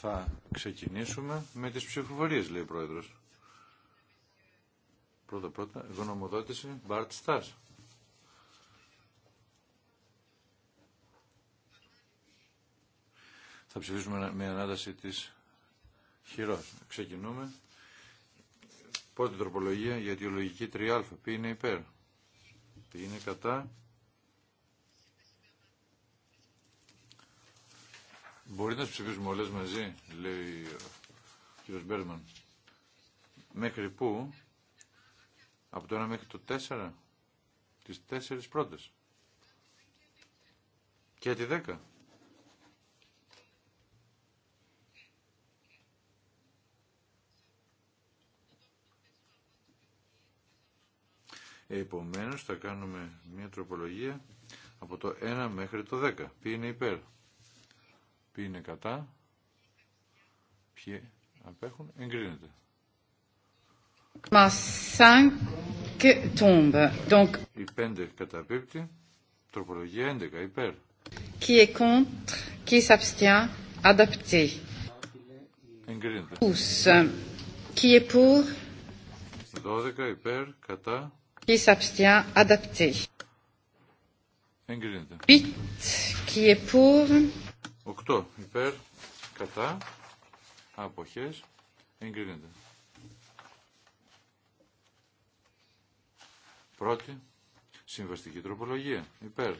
Θα ξεκινήσουμε με τις ψηφοφορίες, λέει ο Πρόεδρος. Πρώτα-πρώτα, γνωμοδότηση Μπαρτ Stars. Θα ψηφίσουμε με ανάταση της χειρός. Ξεκινούμε. Πρώτη τροπολογία για τη λογική 3α. Ποιοι είναι υπέρ. Ποιοι είναι κατά. Μπορεί να τι ψηφίσουμε όλε μαζί, λέει ο κ. Μπέρμαν. Μέχρι πού, από το 1 μέχρι το 4, τι 4 πρώτε. Και τη 10. Επομένως θα κάνουμε μια τροπολογία από το 1 μέχρι το 10. Ποιοι είναι υπέρ. Ποιοι είναι κατά. Ποιοι απέχουν. Εγκρίνεται. Οι πέντε καταπίπτει. Τροπολογία 11 υπέρ. Qui est contre, qui s'abstient, adapté. Εγκρίνεται. 12. Qui est pour? 12 υπέρ, κατά. Qui s'abstient, adapté. Εγκρίνεται. 8. Qui est pour? Οκτώ υπέρ κατά αποχές εγκρίνεται. Πρώτη συμβαστική τροπολογία υπέρ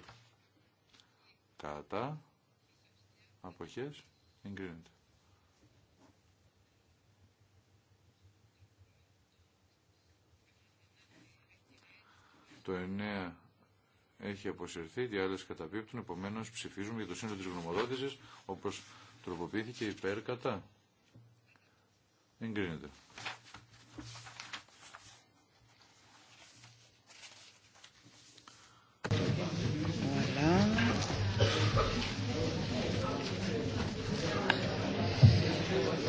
κατά αποχές εγκρίνεται. Το εννέα έχει αποσυρθεί, οι άλλε καταπίπτουν, επομένω ψηφίζουμε για το σύνολο της γνωμοδότησης, όπως τροποποιήθηκε υπέρ κατά. Εγκρίνεται.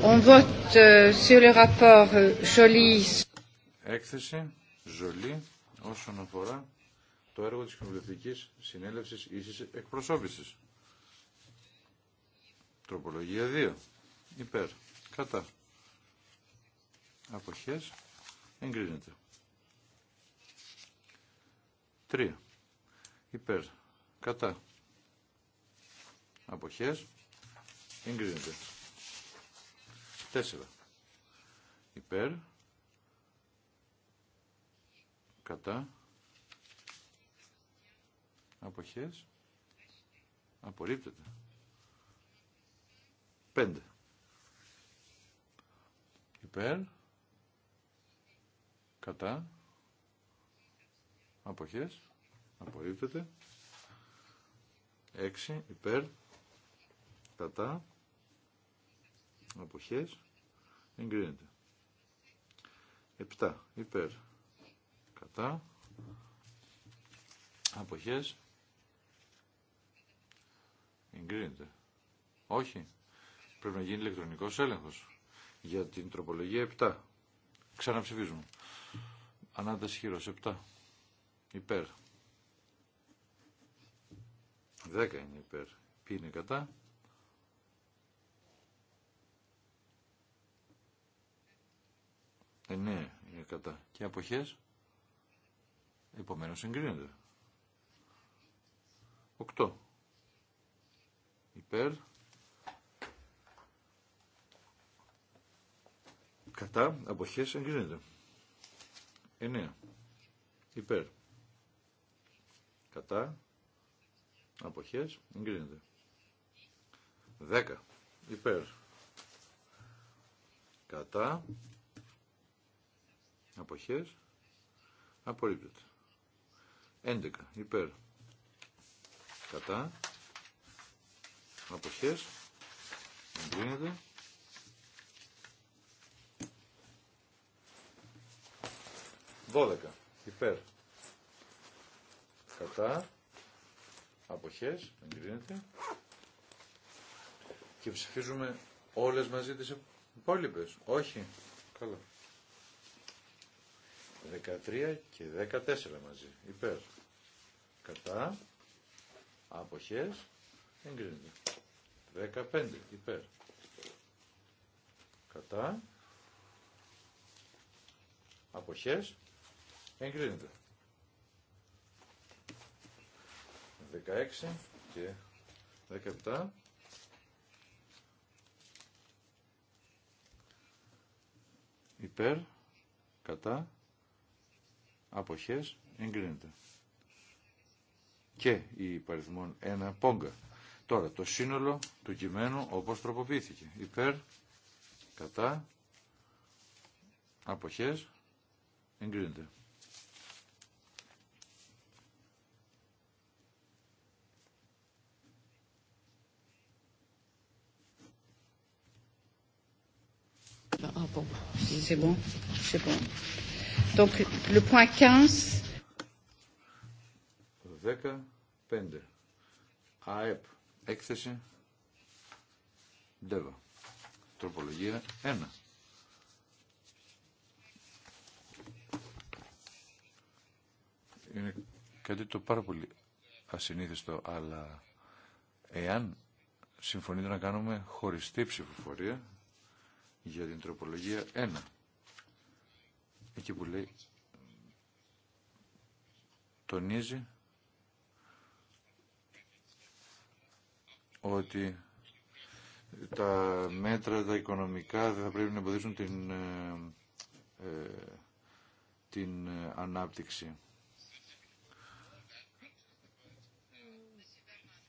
On vote euh, sur le rapport euh, Έκθεση Jolie όσον αφορά το έργο της κοινοβουλευτικής συνέλευσης ίσης εκπροσώπησης. Τροπολογία 2. Υπέρ. Κατά. Αποχές. Εγκρίνεται. 3. Υπέρ. Κατά. Αποχές. Εγκρίνεται. 4. Υπέρ. Κατά αποχές απορρίπτεται. Πέντε. υπέρ κατά αποχές απορρίπτεται. Έξι. υπέρ κατά αποχές εγκρίνεται. Επτά. υπέρ κατά αποχές Εγκρίνεται. Όχι. Πρέπει να γίνει ηλεκτρονικός έλεγχος για την τροπολογία 7. Ξαναψηφίζουμε. Ανάταση χείρος 7. Υπέρ. 10 είναι υπέρ. Ποιοι είναι κατά. Εννέα είναι κατά. Και αποχές. Επομένως εγκρίνεται. 8 υπέρ κατά αποχές εγκρίνεται 9 υπέρ κατά αποχές εγκρίνεται 10 υπέρ κατά αποχές απορρίπτεται 11 υπέρ κατά αποχές εγκρίνεται δώδεκα υπέρ κατά αποχές εγκρίνεται και ψηφίζουμε όλες μαζί τις υπόλοιπες. όχι καλά 13 και 14 μαζί υπέρ κατά αποχές εγκρίνεται 15 υπέρ. Κατά. Αποχές. Εγκρίνεται. 16 και 17. Υπέρ, κατά, αποχές, εγκρίνεται. Και η παριθμόν 1 πόγκα Τώρα, το σύνολο του κειμένου όπως τροποποιήθηκε. Υπέρ, κατά, αποχές, εγκρίνεται. Ah, ah, c'est bon, 15. ΑΕΠ έκθεση Ντέβα. Τροπολογία 1. Είναι κάτι το πάρα πολύ ασυνήθιστο, αλλά εάν συμφωνείτε να κάνουμε χωριστή ψηφοφορία για την τροπολογία 1. Εκεί που λέει τονίζει ότι τα μέτρα, τα οικονομικά δεν θα πρέπει να εμποδίσουν την, ε, ε, την ανάπτυξη.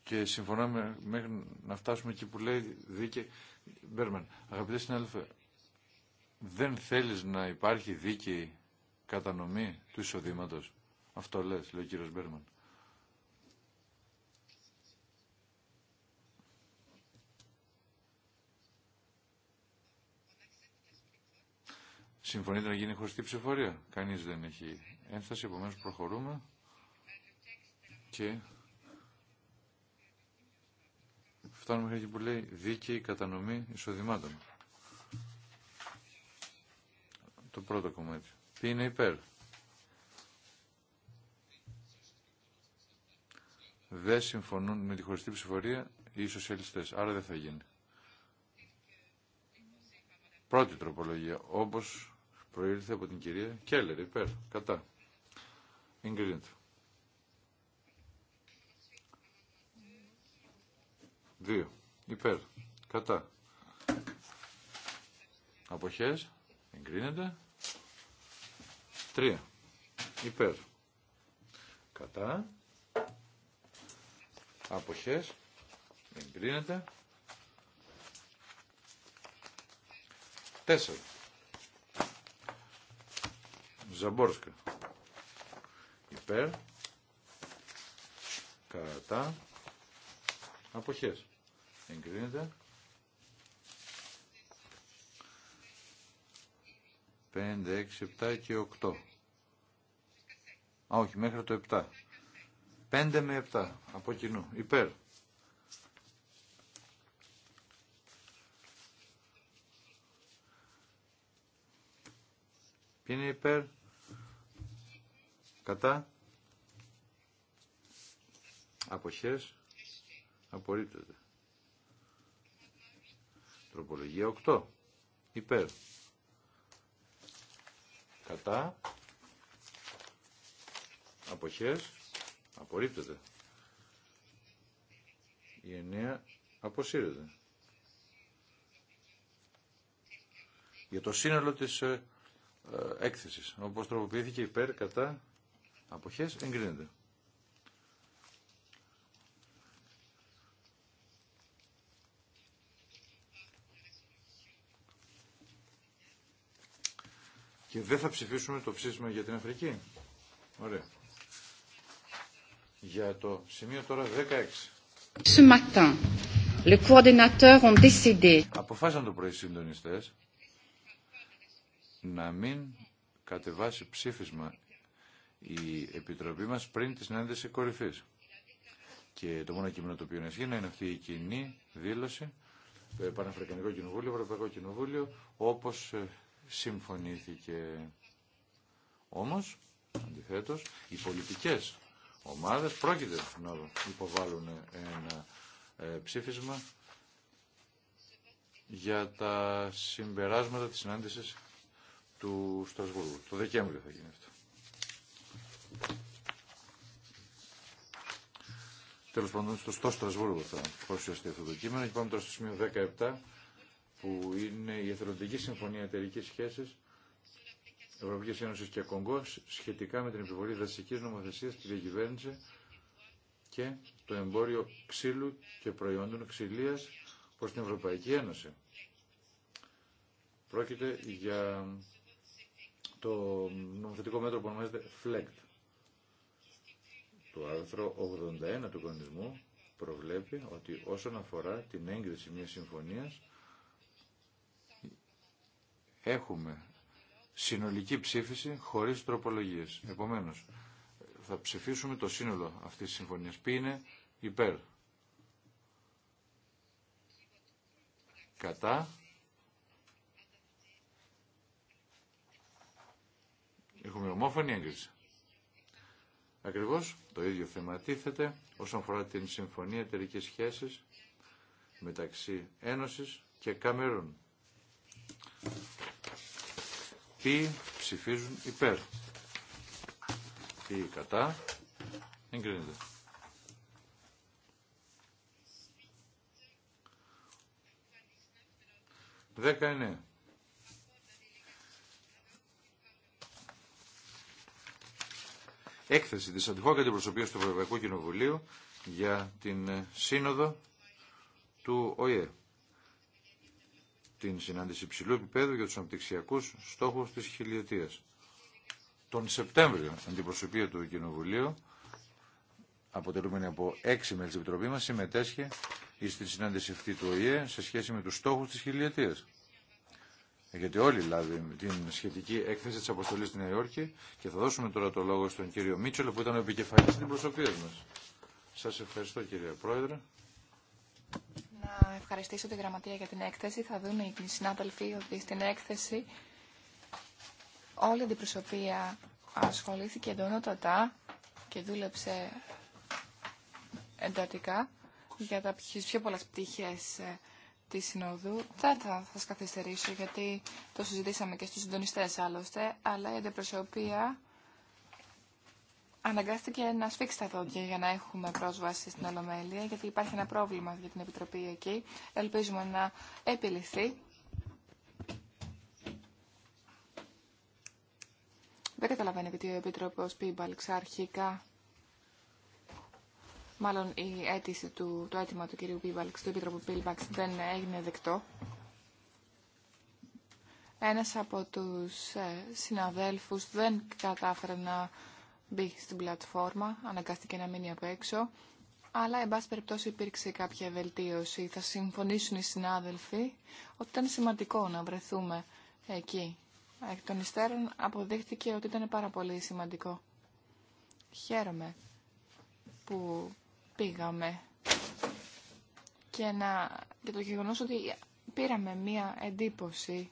Και συμφωνώ με, μέχρι να φτάσουμε εκεί που λέει δίκαιη. Μπέρμαν, αγαπητέ συνάδελφε, δεν θέλεις να υπάρχει δίκαιη κατανομή του εισοδήματος. Αυτό λες, λέει ο κύριος Μπέρμαν. Συμφωνείτε να γίνει χωριστή ψηφορία. Κανείς δεν έχει ένσταση, επομένως προχωρούμε και φτάνουμε εκεί που λέει δίκαιη κατανομή εισοδημάτων. Το πρώτο κομμάτι. Τι είναι υπέρ. Δεν συμφωνούν με τη χωριστή ψηφορία οι σοσιαλιστές, άρα δεν θα γίνει. Πρώτη τροπολογία, όπως προήλθε από την κυρία Κέλλερ, υπέρ, κατά. Εγκρίνεται. Δύο. Υπέρ. Κατά. Αποχές. Εγκρίνεται. Τρία. Υπέρ. Κατά. Αποχές. Εγκρίνεται. Τέσσερα. Ζαμπόρσκα. Υπέρ. Κατά. Αποχές. Εγκρίνεται. 5, 6, 7 και 8. Α, όχι, μέχρι το 7. 5 με 7 από κοινού. Υπέρ. Ποιοι είναι υπέρ. Κατά. Αποχές. Απορρίπτεται. Τροπολογία 8. Υπέρ. Κατά. Αποχές. Απορρίπτεται. Η εννέα αποσύρεται. Για το σύνολο της ε, ε έκθεσης. Όπως τροποποιήθηκε υπέρ κατά Αποχές εγκρίνεται. Και δεν θα ψηφίσουμε το ψήφισμα για την Αφρική. Ωραία. Για το σημείο τώρα 16. Ce matin, ont décidé. Αποφάσισαν το πρωί συντονιστές να μην κατεβάσει ψήφισμα η Επιτροπή μας πριν τη συνάντηση κορυφής. Και το μόνο κείμενο το οποίο ισχύει είναι αυτή η κοινή δήλωση Παναφρικανικό Κοινοβούλιο, Ευρωπαϊκό Κοινοβούλιο, όπως ε, συμφωνήθηκε. Όμως, αντιθέτως, οι πολιτικές ομάδες πρόκειται να υποβάλουν ένα ε, ψήφισμα για τα συμπεράσματα της συνάντησης του Στρασβούργου. Το Δεκέμβριο θα γίνει αυτό. Τέλος πάντων, στο Στρασβούργο θα παρουσιαστεί αυτό το κείμενο και πάμε τώρα στο σημείο 17 που είναι η Εθελοντική Συμφωνία Εταιρικής Σχέσης Ευρωπαϊκής Ένωσης και Κονγκό σχετικά με την επιβολή δασική νομοθεσίας που διακυβέρνηση και το εμπόριο ξύλου και προϊόντων ξυλίας προς την Ευρωπαϊκή Ένωση. Πρόκειται για το νομοθετικό μέτρο που ονομάζεται FLECT. Το άρθρο 81 του κανονισμού προβλέπει ότι όσον αφορά την έγκριση μιας συμφωνίας έχουμε συνολική ψήφιση χωρίς τροπολογίες. Επομένως, θα ψηφίσουμε το σύνολο αυτής της συμφωνίας. Ποιοι είναι υπέρ. Κατά. Έχουμε ομόφωνη έγκριση. Ακριβώς το ίδιο θέμα τίθεται όσον αφορά την Συμφωνία Εταιρικής Σχέσης μεταξύ Ένωσης και Καμερούν. Ποιοι ψηφίζουν υπέρ. Ποιοι κατά. Εγκρίνεται. Δέκα είναι. έκθεση της αντιχώρα αντιπροσωπείας του Ευρωπαϊκού Κοινοβουλίου για την ε, σύνοδο του ΟΗΕ. Την συνάντηση υψηλού επίπεδου για τους αναπτυξιακούς στόχους της χιλιετίας. Τον Σεπτέμβριο, αντιπροσωπεία του Κοινοβουλίου, αποτελούμενη από έξι μέλη της Επιτροπής μας, συμμετέσχε στην συνάντηση αυτή του ΟΗΕ σε σχέση με τους στόχους της χιλιετίας γιατί όλοι λάβει δηλαδή, την σχετική έκθεση της αποστολής στη Νέα Υόρκη και θα δώσουμε τώρα το λόγο στον κύριο Μίτσελ που ήταν ο επικεφαλής της προσωπία μας. Σας ευχαριστώ κύριε Πρόεδρε. Να ευχαριστήσω τη Γραμματεία για την έκθεση. Θα δουν οι συνάδελφοι ότι στην έκθεση όλη την προσωπία ασχολήθηκε εντονότατα και δούλεψε εντατικά για τα πιο πολλές πτυχές ε, τι Συνόδου. Δεν θα σας καθυστερήσω γιατί το συζητήσαμε και στους συντονιστές άλλωστε, αλλά η αντιπροσωπεία αναγκάστηκε να σφίξει τα δόντια για να έχουμε πρόσβαση στην Ολομέλεια, γιατί υπάρχει ένα πρόβλημα για την Επιτροπή εκεί. Ελπίζουμε να επιληθεί. Δεν καταλαβαίνει γιατί ο Επίτροπο Πίμπαλξ αρχικά μάλλον η αίτηση του, το αίτημα του κυρίου Πίβαλξ, του Επιτροπού Πίλβαξ δεν έγινε δεκτό. Ένας από τους ε, συναδέλφους δεν κατάφερε να μπει στην πλατφόρμα, αναγκάστηκε να μείνει απ' έξω, αλλά εν πάση περιπτώσει υπήρξε κάποια βελτίωση. Θα συμφωνήσουν οι συνάδελφοι ότι ήταν σημαντικό να βρεθούμε εκεί. Εκ των υστέρων αποδείχθηκε ότι ήταν πάρα πολύ σημαντικό. Χαίρομαι που πήγαμε. Και, να, και το γεγονός ότι πήραμε μία εντύπωση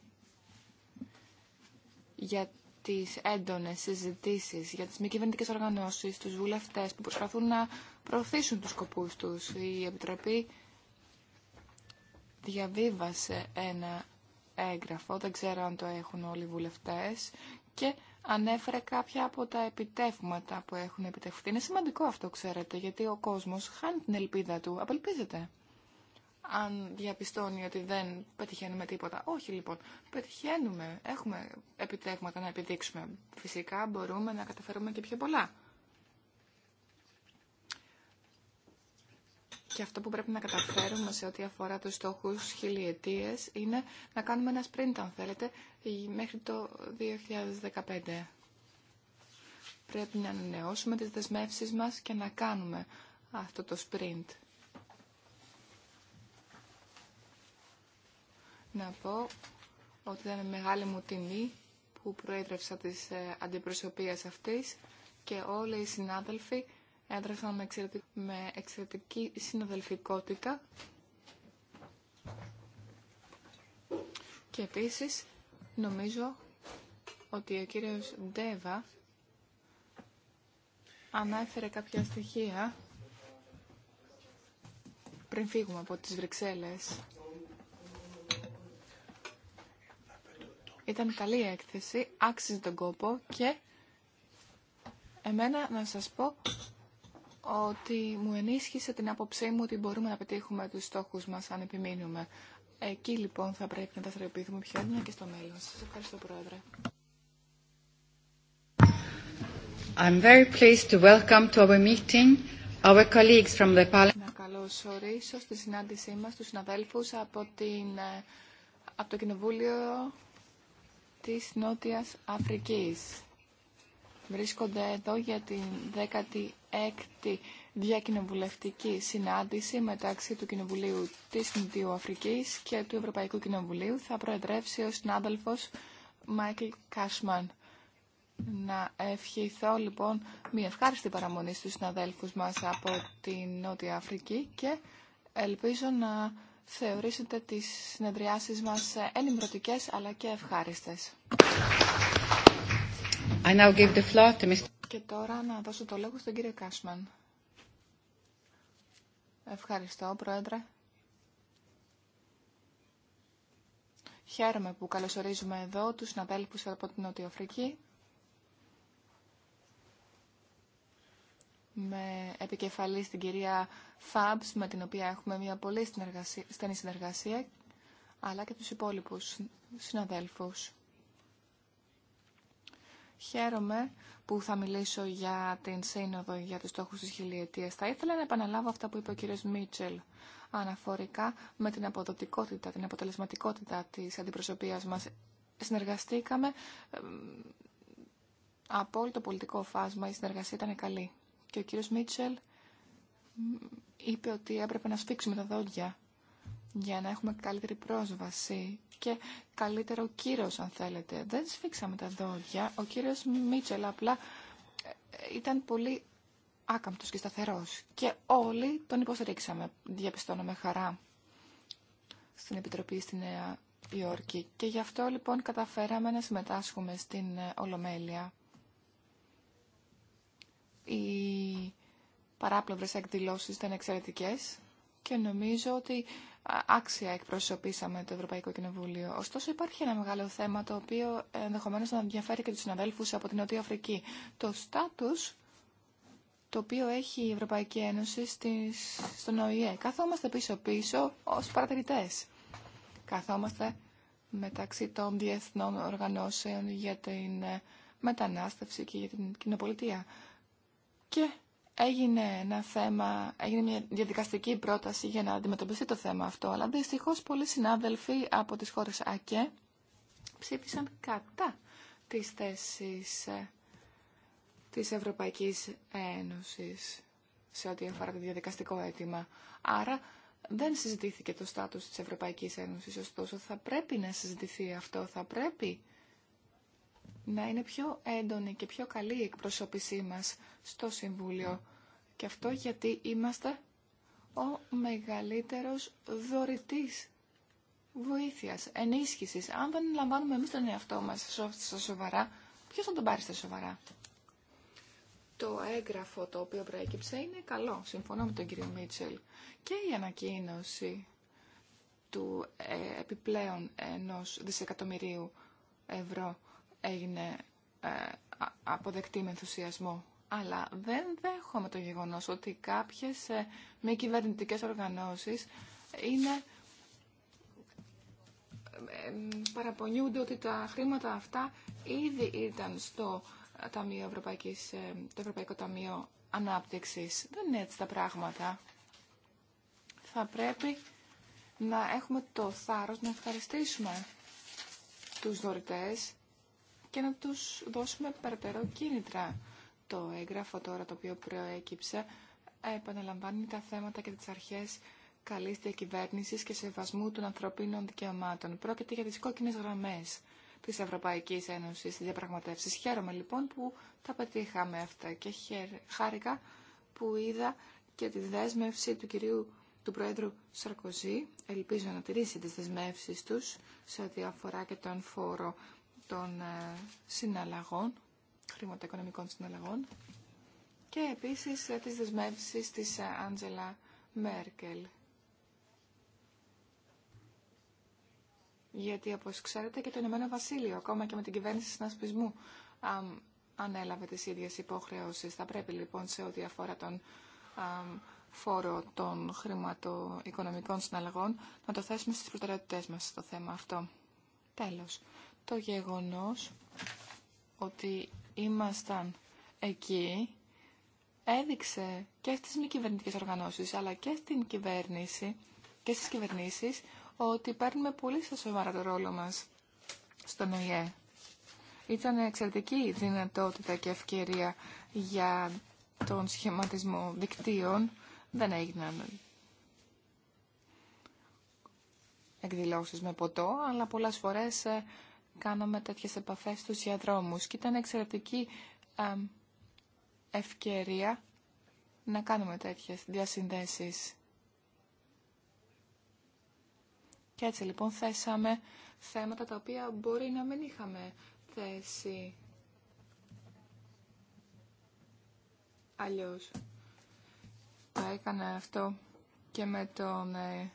για τις έντονες συζητήσεις, για τις μη κυβερνητικέ οργανώσεις, τους βουλευτές που προσπαθούν να προωθήσουν τους σκοπούς τους. Η Επιτροπή διαβίβασε ένα έγγραφο, δεν ξέρω αν το έχουν όλοι οι βουλευτές, και ανέφερε κάποια από τα επιτεύγματα που έχουν επιτευχθεί. Είναι σημαντικό αυτό, ξέρετε, γιατί ο κόσμος χάνει την ελπίδα του, απελπίζεται. Αν διαπιστώνει ότι δεν πετυχαίνουμε τίποτα. Όχι λοιπόν, πετυχαίνουμε, έχουμε επιτεύγματα να επιδείξουμε. Φυσικά μπορούμε να καταφέρουμε και πιο πολλά. Και αυτό που πρέπει να καταφέρουμε σε ό,τι αφορά τους στόχους χιλιετίες είναι να κάνουμε ένα sprint, αν θέλετε, μέχρι το 2015. Πρέπει να ανανεώσουμε τις δεσμεύσεις μας και να κάνουμε αυτό το sprint. Να πω ότι ήταν μεγάλη μου τιμή που προέδρευσα της ε, αντιπροσωπείας αυτής και όλοι οι συνάδελφοι έδρασαν με, εξαιρετική, με εξαιρετική συναδελφικότητα και επίσης νομίζω ότι ο κύριος Ντέβα ανάφερε κάποια στοιχεία πριν φύγουμε από τις Βρυξέλλες. Ήταν καλή έκθεση, άξιζε τον κόπο και εμένα να σας πω ότι μου ενίσχυσε την άποψή μου ότι μπορούμε να πετύχουμε τους στόχους μας αν επιμείνουμε. Εκεί λοιπόν θα πρέπει να τα θεραπεύουμε πιο έντονα και στο μέλλον. Σας ευχαριστώ Πρόεδρε. I'm very pleased to welcome to our meeting our colleagues from the Parliament. Να καλωσορίσω στη συνάντησή μας τους συναδέλφους από, την, ε, από το Κοινοβούλιο της Νότιας Αφρικής. Βρίσκονται εδώ για την 16η διακοινοβουλευτική συνάντηση μεταξύ του Κοινοβουλίου της Νητίου Αφρικής και του Ευρωπαϊκού Κοινοβουλίου. Θα προεδρεύσει ο συνάδελφος Μάικλ Κάσμαν. Να ευχηθώ λοιπόν μια ευχάριστη παραμονή στους συναδέλφους μας από την Νότια Αφρική και ελπίζω να θεωρήσετε τις συνεδριάσεις μας ενημερωτικές αλλά και ευχάριστες. I now give the floor to Mr. Και τώρα να δώσω το λόγο στον κύριο Κάσμαν. Ευχαριστώ, Πρόεδρε. Χαίρομαι που καλωσορίζουμε εδώ τους συναδέλφους από την Νοτιοφρική. Με επικεφαλή στην κυρία Φάμπς, με την οποία έχουμε μια πολύ στενή συνεργασία, αλλά και τους υπόλοιπους συναδέλφους. Χαίρομαι που θα μιλήσω για την σύνοδο για τους στόχους της χιλιετίας. Θα ήθελα να επαναλάβω αυτά που είπε ο κύριος Μίτσελ αναφορικά με την αποδοτικότητα, την αποτελεσματικότητα της αντιπροσωπείας μας. Συνεργαστήκαμε από όλο το πολιτικό φάσμα, η συνεργασία ήταν καλή. Και ο κύριος Μίτσελ είπε ότι έπρεπε να σφίξουμε τα δόντια για να έχουμε καλύτερη πρόσβαση και καλύτερο κύρος αν θέλετε. Δεν σφίξαμε τα δόντια. Ο κύριος Μίτσελ απλά ε, ε, ήταν πολύ άκαμπτος και σταθερός και όλοι τον υποστηρίξαμε, διαπιστώνω με χαρά, στην Επιτροπή στη Νέα Υόρκη. Και γι' αυτό λοιπόν καταφέραμε να συμμετάσχουμε στην ε, Ολομέλεια. Οι παράπλευρες εκδηλώσεις ήταν εξαιρετικές και νομίζω ότι άξια εκπροσωπήσαμε το Ευρωπαϊκό Κοινοβούλιο. Ωστόσο υπάρχει ένα μεγάλο θέμα το οποίο ενδεχομένως να ενδιαφέρει και τους συναδέλφους από την Νότια Αφρική. Το στάτους το οποίο έχει η Ευρωπαϊκή Ένωση στις, στον ΟΗΕ. Καθόμαστε πίσω-πίσω ως παρατηρητές. Καθόμαστε μεταξύ των διεθνών οργανώσεων για την μετανάστευση και για την κοινοπολιτεία. Και έγινε ένα θέμα, έγινε μια διαδικαστική πρόταση για να αντιμετωπιστεί το θέμα αυτό, αλλά δυστυχώ πολλοί συνάδελφοι από τις χώρες ΑΚΕ ψήφισαν κατά τις θέσεις ε, της Ευρωπαϊκής Ένωσης σε ό,τι αφορά το διαδικαστικό αίτημα. Άρα δεν συζητήθηκε το στάτους της Ευρωπαϊκής Ένωσης, ωστόσο θα πρέπει να συζητηθεί αυτό, θα πρέπει να είναι πιο έντονη και πιο καλή η εκπροσώπησή μας στο Συμβούλιο. Και αυτό γιατί είμαστε ο μεγαλύτερος δωρητής βοήθειας, ενίσχυσης. Αν δεν λαμβάνουμε εμείς τον εαυτό μας σοβαρά, ποιος θα τον πάρει στα σοβαρά. Το έγγραφο το οποίο προέκυψε είναι καλό, συμφωνώ με τον κύριο Μίτσελ. Και η ανακοίνωση του ε, επιπλέον ενός δισεκατομμυρίου ευρώ έγινε ε, αποδεκτή με ενθουσιασμό. Αλλά δεν δέχομαι το γεγονός ότι κάποιες ε, μη κυβερνητικές οργανώσεις είναι ε, παραπονιούνται ότι τα χρήματα αυτά ήδη ήταν στο Ταμείο Ευρωπαϊκής, το Ευρωπαϊκό Ταμείο Ανάπτυξης. Δεν είναι έτσι τα πράγματα. Θα πρέπει να έχουμε το θάρρος να ευχαριστήσουμε τους δωρητές και να τους δώσουμε περαιτέρω κίνητρα. Το έγγραφο τώρα το οποίο προέκυψε ε, επαναλαμβάνει τα θέματα και τις αρχές καλής διακυβέρνησης και σεβασμού των ανθρωπίνων δικαιωμάτων. Πρόκειται για τις κόκκινες γραμμές της Ευρωπαϊκής Ένωσης στις διαπραγματεύσεις. Χαίρομαι λοιπόν που τα πετύχαμε αυτά και χάρηκα που είδα και τη δέσμευση του κυρίου του Πρόεδρου Σαρκοζή. Ελπίζω να τηρήσει τις δεσμεύσεις τους σε ό,τι αφορά και τον φόρο των ε, συναλλαγών, χρηματοοικονομικών συναλλαγών και επίσης ε, τις δεσμεύσεις της ε, Άντζελα Μέρκελ. Γιατί όπως ξέρετε και το Ηνωμένο Βασίλειο, ακόμα και με την κυβέρνηση συνασπισμού, ανέλαβε τις ίδιες υποχρεώσεις. Θα πρέπει λοιπόν σε ό,τι αφορά τον φόρο των χρηματοοικονομικών συναλλαγών να το θέσουμε στις προτεραιότητές μας το θέμα αυτό. Τέλος, το γεγονός ότι ήμασταν εκεί έδειξε και στις μη κυβερνητικέ οργανώσεις αλλά και στην κυβέρνηση και στις κυβερνήσεις ότι παίρνουμε πολύ στα σοβαρά το ρόλο μας στον ΟΗΕ. Ήταν εξαιρετική δυνατότητα και ευκαιρία για τον σχηματισμό δικτύων. Δεν έγιναν εκδηλώσεις με ποτό, αλλά πολλές φορές ε, κάναμε τέτοιες επαφές στους διαδρόμους και ήταν εξαιρετική ευκαιρία να κάνουμε τέτοιες διασυνδέσεις. Και έτσι λοιπόν θέσαμε θέματα τα οποία μπορεί να μην είχαμε θέσει αλλιώς. Τα έκανα αυτό και με τον ε,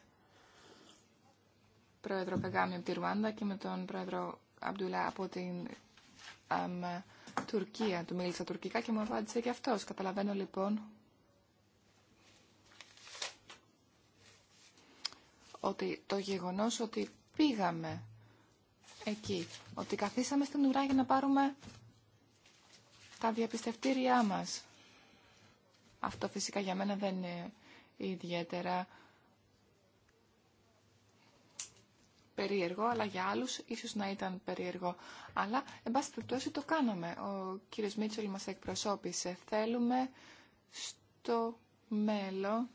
πρόεδρο Καγκάμι από τη Ρουάντα και με τον πρόεδρο Αμπτουλά από την Τουρκία. Του μίλησα τουρκικά και μου απάντησε και αυτός. Καταλαβαίνω λοιπόν ότι το γεγονός ότι πήγαμε εκεί, ότι καθίσαμε στην ουρά για να πάρουμε τα διαπιστευτήριά μας. Αυτό φυσικά για μένα δεν είναι ιδιαίτερα περίεργο, αλλά για άλλου ίσω να ήταν περίεργο. Αλλά, εν πάση περιπτώσει, το κάναμε. Ο κύριο Μίτσολ μα εκπροσώπησε. Θέλουμε στο μέλλον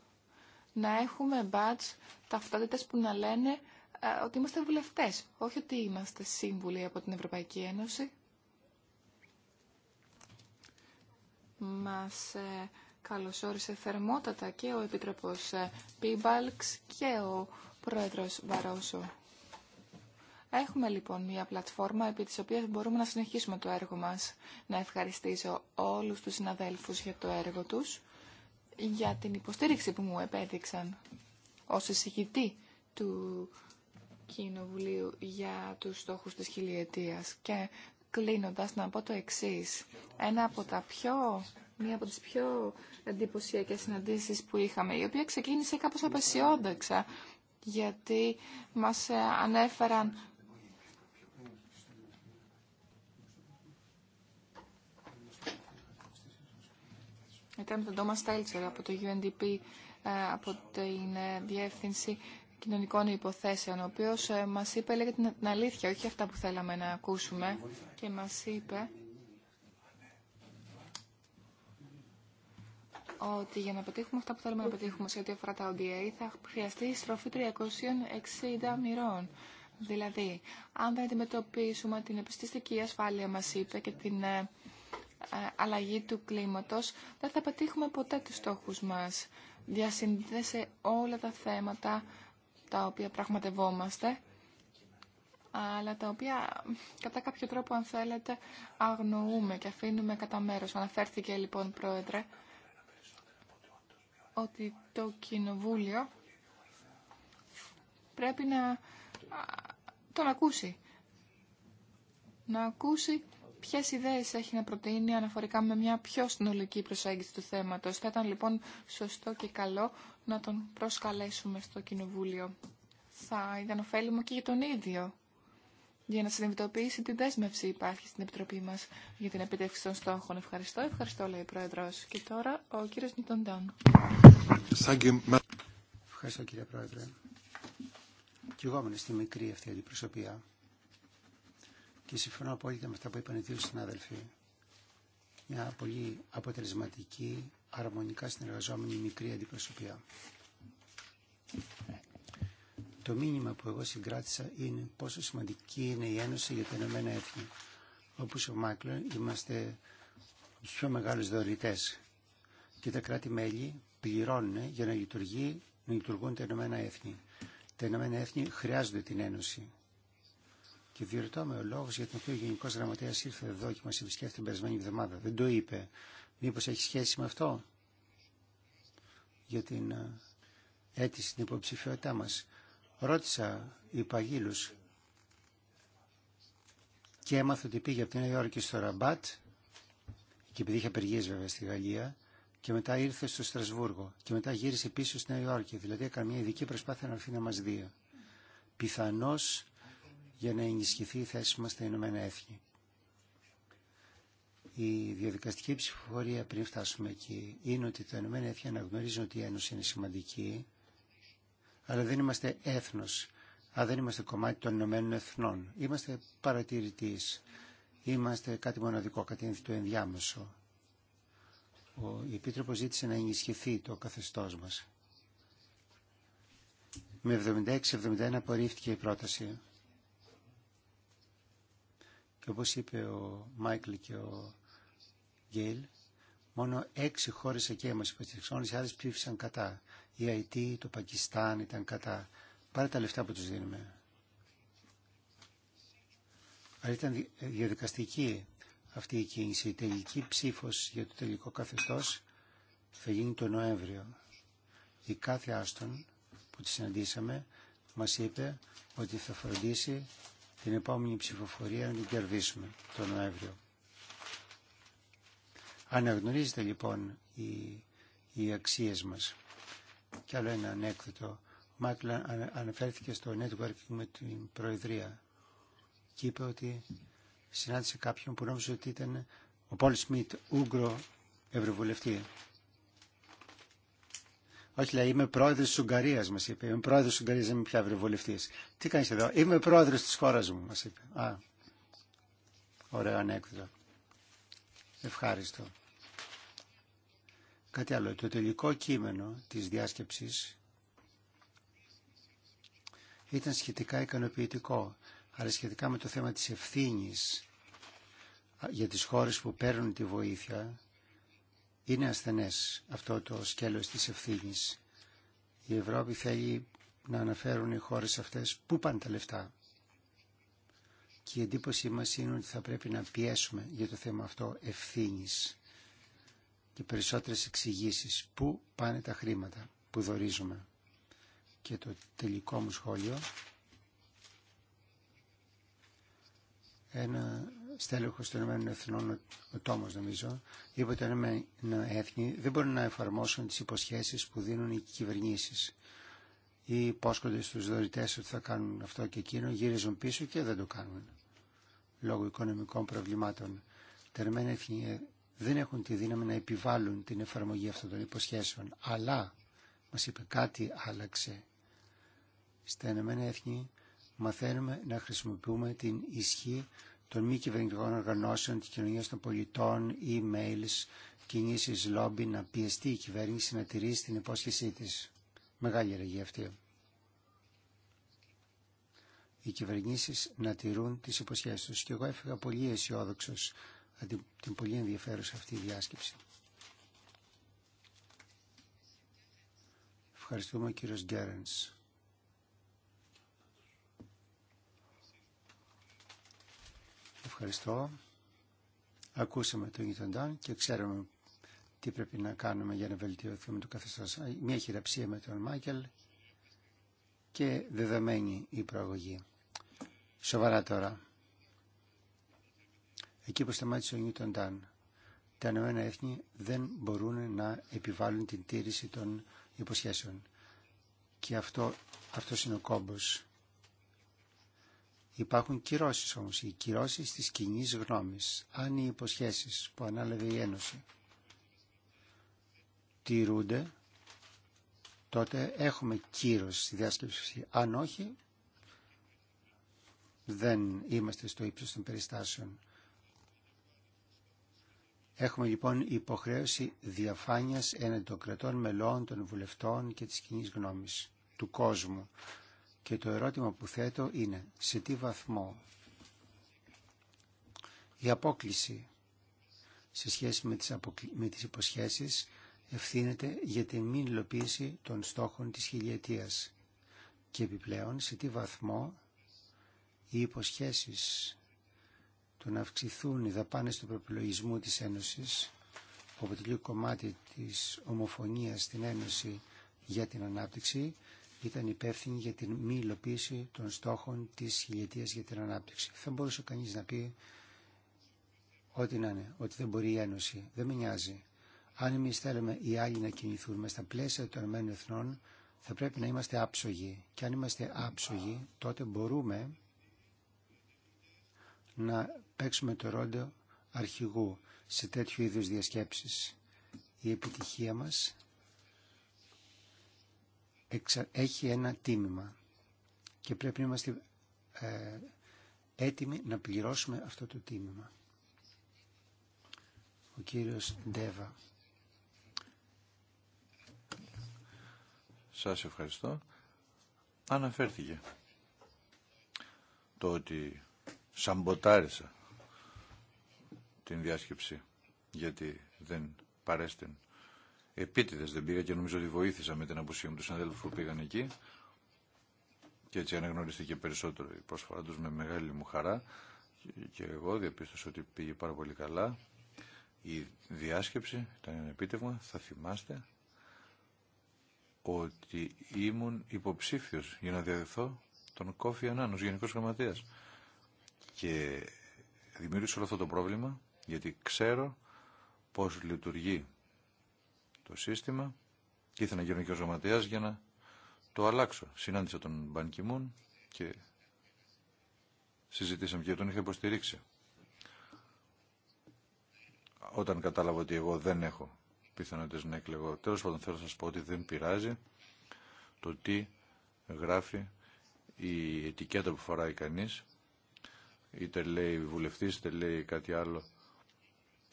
να έχουμε μπάτς ταυτότητες που να λένε ε, ότι είμαστε βουλευτές, όχι ότι είμαστε σύμβουλοι από την Ευρωπαϊκή Ένωση. Μας ε, καλωσόρισε θερμότατα και ο Επίτροπος ε, Πίμπαλξ και ο Πρόεδρος Βαρόσο. Έχουμε λοιπόν μια πλατφόρμα επί της οποίας μπορούμε να συνεχίσουμε το έργο μας. Να ευχαριστήσω όλους τους συναδέλφους για το έργο τους, για την υποστήριξη που μου επέδειξαν ως εισηγητή του Κοινοβουλίου για τους στόχους της χιλιετίας. Και κλείνοντας να πω το εξής. Ένα από τα πιο μία από τις πιο εντυπωσιακέ συναντήσεις που είχαμε, η οποία ξεκίνησε κάπως απεσιόδεξα, γιατί μας ε, ανέφεραν Ήταν τον Τόμα Στέλτσερ από το UNDP, ε, από την ε, Διεύθυνση Κοινωνικών Υποθέσεων, ο οποίο ε, μα είπε, λέγεται, την αλήθεια, όχι αυτά που θέλαμε να ακούσουμε, και μα είπε ότι για να πετύχουμε αυτά που θέλουμε να πετύχουμε σε ό,τι αφορά τα ODA θα χρειαστεί στροφή 360 μοιρών. Δηλαδή, αν δεν αντιμετωπίσουμε την επιστηστική ασφάλεια, μα είπε, και την ε, αλλαγή του κλίματος, δεν θα πετύχουμε ποτέ τους στόχους μας. διασυνδέσει όλα τα θέματα τα οποία πραγματευόμαστε, αλλά τα οποία κατά κάποιο τρόπο, αν θέλετε, αγνοούμε και αφήνουμε κατά μέρος. Αναφέρθηκε λοιπόν, Πρόεδρε, ότι το Κοινοβούλιο πρέπει να τον ακούσει. Να ακούσει ποιε ιδέε έχει να προτείνει αναφορικά με μια πιο συνολική προσέγγιση του θέματο. Θα ήταν λοιπόν σωστό και καλό να τον προσκαλέσουμε στο Κοινοβούλιο. Θα ήταν ωφέλιμο και για τον ίδιο για να συνειδητοποιήσει την δέσμευση υπάρχει στην Επιτροπή μας για την επιτεύξη των στόχων. Ευχαριστώ, ευχαριστώ λέει η Πρόεδρος. Και τώρα ο κύριος Νιτον Ευχαριστώ κύριε Πρόεδρε. Κι εγώ είμαι στη μικρή αυτή αντιπροσωπεία και συμφωνώ απόλυτα με αυτά που είπαν οι δύο συνάδελφοι. Μια πολύ αποτελεσματική, αρμονικά συνεργαζόμενη μικρή αντιπροσωπεία. Το μήνυμα που εγώ συγκράτησα είναι πόσο σημαντική είναι η Ένωση για τα Ηνωμένα Έθνη. Όπως ο Μάκλον, είμαστε του πιο μεγάλους δωρητές και τα κράτη-μέλη πληρώνουν για να, λειτουργεί, να λειτουργούν τα Ηνωμένα Έθνη. Τα Ηνωμένα Έθνη χρειάζονται την Ένωση και διερωτώ με ο λόγο για τον οποίο ο Γενικό Γραμματέα ήρθε εδώ και μα επισκέφθηκε την περασμένη εβδομάδα. Δεν το είπε. Μήπω έχει σχέση με αυτό. Για την ε, αίτηση, την υποψηφιότητά μα. Ρώτησα υπαγγείλου και έμαθα ότι πήγε από την Νέα Υόρκη στο Ραμπάτ και επειδή είχε απεργίε βέβαια στη Γαλλία και μετά ήρθε στο Στρασβούργο και μετά γύρισε πίσω στη Νέα Υόρκη. Δηλαδή έκανε μια ειδική προσπάθεια να έρθει να μα δει. Πιθανώς για να ενισχυθεί η θέση μας στα Ηνωμένα Έθνη. Η διαδικαστική ψηφοφορία πριν φτάσουμε εκεί είναι ότι τα Ηνωμένα Έθνη αναγνωρίζουν ότι η Ένωση είναι σημαντική, αλλά δεν είμαστε έθνος, αν δεν είμαστε κομμάτι των Ηνωμένων Εθνών. Είμαστε παρατηρητής, είμαστε κάτι μοναδικό, κάτι το ενδιάμεσο. Ο Επίτροπος ζήτησε να ενισχυθεί το καθεστώς μας. Με 76-71 απορρίφθηκε η πρόταση. Και όπως είπε ο Μάικλ και ο Γκέιλ, μόνο έξι χώρες εκεί μας υποστηριξαν, οι άλλες ψήφισαν κατά. Η Αιτή, το Πακιστάν ήταν κατά. Πάρε τα λεφτά που τους δίνουμε. Αλλά ήταν ε, διαδικαστική αυτή η κίνηση. Η τελική ψήφος για το τελικό καθεστώς θα γίνει το Νοέμβριο. Η κάθε άστον που τη συναντήσαμε μας είπε ότι θα φροντίσει την επόμενη ψηφοφορία να την κερδίσουμε τον Νοέμβριο. Αναγνωρίζετε λοιπόν οι, οι αξίες μας. Κι άλλο ένα ανέκδοτο. Ο αναφέρθηκε στο networking με την Προεδρία και είπε ότι συνάντησε κάποιον που νόμιζε ότι ήταν ο Πολ Σμιτ, Ούγκρο Ευρωβουλευτή. Όχι, λέει, είμαι πρόεδρο τη Ουγγαρία, μα είπε. Είμαι πρόεδρο τη Ουγγαρία, δεν είμαι πια ευρωβουλευτή. Τι κάνει εδώ, Είμαι πρόεδρο τη χώρα μου, μα είπε. Α, ωραίο ανέκδοτο. Ευχάριστο. Κάτι άλλο. Το τελικό κείμενο της διάσκεψης ήταν σχετικά ικανοποιητικό, αλλά σχετικά με το θέμα της ευθύνης για τις χώρες που παίρνουν τη βοήθεια, είναι ασθενές αυτό το σκέλος της ευθύνης. Η Ευρώπη θέλει να αναφέρουν οι χώρες αυτές πού πάνε τα λεφτά. Και η εντύπωσή μας είναι ότι θα πρέπει να πιέσουμε για το θέμα αυτό ευθύνης και περισσότερες εξηγήσει πού πάνε τα χρήματα που δορίζουμε. Και το τελικό μου σχόλιο, ένα στέλεχο των Ηνωμένων Εθνών, ο Τόμο, νομίζω, είπε ότι τα Έθνη δεν μπορούν να εφαρμόσουν τι υποσχέσει που δίνουν οι κυβερνήσει. ή υπόσχονται στου δωρητέ ότι θα κάνουν αυτό και εκείνο, γύριζουν πίσω και δεν το κάνουν λόγω οικονομικών προβλημάτων. Τα Ηνωμένα Έθνη ε, δεν έχουν τη δύναμη να επιβάλλουν την εφαρμογή αυτών των υποσχέσεων, αλλά μα είπε κάτι άλλαξε. Στα Ηνωμένα Έθνη μαθαίνουμε να χρησιμοποιούμε την ισχύ των μη κυβερνητικών οργανώσεων τη κοινωνία των πολιτών, emails, κινήσεις λόμπι να πιεστεί η κυβέρνηση να τηρήσει την υπόσχεσή τη. Μεγάλη αλλαγή αυτή. Οι κυβερνήσεις να τηρούν τις υποσχέσεις τους. Και εγώ έφυγα πολύ αισιόδοξο από την πολύ ενδιαφέρουσα αυτή η διάσκεψη. Ευχαριστούμε ο κύριος Γκέρενς. Ευχαριστώ. Ακούσαμε τον γειτοντά και ξέρουμε τι πρέπει να κάνουμε για να βελτιωθούμε το καθεστώ. Μια χειραψία με τον Μάικελ και δεδομένη η προαγωγή. Σοβαρά τώρα. Εκεί που σταμάτησε ο Νιούτον Ντάν, τα Ηνωμένα Έθνη δεν μπορούν να επιβάλλουν την τήρηση των υποσχέσεων. Και αυτό αυτός είναι ο κόμπος Υπάρχουν κυρώσεις όμως, οι κυρώσεις της κοινή γνώμης, αν οι υποσχέσεις που ανάλαβε η Ένωση τηρούνται, τότε έχουμε κύρωση στη διάσκεψη. Αν όχι, δεν είμαστε στο ύψος των περιστάσεων. Έχουμε λοιπόν υποχρέωση διαφάνειας έναντι των κρατών μελών, των βουλευτών και της κοινή γνώμης του κόσμου. Και το ερώτημα που θέτω είναι σε τι βαθμό η απόκληση σε σχέση με τις, υποσχέσεις ευθύνεται για την μη υλοποίηση των στόχων της χιλιετίας και επιπλέον σε τι βαθμό οι υποσχέσεις το να αυξηθούν οι δαπάνες του προπολογισμού της Ένωσης που αποτελεί κομμάτι της ομοφωνίας στην Ένωση για την ανάπτυξη ήταν υπεύθυνη για την μη υλοποίηση των στόχων της χιλιετίας για την ανάπτυξη. Θα μπορούσε κανείς να πει ό,τι να είναι, ότι δεν μπορεί η Ένωση, δεν με νοιάζει. Αν εμεί θέλουμε οι άλλοι να κινηθούμε στα πλαίσια των εθνών θα πρέπει να είμαστε άψογοι. Και αν είμαστε άψογοι, τότε μπορούμε να παίξουμε το ρόντο αρχηγού σε τέτοιου είδους διασκέψεις. Η επιτυχία μας έχει ένα τίμημα και πρέπει να είμαστε ε, έτοιμοι να πληρώσουμε αυτό το τίμημα. Ο κύριος Ντέβα. Σας ευχαριστώ. Αναφέρθηκε το ότι σαμποτάρισα την διάσκεψη γιατί δεν παρέστην επίτηδες δεν πήγα και νομίζω ότι βοήθησα με την απουσία μου του συναδέλφου που πήγαν εκεί και έτσι αναγνωριστήκε περισσότερο η πρόσφορά του με μεγάλη μου χαρά και εγώ διαπίστωσα ότι πήγε πάρα πολύ καλά η διάσκεψη ήταν ένα επίτευγμα θα θυμάστε ότι ήμουν υποψήφιο για να διαδεθώ τον Κόφη Ανάν ω Γενικό Γραμματέα. και δημιούργησε όλο αυτό το πρόβλημα γιατί ξέρω πώς λειτουργεί το σύστημα και ήθελα να γίνω και ο γραμματέας για να το αλλάξω. Συνάντησα τον Μπανκιμούν και συζητήσαμε και τον είχα υποστηρίξει. Όταν κατάλαβα ότι εγώ δεν έχω πιθανότητες να εκλεγώ. Τέλος πάντων θέλω να σας πω ότι δεν πειράζει το τι γράφει η ετικέτα που φοράει κανείς είτε λέει βουλευτής, είτε λέει κάτι άλλο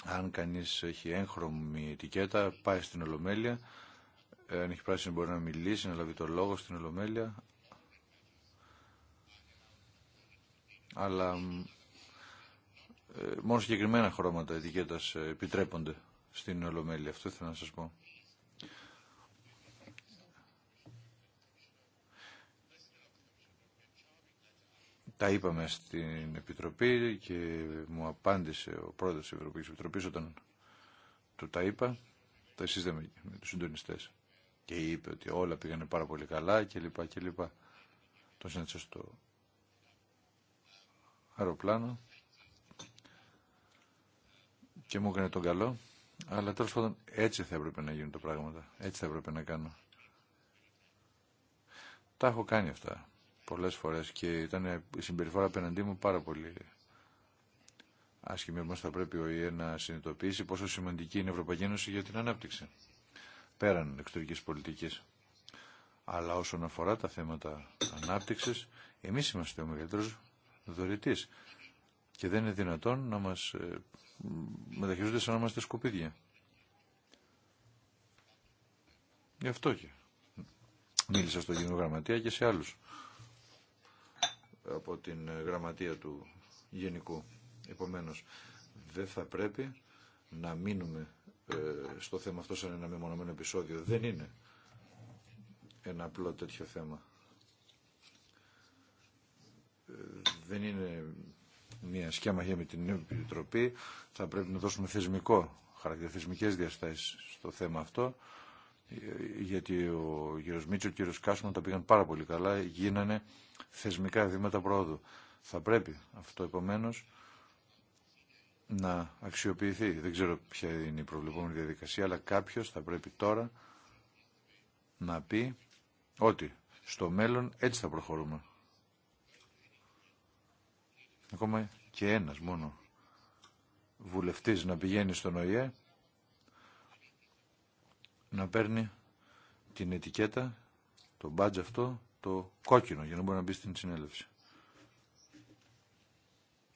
αν κανείς έχει έγχρωμη ετικέτα, πάει στην Ολομέλεια. Ε, αν έχει πράσινη μπορεί να μιλήσει, να λάβει το λόγο στην Ολομέλεια. Αλλά ε, μόνο συγκεκριμένα χρώματα ετικέτας ε, επιτρέπονται στην Ολομέλεια. Αυτό ήθελα να σας πω. Τα είπαμε στην Επιτροπή και μου απάντησε ο πρόεδρος της Ευρωπαϊκής Επιτροπής όταν του τα είπα. Τα εσείς με τους συντονιστές. Και είπε ότι όλα πήγανε πάρα πολύ καλά και λοιπά και λοιπά. Τον συνάντησα στο αεροπλάνο και μου έκανε τον καλό. Αλλά τέλος πάντων έτσι θα έπρεπε να γίνουν τα πράγματα. Έτσι θα έπρεπε να κάνω. Τα έχω κάνει αυτά πολλές φορές και ήταν η συμπεριφορά απέναντί μου πάρα πολύ άσχημη. Όμως θα πρέπει ο ΙΕ να συνειδητοποιήσει πόσο σημαντική είναι η Ευρωπαϊκή Ένωση για την ανάπτυξη πέραν εξωτερική πολιτικής. Αλλά όσον αφορά τα θέματα ανάπτυξης, εμείς είμαστε ο μεγαλύτερος δωρητής και δεν είναι δυνατόν να μας μεταχειρίζονται σαν να είμαστε σκουπίδια. Γι' αυτό και μίλησα στο Γενικό Γραμματεία και σε άλλους από την γραμματεία του Γενικού. Επομένως, δεν θα πρέπει να μείνουμε ε, στο θέμα αυτό σαν ένα μεμονωμένο επεισόδιο. Δεν είναι ένα απλό τέτοιο θέμα. Ε, δεν είναι μια σκιά με την Επιτροπή. Θα πρέπει να δώσουμε θεσμικό, χαρακτηριστικές διαστάσεις στο θέμα αυτό γιατί ο κύριο Μίτσο και ο κ. Κάσμα τα πήγαν πάρα πολύ καλά, γίνανε θεσμικά βήματα πρόοδου. Θα πρέπει αυτό επομένω να αξιοποιηθεί. Δεν ξέρω ποια είναι η προβλεπόμενη διαδικασία, αλλά κάποιο θα πρέπει τώρα να πει ότι στο μέλλον έτσι θα προχωρούμε. Ακόμα και ένας μόνο βουλευτής να πηγαίνει στον ΟΗΕ να παίρνει την ετικέτα, το μπάτζ αυτό, το κόκκινο, για να μπορεί να μπει στην συνέλευση.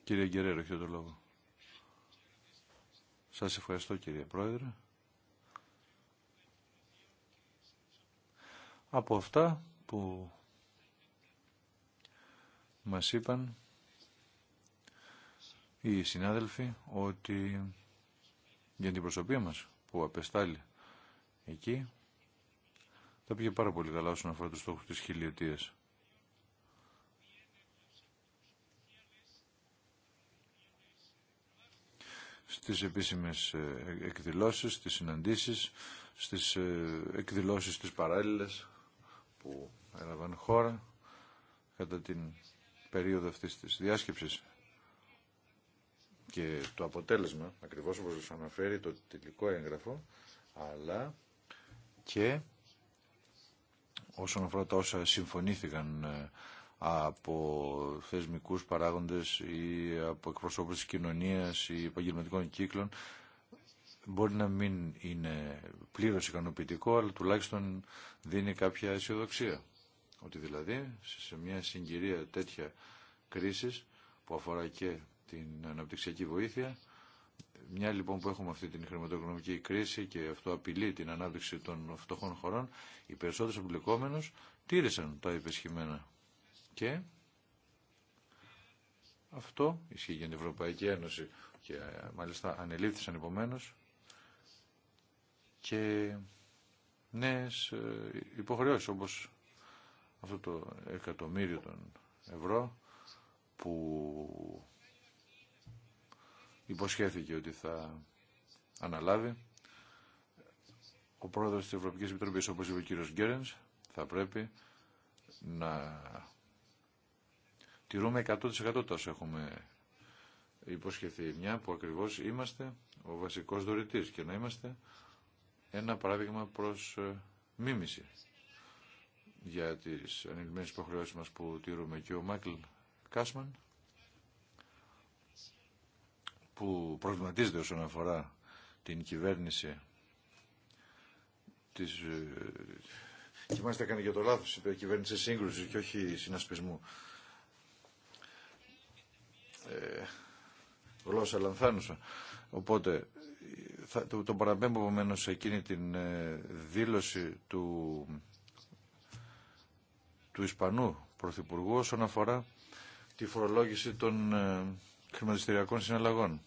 Κύριε Γκερέρο, έχετε το λόγο. Σας ευχαριστώ κύριε Πρόεδρε. Από αυτά που μας είπαν οι συνάδελφοι ότι για την προσωπία μας που απεστάλλει εκεί τα πήγε πάρα πολύ καλά όσον αφορά του στόχου της χιλιετία. στις επίσημες ε, εκδηλώσεις, στις συναντήσεις, στις ε, εκδηλώσεις της παράλληλες που έλαβαν χώρα κατά την περίοδο αυτής της διάσκεψης. Και το αποτέλεσμα, ακριβώς όπως αναφέρει το τελικό έγγραφο, αλλά και όσον αφορά τα όσα συμφωνήθηκαν ε, από θεσμικούς παράγοντες ή από εκπροσώπους της κοινωνίας ή επαγγελματικών κύκλων μπορεί να μην είναι πλήρως ικανοποιητικό αλλά τουλάχιστον δίνει κάποια αισιοδοξία ότι δηλαδή σε μια συγκυρία τέτοια κρίσης που αφορά και την αναπτυξιακή βοήθεια μια λοιπόν που έχουμε αυτή την χρηματοοικονομική κρίση και αυτό απειλεί την ανάπτυξη των φτωχών χωρών, οι περισσότεροι εμπλεκόμενους τήρησαν τα υπεσχημένα. Και αυτό ισχύει για την Ευρωπαϊκή Ένωση και ε, μάλιστα ανελήφθησαν επομένω και νέες ε, υποχρεώσεις όπως αυτό το εκατομμύριο των ευρώ που υποσχέθηκε ότι θα αναλάβει. Ο πρόεδρος της Ευρωπαϊκής Επιτροπής, όπως είπε ο κύριος Γκέρενς, θα πρέπει να τηρούμε 100% τόσο έχουμε υποσχεθεί μια που ακριβώς είμαστε ο βασικός δωρητής και να είμαστε ένα παράδειγμα προς ε, μίμηση για τις ανηλυμένες υποχρεώσεις μας που τηρούμε και ο Μάικλ Κάσμαν που προβληματίζεται όσον αφορά την κυβέρνηση της... Ε, και μάλιστα έκανε για το λάθος, Η κυβέρνηση σύγκρουση και όχι συνασπισμού. Ε, γλώσσα λανθάνουσα. Οπότε θα, το, το παραπέμπω σε εκείνη την ε, δήλωση του, του Ισπανού Πρωθυπουργού όσον αφορά τη φορολόγηση των ε, χρηματιστηριακών συναλλαγών.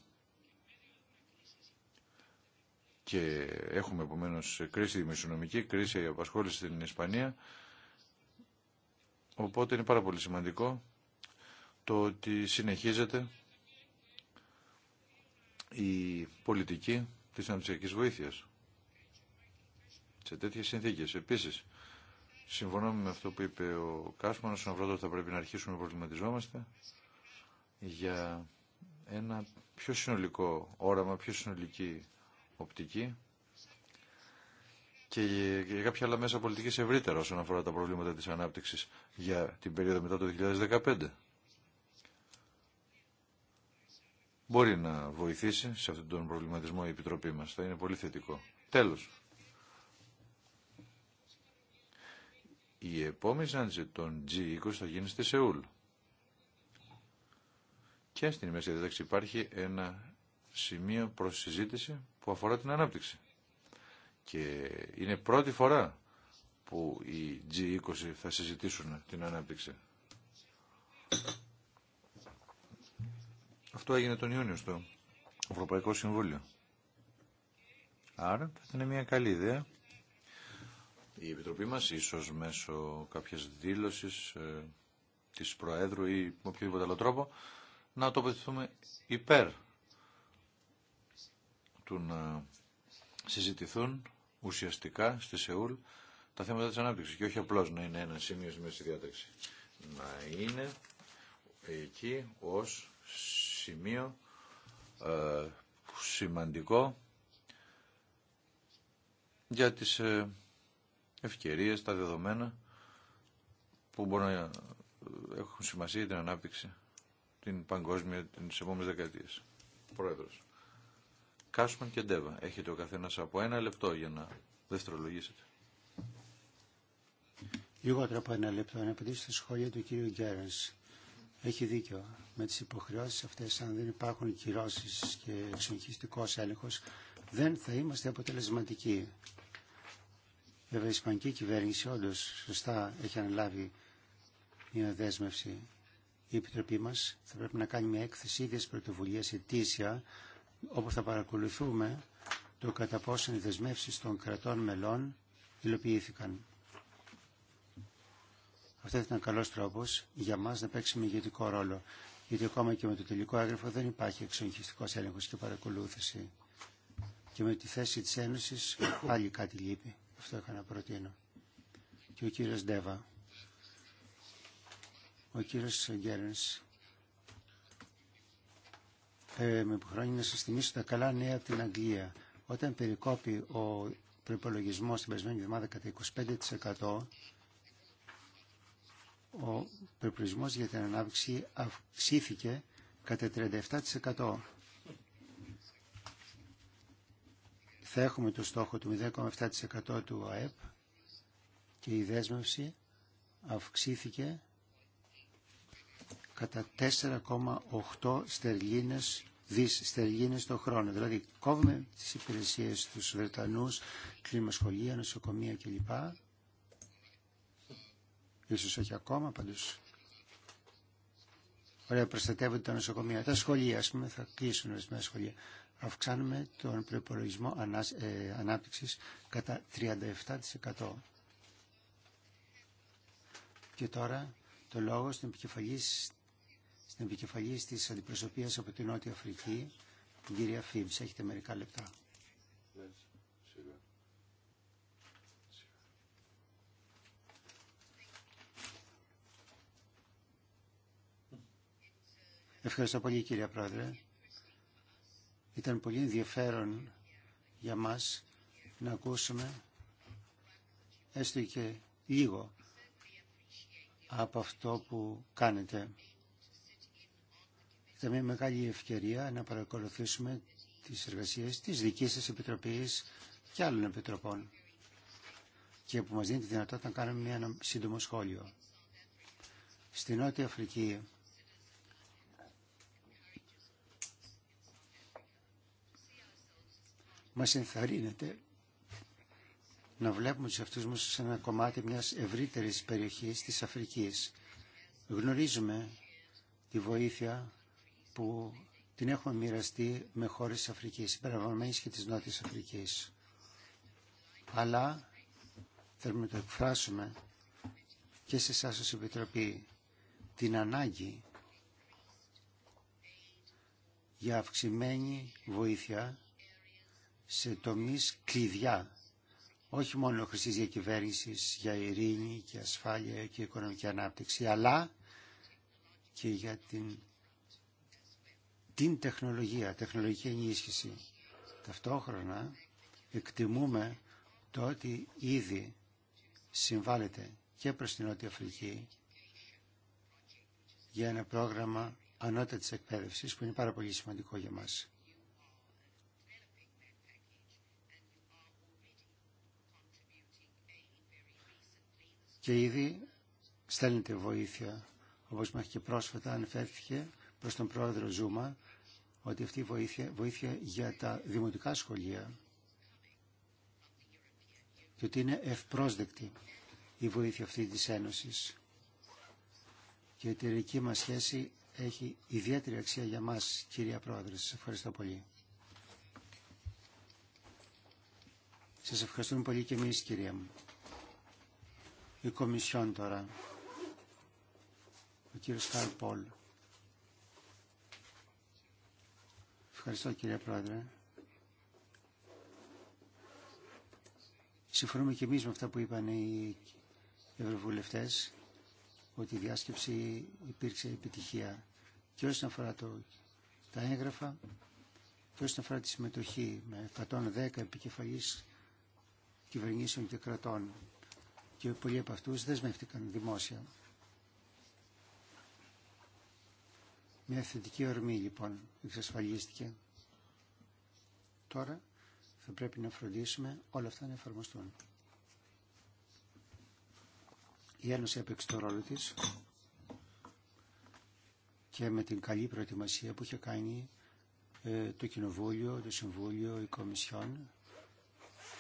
Και έχουμε επομένω κρίση δημοσιονομική, κρίση απασχόληση στην Ισπανία. Οπότε είναι πάρα πολύ σημαντικό το ότι συνεχίζεται η πολιτική της αναπτυξιακής βοήθειας. Σε τέτοιες συνθήκες. Επίσης, συμφωνώ με αυτό που είπε ο Κάσμανος, στον αυρό θα πρέπει να αρχίσουμε να προβληματιζόμαστε για ένα πιο συνολικό όραμα, πιο συνολική οπτική και για κάποια άλλα μέσα πολιτικής ευρύτερα όσον αφορά τα προβλήματα της ανάπτυξης για την περίοδο μετά το 2015. Μπορεί να βοηθήσει σε αυτόν τον προβληματισμό η Επιτροπή μας. Θα είναι πολύ θετικό. Τέλος. Η επόμενη συνάντηση των G20 θα γίνει στη Σεούλ. Και στην ημέρα διάταξη υπάρχει ένα σημείο προς συζήτηση που αφορά την ανάπτυξη. Και είναι πρώτη φορά που οι G20 θα συζητήσουν την ανάπτυξη. Αυτό έγινε τον Ιούνιο στο Ευρωπαϊκό Συμβούλιο. Άρα θα ήταν μια καλή ιδέα. Η Επιτροπή μας, ίσως μέσω κάποιας δήλωση ε, της Προέδρου ή με οποιοδήποτε άλλο τρόπο, να τοποθετηθούμε υπέρ του να συζητηθούν ουσιαστικά στη Σεούλ τα θέματα της ανάπτυξης και όχι απλώς να είναι ένα σημείο στη μέση διάταξη. Να είναι εκεί ως σημείο ε, σημαντικό για τις ε, ευκαιρίες, τα δεδομένα που μπορούν να ε, έχουν σημασία για την ανάπτυξη την παγκόσμια την επόμενες δεκαετίες. Πρόεδρος. Κάσμαν και Ντέβα. Έχετε ο καθένα από ένα λεπτό για να δευτερολογήσετε. Λιγότερο από ένα λεπτό να απαντήσω στα σχόλια του κύριου Γκέρεν. Έχει δίκιο. Με τι υποχρεώσει αυτέ, αν δεν υπάρχουν κυρώσει και εξοχιστικός έλεγχο. δεν θα είμαστε αποτελεσματικοί. Βέβαια, η Ισπανική κυβέρνηση όντω σωστά έχει αναλάβει μια δέσμευση. Η Επιτροπή μα. θα πρέπει να κάνει μια έκθεση ίδια πρωτοβουλία ετήσια όπως θα παρακολουθούμε το κατά πόσον οι δεσμεύσεις των κρατών μελών υλοποιήθηκαν. Αυτό ήταν καλός τρόπος για μας να παίξουμε ηγετικό ρόλο, γιατί ακόμα και με το τελικό έγγραφο δεν υπάρχει εξοχιστικός έλεγχος και παρακολούθηση. Και με τη θέση της Ένωσης πάλι κάτι λείπει. Αυτό είχα να προτείνω. Και ο κύριος Ντέβα. Ο κύριος Γκέρνς ε, με υποχρεώνει να σα θυμίσω τα καλά νέα από την Αγγλία. Όταν περικόπη ο προπολογισμό την περασμένη εβδομάδα κατά 25%, ο προπολογισμό για την ανάπτυξη αυξήθηκε κατά 37%. Θα έχουμε το στόχο του 0,7% του ΑΕΠ και η δέσμευση αυξήθηκε κατά 4,8 στερλίνες δις στερλίνες το χρόνο. Δηλαδή κόβουμε τις υπηρεσίες τους Βρετανούς, σχολεία, νοσοκομεία κλπ. Ίσως όχι ακόμα, πάντως Ωραία, προστατεύονται τα νοσοκομεία. Τα σχολεία, ας πούμε, θα κλείσουν ορισμένα σχολεία. Αυξάνουμε τον προπολογισμό ε, ανάπτυξη κατά 37%. Και τώρα το λόγο στην επικεφαλή Επικεφαλή της αντιπροσωπείας από την Νότια Αφρική, την κυρία Φίμψ. Έχετε μερικά λεπτά. Ευχαριστώ πολύ κυρία Πρόεδρε. Ήταν πολύ ενδιαφέρον για μας να ακούσουμε έστω και λίγο από αυτό που κάνετε θα μια μεγάλη ευκαιρία να παρακολουθήσουμε τις εργασίες της δικής σα Επιτροπής και άλλων Επιτροπών και που μας δίνει τη δυνατότητα να κάνουμε ένα σύντομο σχόλιο. Στη Νότια Αφρική μας ενθαρρύνεται να βλέπουμε του αυτούς μας σε ένα κομμάτι μιας ευρύτερης περιοχής της Αφρικής. Γνωρίζουμε τη βοήθεια που την έχουμε μοιραστεί με χώρες της Αφρικής, συμπεριλαμβανομένης και της Νότιας Αφρικής. Αλλά θέλουμε να το εκφράσουμε και σε εσάς ως Επιτροπή την ανάγκη για αυξημένη βοήθεια σε τομείς κλειδιά, όχι μόνο για διακυβέρνησης για ειρήνη και ασφάλεια και οικονομική ανάπτυξη, αλλά και για την την τεχνολογία, τεχνολογική ενίσχυση. Ταυτόχρονα εκτιμούμε το ότι ήδη συμβάλλεται και προς την Νότια Αφρική για ένα πρόγραμμα ανώτατης εκπαίδευσης που είναι πάρα πολύ σημαντικό για μας. Και ήδη στέλνετε βοήθεια, όπως μέχρι και πρόσφατα ανεφέρθηκε προς τον πρόεδρο Ζούμα ότι αυτή η βοήθεια, βοήθεια για τα δημοτικά σχολεία και ότι είναι ευπρόσδεκτη η βοήθεια αυτή της Ένωσης. Και η εταιρική μας σχέση έχει ιδιαίτερη αξία για μας, κυρία Πρόεδρε. Σας ευχαριστώ πολύ. Σας ευχαριστούμε πολύ και εμείς, κυρία μου. Η Κομισιόν τώρα. Ο κύριος Χαρ Πολ. Ευχαριστώ κύριε Πρόεδρε. Συμφωνούμε και εμείς με αυτά που είπαν οι ευρωβουλευτές ότι η διάσκεψη υπήρξε επιτυχία και όσον αφορά τα έγγραφα και όσον αφορά τη συμμετοχή με 110 επικεφαλής κυβερνήσεων και κρατών και πολλοί από αυτούς δεσμεύτηκαν δημόσια. Μια θετική ορμή λοιπόν εξασφαλίστηκε. Τώρα θα πρέπει να φροντίσουμε όλα αυτά να εφαρμοστούν. Η Ένωση έπαιξε το ρόλο της και με την καλή προετοιμασία που είχε κάνει ε, το Κοινοβούλιο, το Συμβούλιο, η Κομισιόν,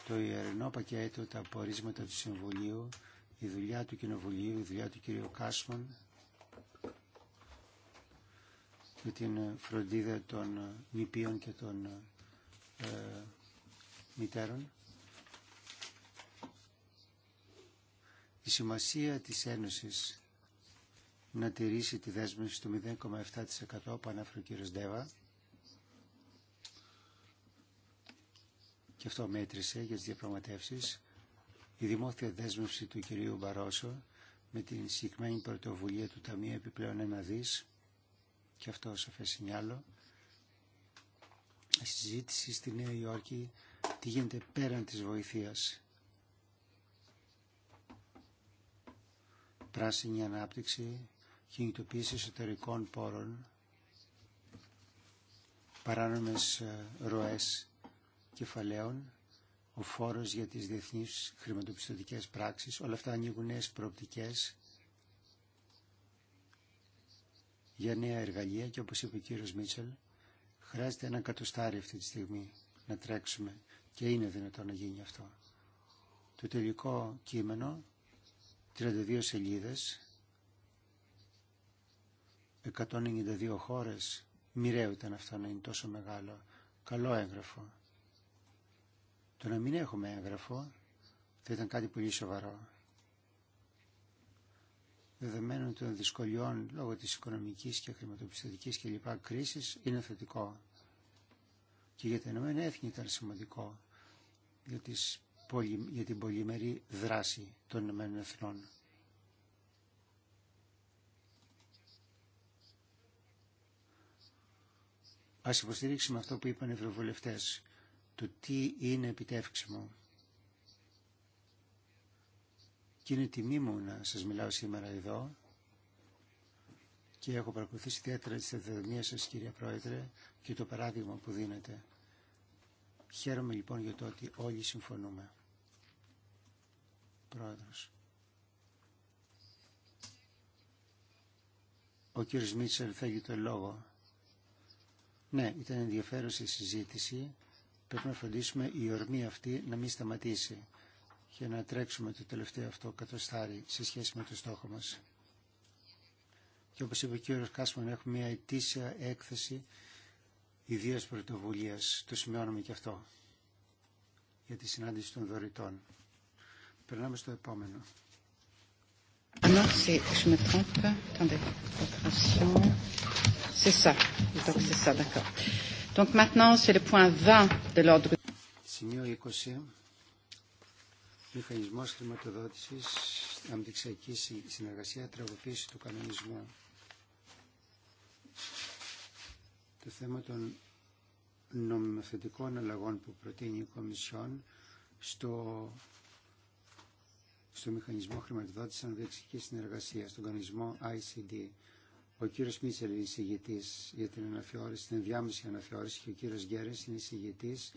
το ιερνό πακέτο, τα απορίσματα του Συμβουλίου, η δουλειά του Κοινοβουλίου, η δουλειά του κ. Κάσμαν με την ε, φροντίδα των ε, νηπίων και των ε, ε, μητέρων. Η σημασία της Ένωσης να τηρήσει τη δέσμευση του 0,7% που ανέφερε ο κύριος και αυτό μέτρησε για τις διαπραγματεύσεις η δημόσια δέσμευση του κυρίου Μπαρόσο με την συγκεκριμένη πρωτοβουλία του Ταμείου επιπλέον ένα δις και αυτό σαφέ Η συζήτηση στη Νέα Υόρκη τι γίνεται πέραν της βοηθείας. Πράσινη ανάπτυξη, κινητοποίηση εσωτερικών πόρων, παράνομες ε, ροές κεφαλαίων, ο φόρος για τις διεθνείς χρηματοπιστωτικές πράξεις, όλα αυτά ανοίγουν νέες προοπτικές για νέα εργαλεία και όπως είπε ο κύριος Μίτσελ, χρειάζεται ένα κατοστάρι αυτή τη στιγμή να τρέξουμε και είναι δυνατόν να γίνει αυτό. Το τελικό κείμενο, 32 σελίδες, 192 χώρες, μοιραίο ήταν αυτό να είναι τόσο μεγάλο, καλό έγγραφο. Το να μην έχουμε έγγραφο θα ήταν κάτι πολύ σοβαρό δεδομένων των δυσκολιών λόγω της οικονομικής και χρηματοπιστωτικής κλπ. κρίσης είναι θετικό. Και για τα Ηνωμένα Έθνη ήταν σημαντικό για, την πολυμερή δράση των Ηνωμένων Εθνών. Ας υποστηρίξουμε αυτό που είπαν οι ευρωβουλευτές, το τι είναι επιτεύξιμο και είναι τιμή μου να σας μιλάω σήμερα εδώ και έχω παρακολουθήσει ιδιαίτερα τη σταδιοδρομία σας κύριε Πρόεδρε και το παράδειγμα που δίνετε. Χαίρομαι λοιπόν για το ότι όλοι συμφωνούμε. Πρόεδρος. Ο κύριος Μίτσελ θέλει το λόγο. Ναι, ήταν ενδιαφέρουσα η συζήτηση. Πρέπει να φροντίσουμε η ορμή αυτή να μην σταματήσει για να τρέξουμε το τελευταίο αυτό κατοστάρι σε σχέση με το στόχο μας. Και όπως είπε ο κύριος Κάσμαν, έχουμε μια ετήσια έκθεση ιδίας πρωτοβουλίας. Το σημειώνουμε και αυτό για τη συνάντηση των δωρητών. Περνάμε στο επόμενο. Σημείο 20 μηχανισμός χρηματοδότησης αναπτυξιακή συνεργασία τραγωποίηση του κανονισμού. Το θέμα των νομιμοθετικών αλλαγών που προτείνει η Κομισιόν στο, στο μηχανισμό χρηματοδότησης αναπτυξιακής συνεργασίας, στον κανονισμό ICD. Ο κύριος Μίτσελ είναι για την αναθεώρηση, την ενδιάμεση αναθεώρηση και ο κύριος Γκέρες είναι εισηγητής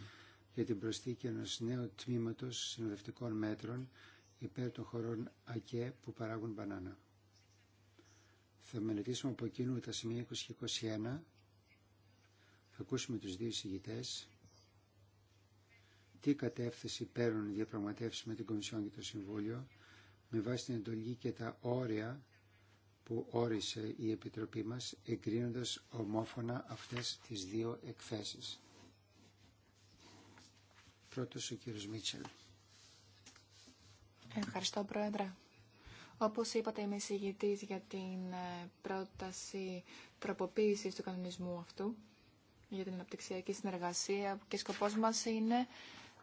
για την προσθήκη ενός νέου τμήματος συνοδευτικών μέτρων υπέρ των χωρών ΑΚΕ που παράγουν μπανάνα. Θα μελετήσουμε από εκείνου τα σημεία 20 Θα ακούσουμε τους δύο εισηγητές. Τι κατεύθυνση παίρνουν οι διαπραγματεύσεις με την Κομισιόν και το Συμβούλιο με βάση την εντολή και τα όρια που όρισε η Επιτροπή μας εγκρίνοντας ομόφωνα αυτές τις δύο εκθέσεις. Πρώτος ο κύριος Μίτσελ. Ευχαριστώ Πρόεδρε. Όπως είπατε είμαι συγγητής για την ε, πρόταση τροποποίησης του κανονισμού αυτού για την αναπτυξιακή συνεργασία και σκοπός μας είναι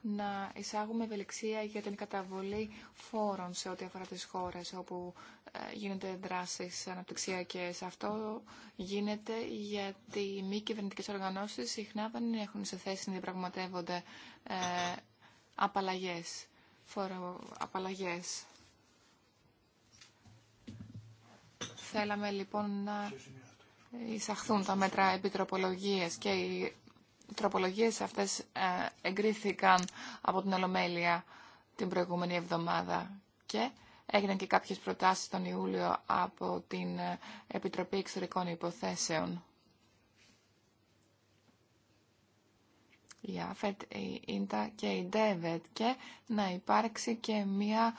να εισάγουμε ευελιξία για την καταβολή φόρων σε ό,τι αφορά τις χώρες όπου ε, γίνονται δράσεις αναπτυξιακές. Αυτό γίνεται γιατί οι μη κυβερνητικέ οργανώσεις συχνά δεν έχουν σε θέση να διαπραγματεύονται ε, απαλλαγές, φοροαπαλλαγές. Θέλαμε λοιπόν να εισαχθούν τα μέτρα επιτροπολογίας και τροπολογίες αυτές ε, εγκρίθηκαν από την Ολομέλεια την προηγούμενη εβδομάδα και έγιναν και κάποιες προτάσεις τον Ιούλιο από την ε, Επιτροπή Εξωτερικών Υποθέσεων. η ΑΦΕΤ, η ΙΝΤΑ και η ΔΕΒΕΤ και να υπάρξει και μια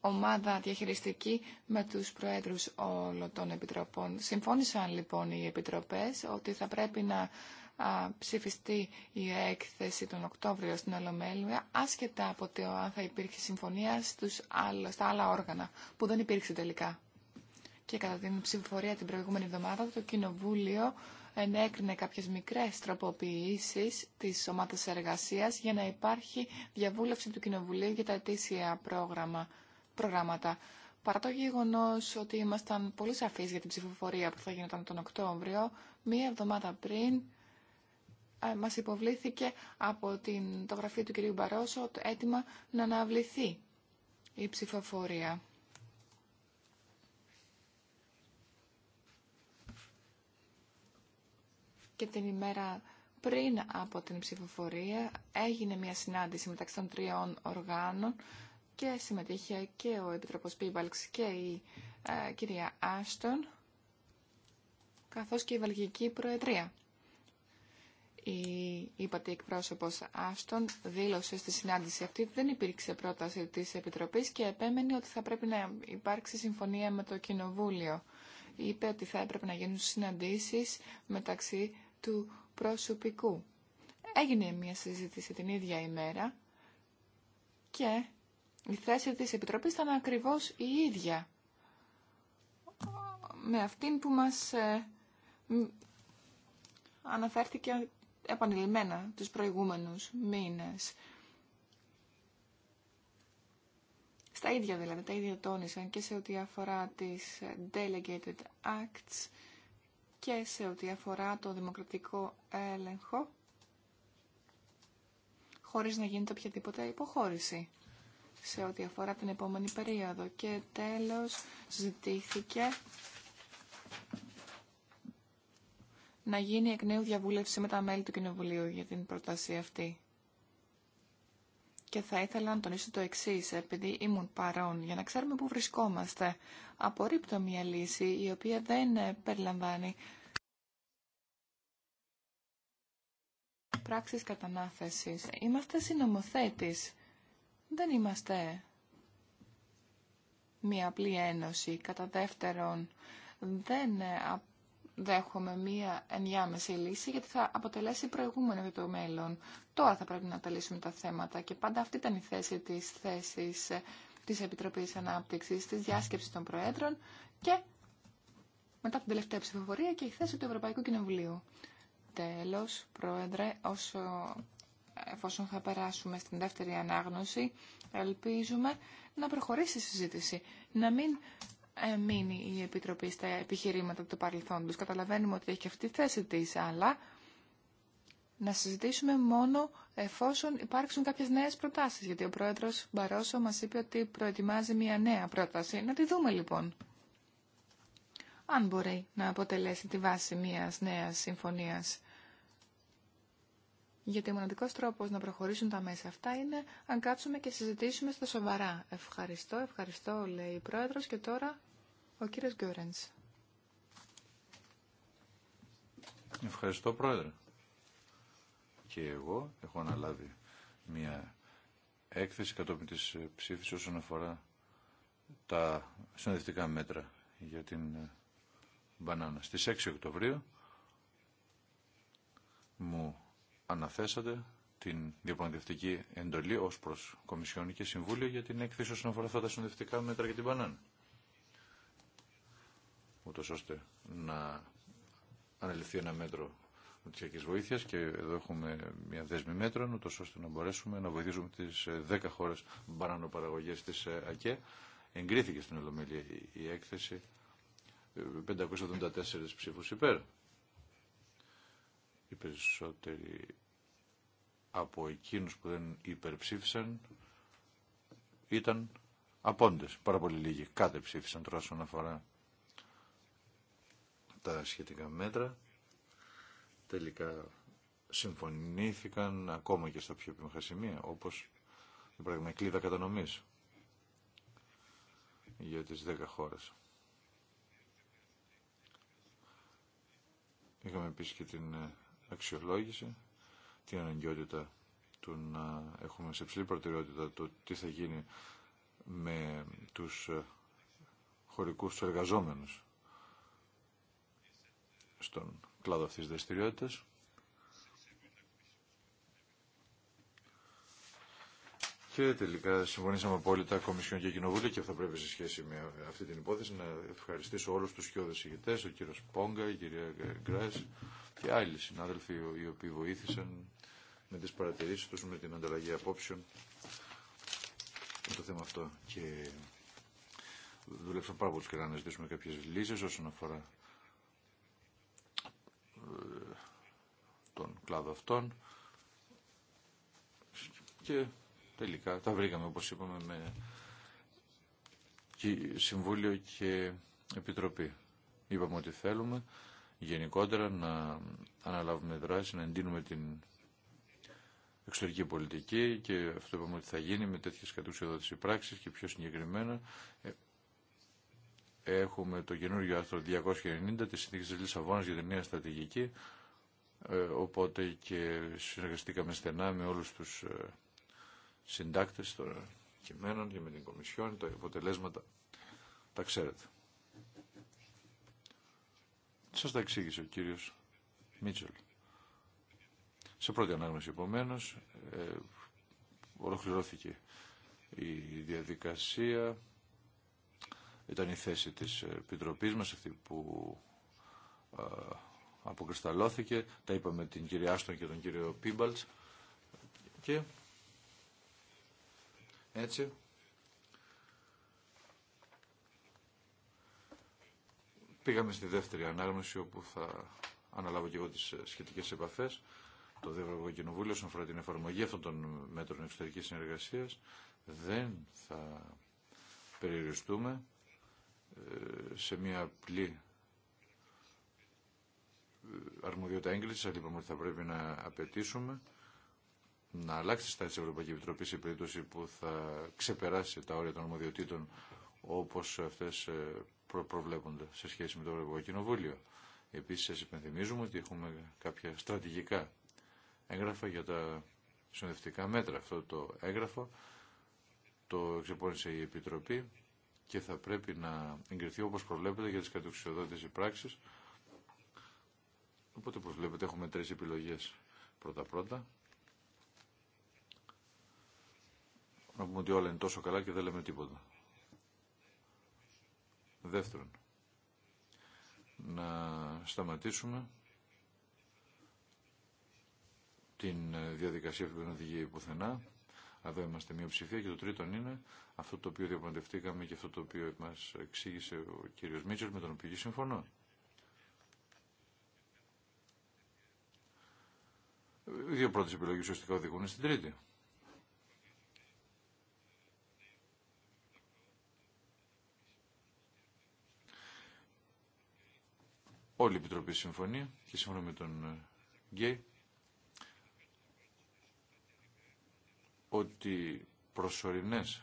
ομάδα διαχειριστική με τους προέδρους όλων των επιτροπών. Συμφώνησαν λοιπόν οι επιτροπές ότι θα πρέπει να ψηφιστεί η έκθεση τον Οκτώβριο στην Ολομέλεια, άσχετα από το αν θα υπήρχε συμφωνία στους στα άλλα όργανα, που δεν υπήρξε τελικά. Και κατά την ψηφοφορία την προηγούμενη εβδομάδα, το Κοινοβούλιο ενέκρινε κάποιες μικρές τροποποιήσεις της ομάδας εργασίας για να υπάρχει διαβούλευση του Κοινοβουλίου για τα αιτήσια πρόγραμμα, προγράμματα. Παρά το γεγονό ότι ήμασταν πολύ σαφεί για την ψηφοφορία που θα γινόταν τον Οκτώβριο, μία εβδομάδα πριν ε, μας υποβλήθηκε από την, το γραφείο του κυρίου Μπαρόσο το αίτημα να αναβληθεί η ψηφοφορία. Και την ημέρα πριν από την ψηφοφορία έγινε μια συνάντηση μεταξύ των τριών οργάνων και συμμετείχε και ο Επιτροπός Πίβαλξ και η ε, κυρία Άστον καθώς και η Βαλγική Προεδρία η είπατε εκπρόσωπος Άστον δήλωσε στη συνάντηση αυτή ότι δεν υπήρξε πρόταση της Επιτροπής και επέμενε ότι θα πρέπει να υπάρξει συμφωνία με το Κοινοβούλιο. Είπε ότι θα έπρεπε να γίνουν συναντήσεις μεταξύ του προσωπικού. Έγινε μια συζήτηση την ίδια ημέρα και η θέση της Επιτροπής ήταν ακριβώς η ίδια με αυτήν που μας ε, αναφέρθηκε επανειλημμένα τους προηγούμενους μήνες. Στα ίδια δηλαδή, τα ίδια τόνισαν και σε ό,τι αφορά τις delegated acts και σε ό,τι αφορά το δημοκρατικό έλεγχο χωρίς να γίνεται οποιαδήποτε υποχώρηση σε ό,τι αφορά την επόμενη περίοδο. Και τέλος ζητήθηκε να γίνει εκ νέου διαβούλευση με τα μέλη του Κοινοβουλίου για την πρόταση αυτή. Και θα ήθελα να τονίσω το εξή, επειδή ήμουν παρόν, για να ξέρουμε πού βρισκόμαστε. Απορρίπτω μια λύση η οποία δεν ε, περιλαμβάνει πράξεις κατανάθεσης. Είμαστε συνομοθέτης. Δεν είμαστε μια απλή ένωση. Κατά δεύτερον, δεν ε, δέχομαι μία ενδιάμεση λύση γιατί θα αποτελέσει προηγούμενο για το μέλλον. Τώρα θα πρέπει να τα λύσουμε τα θέματα και πάντα αυτή ήταν η θέση της θέσης ε, της Επιτροπής Ανάπτυξης, της διάσκεψης των Προέδρων και μετά την τελευταία ψηφοφορία και η θέση του Ευρωπαϊκού Κοινοβουλίου. Τέλος, Πρόεδρε, όσο εφόσον θα περάσουμε στην δεύτερη ανάγνωση, ελπίζουμε να προχωρήσει η συζήτηση, να μην ε, μείνει η Επιτροπή στα επιχειρήματα του παρελθόντος. Καταλαβαίνουμε ότι έχει αυτή τη θέση της, αλλά να συζητήσουμε μόνο εφόσον υπάρξουν κάποιες νέες προτάσεις, γιατί ο Πρόεδρος Μπαρόσο μας είπε ότι προετοιμάζει μια νέα πρόταση. Να τη δούμε λοιπόν. Αν μπορεί να αποτελέσει τη βάση μιας νέας συμφωνίας γιατί ο μοναδικό τρόπο να προχωρήσουν τα μέσα αυτά είναι αν κάτσουμε και συζητήσουμε στα σοβαρά. Ευχαριστώ, ευχαριστώ, λέει η πρόεδρο. Και τώρα ο κύριο Γκιόρεντ. Ευχαριστώ, πρόεδρε. Και εγώ έχω αναλάβει μια έκθεση κατόπιν τη ψήφισή όσον αφορά τα συνοδευτικά μέτρα για την ε, μπανάνα. Στις 6 Οκτωβρίου μου αναθέσατε την διαπραγματευτική εντολή ως προς Κομισιόν και Συμβούλιο για την έκθεση όσον αφορά αυτά τα συνοδευτικά μέτρα για την Πανάνη. Ούτως ώστε να αναλυθεί ένα μέτρο νοτιακή βοήθειας και εδώ έχουμε μια δέσμη μέτρων, ούτως ώστε να μπορέσουμε να βοηθήσουμε τις 10 ε, χώρε παραγωγές της ε, ΑΚΕ. Εγκρίθηκε στην Ολομέλεια η έκθεση 574 ε, ψήφους υπέρ. Οι περισσότεροι από εκείνους που δεν υπερψήφισαν ήταν απόντες. Πάρα πολύ λίγοι κάτε ψήφισαν τώρα όσον αφορά τα σχετικά μέτρα. Τελικά συμφωνήθηκαν ακόμα και στα πιο επιμεχά σημεία, όπως η πραγματική κλίδα κατανομής για τις 10 χώρες. Είχαμε επίσης και την ε, Αξιολόγηση, την αναγκαιότητα του να έχουμε σε ψηλή προτεραιότητα το τι θα γίνει με τους ε, χωρικούς τους εργαζόμενους στον κλάδο αυτής της δραστηριότητας. Και τελικά συμφωνήσαμε απόλυτα Κομισιόν και Κοινοβούλιο και αυτό πρέπει σε σχέση με αυτή την υπόθεση να ευχαριστήσω όλου του σκιώδε ηγητέ, ο κύριο Πόγκα, η κυρία Γκρά και άλλοι συνάδελφοι οι οποίοι βοήθησαν με τι παρατηρήσει του, με την ανταλλαγή απόψεων με το θέμα αυτό. Και δούλεψαν πάρα πολύ σκληρά να ζητήσουμε κάποιε λύσει όσον αφορά ε, τον κλάδο αυτών. Και τελικά τα βρήκαμε όπως είπαμε με Συμβούλιο και Επιτροπή. Είπαμε ότι θέλουμε γενικότερα να αναλάβουμε δράση, να εντείνουμε την εξωτερική πολιτική και αυτό είπαμε ότι θα γίνει με τέτοιες κατουσιοδότηση πράξεις και πιο συγκεκριμένα ε, έχουμε το καινούργιο άρθρο 290 της Συνθήκης της Λισαβόνας για την νέα στρατηγική ε, οπότε και συνεργαστήκαμε στενά με όλους τους ε, συντάκτες των κειμένων και με την Κομισιόν, τα αποτελέσματα τα ξέρετε. Σας τα εξήγησε ο κύριος Μίτσελ. Σε πρώτη ανάγνωση επομένω, ε, ολοκληρώθηκε η διαδικασία, ήταν η θέση της Επιτροπής μας, αυτή που ε, αποκρισταλώθηκε, τα είπαμε την κυρία Άστον και τον κύριο Πίμπαλτς και έτσι. Πήγαμε στη δεύτερη ανάγνωση όπου θα αναλάβω και εγώ τις ε, σχετικές επαφές το Ευρωπαϊκό Κοινοβούλιο όσον αφορά την εφαρμογή αυτών των μέτρων εξωτερικής συνεργασίας δεν θα περιοριστούμε ε, σε μια απλή ε, αρμοδιότητα έγκλησης, αλλά λοιπόν ότι θα πρέπει να απαιτήσουμε να αλλάξει τη στάση της Ευρωπαϊκή Επιτροπή σε περίπτωση που θα ξεπεράσει τα όρια των ομοδιοτήτων όπως αυτές ε, προβλέπονται σε σχέση με το Ευρωπαϊκό Κοινοβούλιο. Επίσης σας υπενθυμίζουμε ότι έχουμε κάποια στρατηγικά έγγραφα για τα συνοδευτικά μέτρα. Αυτό το έγγραφο το εξεπώνησε η Επιτροπή και θα πρέπει να εγκριθεί όπως προβλέπεται για τις κατοξιοδότες πράξεις. Οπότε, όπως βλέπετε, έχουμε τρεις επιλογές. Πρώτα-πρώτα, να πούμε ότι όλα είναι τόσο καλά και δεν λέμε τίποτα. Δεύτερον, να σταματήσουμε την διαδικασία που δεν οδηγεί πουθενά. Εδώ είμαστε ψηφία και το τρίτον είναι αυτό το οποίο διαπραγματευτήκαμε και αυτό το οποίο μας εξήγησε ο κύριος Μίτσελ με τον οποίο συμφωνώ. Οι δύο πρώτες επιλογές ουσιαστικά οδηγούν στην τρίτη. Όλη η Επιτροπή συμφωνεί και συμφωνώ με τον ε, Γκέι ότι προσωρινές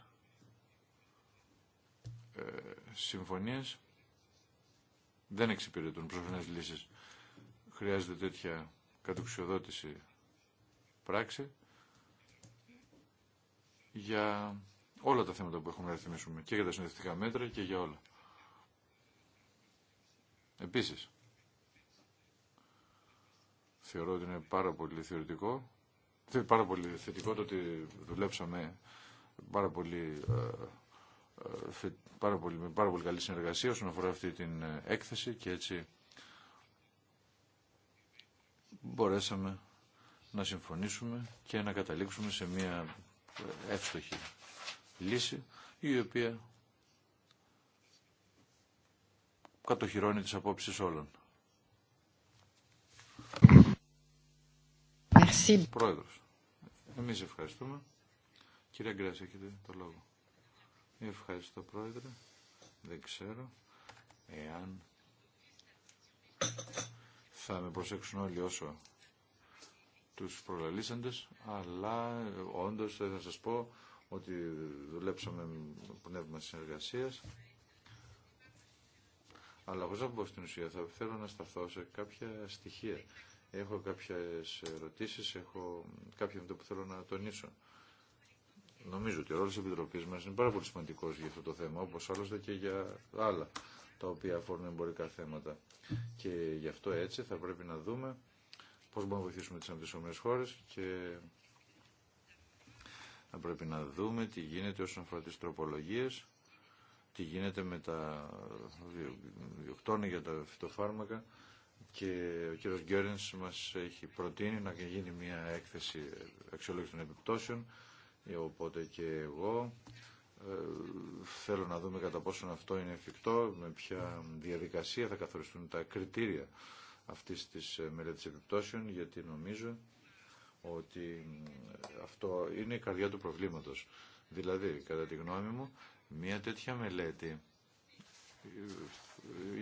ε, συμφωνίες δεν εξυπηρετούν προσωρινές λύσεις. Χρειάζεται τέτοια κατοξιοδότηση πράξη για όλα τα θέματα που έχουμε να ρυθμίσουμε και για τα συνδευτικά μέτρα και για όλα. Επίσης, θεωρώ ότι είναι πάρα πολύ θεωρητικό. Πάρα πολύ θετικό το ότι δουλέψαμε πάρα πολύ, ε, ε, πάρα πολύ, με πάρα πολύ καλή συνεργασία όσον αφορά αυτή την ε, έκθεση και έτσι μπορέσαμε να συμφωνήσουμε και να καταλήξουμε σε μια εύστοχη λύση η οποία κατοχυρώνει τις απόψεις όλων. Merci. Πρόεδρος, εμείς ευχαριστούμε. Κυρία Γκράση, έχετε το λόγο. Ευχαριστώ, Πρόεδρε. Δεν ξέρω εάν θα με προσέξουν όλοι όσο τους προλαλήσαντες, αλλά όντως θα σας πω ότι δουλέψαμε πνεύμα συνεργασίας, αλλά χωρίς να πω στην ουσία θα θέλω να σταθώ σε κάποια στοιχεία Έχω κάποιες ερωτήσεις, έχω κάποια που θέλω να τονίσω. Νομίζω ότι ο ρόλος της Επιτροπής μας είναι πάρα πολύ σημαντικός για αυτό το θέμα, όπως άλλωστε και για άλλα τα οποία αφορούν εμπορικά θέματα. Και γι' αυτό έτσι θα πρέπει να δούμε πώς μπορούμε να βοηθήσουμε τις αντισωμένες χώρες και θα πρέπει να δούμε τι γίνεται όσον αφορά τις τροπολογίες, τι γίνεται με τα διοκτώνα για τα φυτοφάρμακα και ο κύριος Γκέρνς μας έχει προτείνει να γίνει μια έκθεση αξιολόγηση των επιπτώσεων ε, οπότε και εγώ ε, θέλω να δούμε κατά πόσον αυτό είναι εφικτό, με ποια διαδικασία θα καθοριστούν τα κριτήρια αυτής της ε, μελέτης επιπτώσεων γιατί νομίζω ότι αυτό είναι η καρδιά του προβλήματος. Δηλαδή, κατά τη γνώμη μου, μια τέτοια μελέτη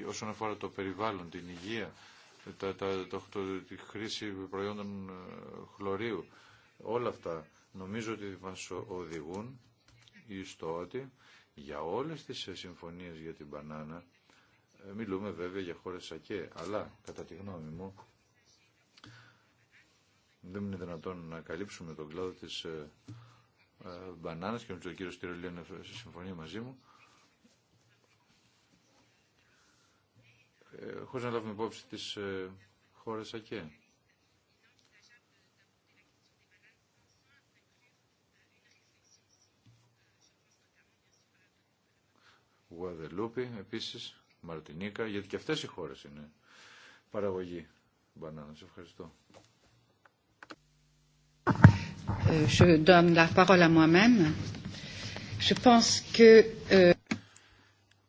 όσον αφορά το περιβάλλον, την υγεία, τα, το, το, τη χρήση προϊόντων ε, χλωρίου. Όλα αυτά νομίζω ότι μας οδηγούν στο ότι για όλες τις ε, συμφωνίες για την μπανάνα ε, μιλούμε βέβαια για χώρες σακέ, αλλά κατά τη γνώμη μου δεν είναι δυνατόν να καλύψουμε τον κλάδο της μπανάνας και ο κύριος Στυρολίου είναι συμφωνία μαζί μου Ε, χωρίς να λάβουμε υπόψη τις ε, χώρες ΑΚΕ. Γουαδελούπη, επίσης, Μαρτινίκα, γιατί και αυτές οι χώρες είναι παραγωγή μπανάνας. Ευχαριστώ. Ε, je donne la parole à moi-même. Je pense que...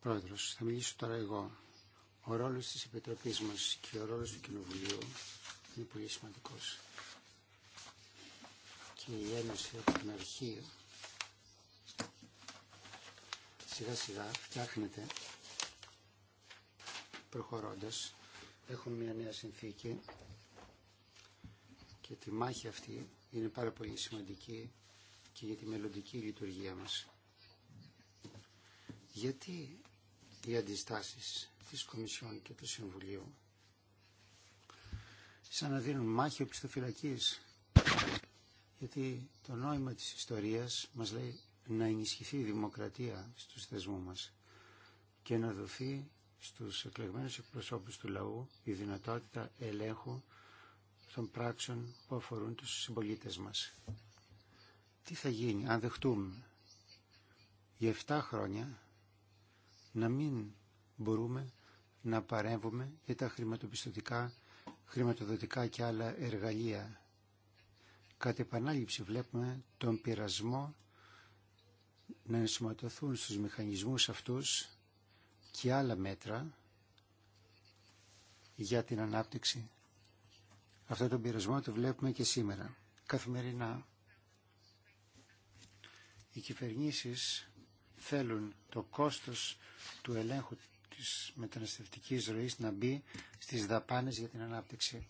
Πρόεδρος, θα μιλήσω τώρα εγώ. Ο ρόλος της Επιτροπής μας και ο ρόλος του Κοινοβουλίου είναι πολύ σημαντικός. Και η Ένωση από την αρχή σιγά σιγά φτιάχνεται προχωρώντας. Έχουμε μια νέα συνθήκη και τη μάχη αυτή είναι πάρα πολύ σημαντική και για τη μελλοντική λειτουργία μας. Γιατί οι αντιστάσεις της Κομισιόν και του Συμβουλίου. Σαν να δίνουν μάχη οπισθοφυλακής. Γιατί το νόημα της ιστορίας μας λέει να ενισχυθεί η δημοκρατία στους θεσμούς μας και να δοθεί στους εκλεγμένους εκπροσώπους του λαού η δυνατότητα ελέγχου των πράξεων που αφορούν τους συμπολίτες μας. Τι θα γίνει αν δεχτούμε για 7 χρόνια να μην μπορούμε να παρέμβουμε για τα χρηματοπιστωτικά, χρηματοδοτικά και άλλα εργαλεία. Κατ' επανάληψη βλέπουμε τον πειρασμό να ενσωματωθούν στους μηχανισμούς αυτούς και άλλα μέτρα για την ανάπτυξη. Αυτό τον πειρασμό το βλέπουμε και σήμερα. Καθημερινά οι κυβερνήσεις θέλουν το κόστος του ελέγχου της μεταναστευτικής ροής να μπει στις δαπάνες για την ανάπτυξη.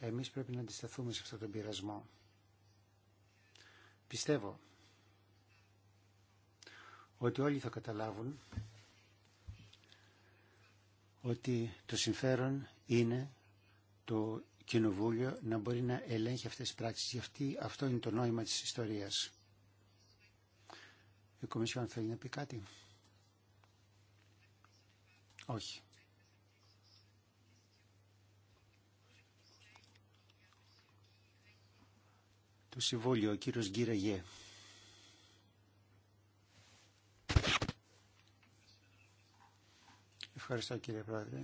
Εμείς πρέπει να αντισταθούμε σε αυτόν τον πειρασμό. Πιστεύω ότι όλοι θα καταλάβουν ότι το συμφέρον είναι το Κοινοβούλιο να μπορεί να ελέγχει αυτές τις πράξεις. Γιατί αυτό είναι το νόημα της ιστορίας. Η θέλει να πει κάτι. Όχι. Το συμβόλιο, ο κύριος Γκύραγε. Ευχαριστώ κύριε Πρόεδρε.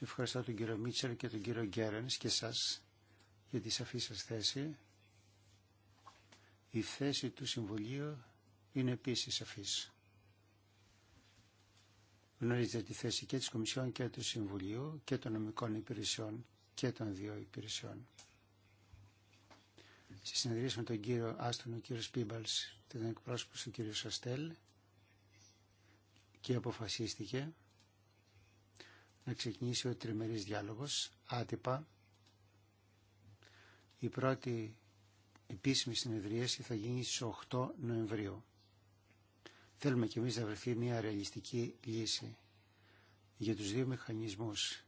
Ευχαριστώ τον κύριο Μίτσερ και τον κύριο Γκέρενς και σας για τη σαφή σας θέση η θέση του Συμβουλίου είναι επίσης σαφής. Γνωρίζετε τη θέση και της Κομισιόν και του Συμβουλίου και των νομικών υπηρεσιών και των δύο υπηρεσιών. Στη συνεδρίαση με τον κύριο Άστον, ο κύριος Πίμπαλς, τον εκπρόσωπο του κύριου Σαστέλ και αποφασίστηκε να ξεκινήσει ο τριμερής διάλογος άτυπα. Η πρώτη επίσημη συνεδρίαση θα γίνει στις 8 Νοεμβρίου. Θέλουμε κι εμείς να βρεθεί μια ρεαλιστική λύση για τους δύο μηχανισμούς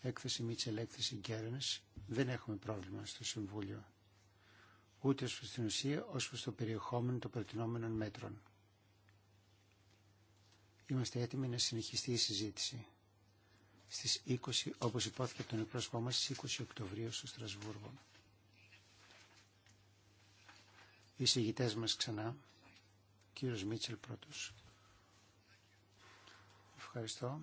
έκθεση Μίτσελ, έκθεση Γκέρνες, δεν έχουμε πρόβλημα στο Συμβούλιο. Ούτε ως προς την ουσία, ως προς το περιεχόμενο των προτινόμενων μέτρων. Είμαστε έτοιμοι να συνεχιστεί η συζήτηση. Στις 20, όπως υπόθηκε από τον εκπρόσωπό μας, στις 20 Οκτωβρίου στο Στρασβούργο οι συγητέ μας ξανά. κύριο κύριος Μίτσελ πρώτος. Ευχαριστώ.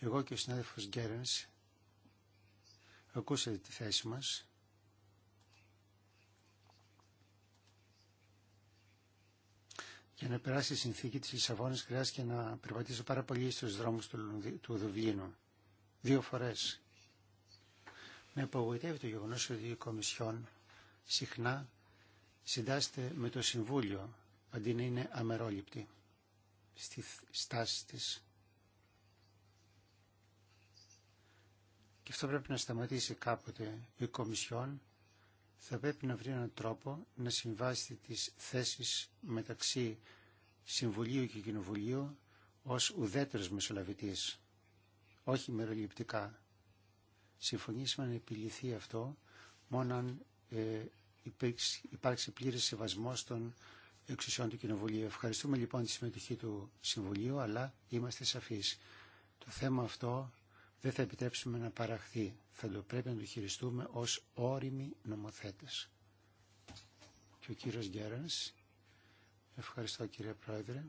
Εγώ και ο συνάδελφος Γκέρενς ακούσατε τη θέση μας. Για να περάσει η συνθήκη της Λισαβόνης χρειάστηκε να περπατήσω πάρα πολύ στους δρόμους του, του Δουβλίνου. Δύο φορές. Με απογοητεύει το γεγονός ότι η Κομισιόν συχνά συντάσσεται με το Συμβούλιο αντί να είναι αμερόληπτη στη στάση της. Και αυτό πρέπει να σταματήσει κάποτε η Κομισιόν. Θα πρέπει να βρει έναν τρόπο να συμβάσει τις θέσεις μεταξύ Συμβουλίου και Κοινοβουλίου ως ουδέτερος μεσολαβητής, όχι μεροληπτικά. Συμφωνήσαμε να επιληθεί αυτό μόνο αν ε, υπάρξει πλήρη σεβασμό των εξουσιών του Κοινοβουλίου. Ευχαριστούμε λοιπόν τη συμμετοχή του Συμβουλίου, αλλά είμαστε σαφείς. Το θέμα αυτό δεν θα επιτρέψουμε να παραχθεί. Θα το πρέπει να το χειριστούμε ως όριμοι νομοθέτες. Και ο κύριος Γκέρανς. Ευχαριστώ κύριε Πρόεδρε.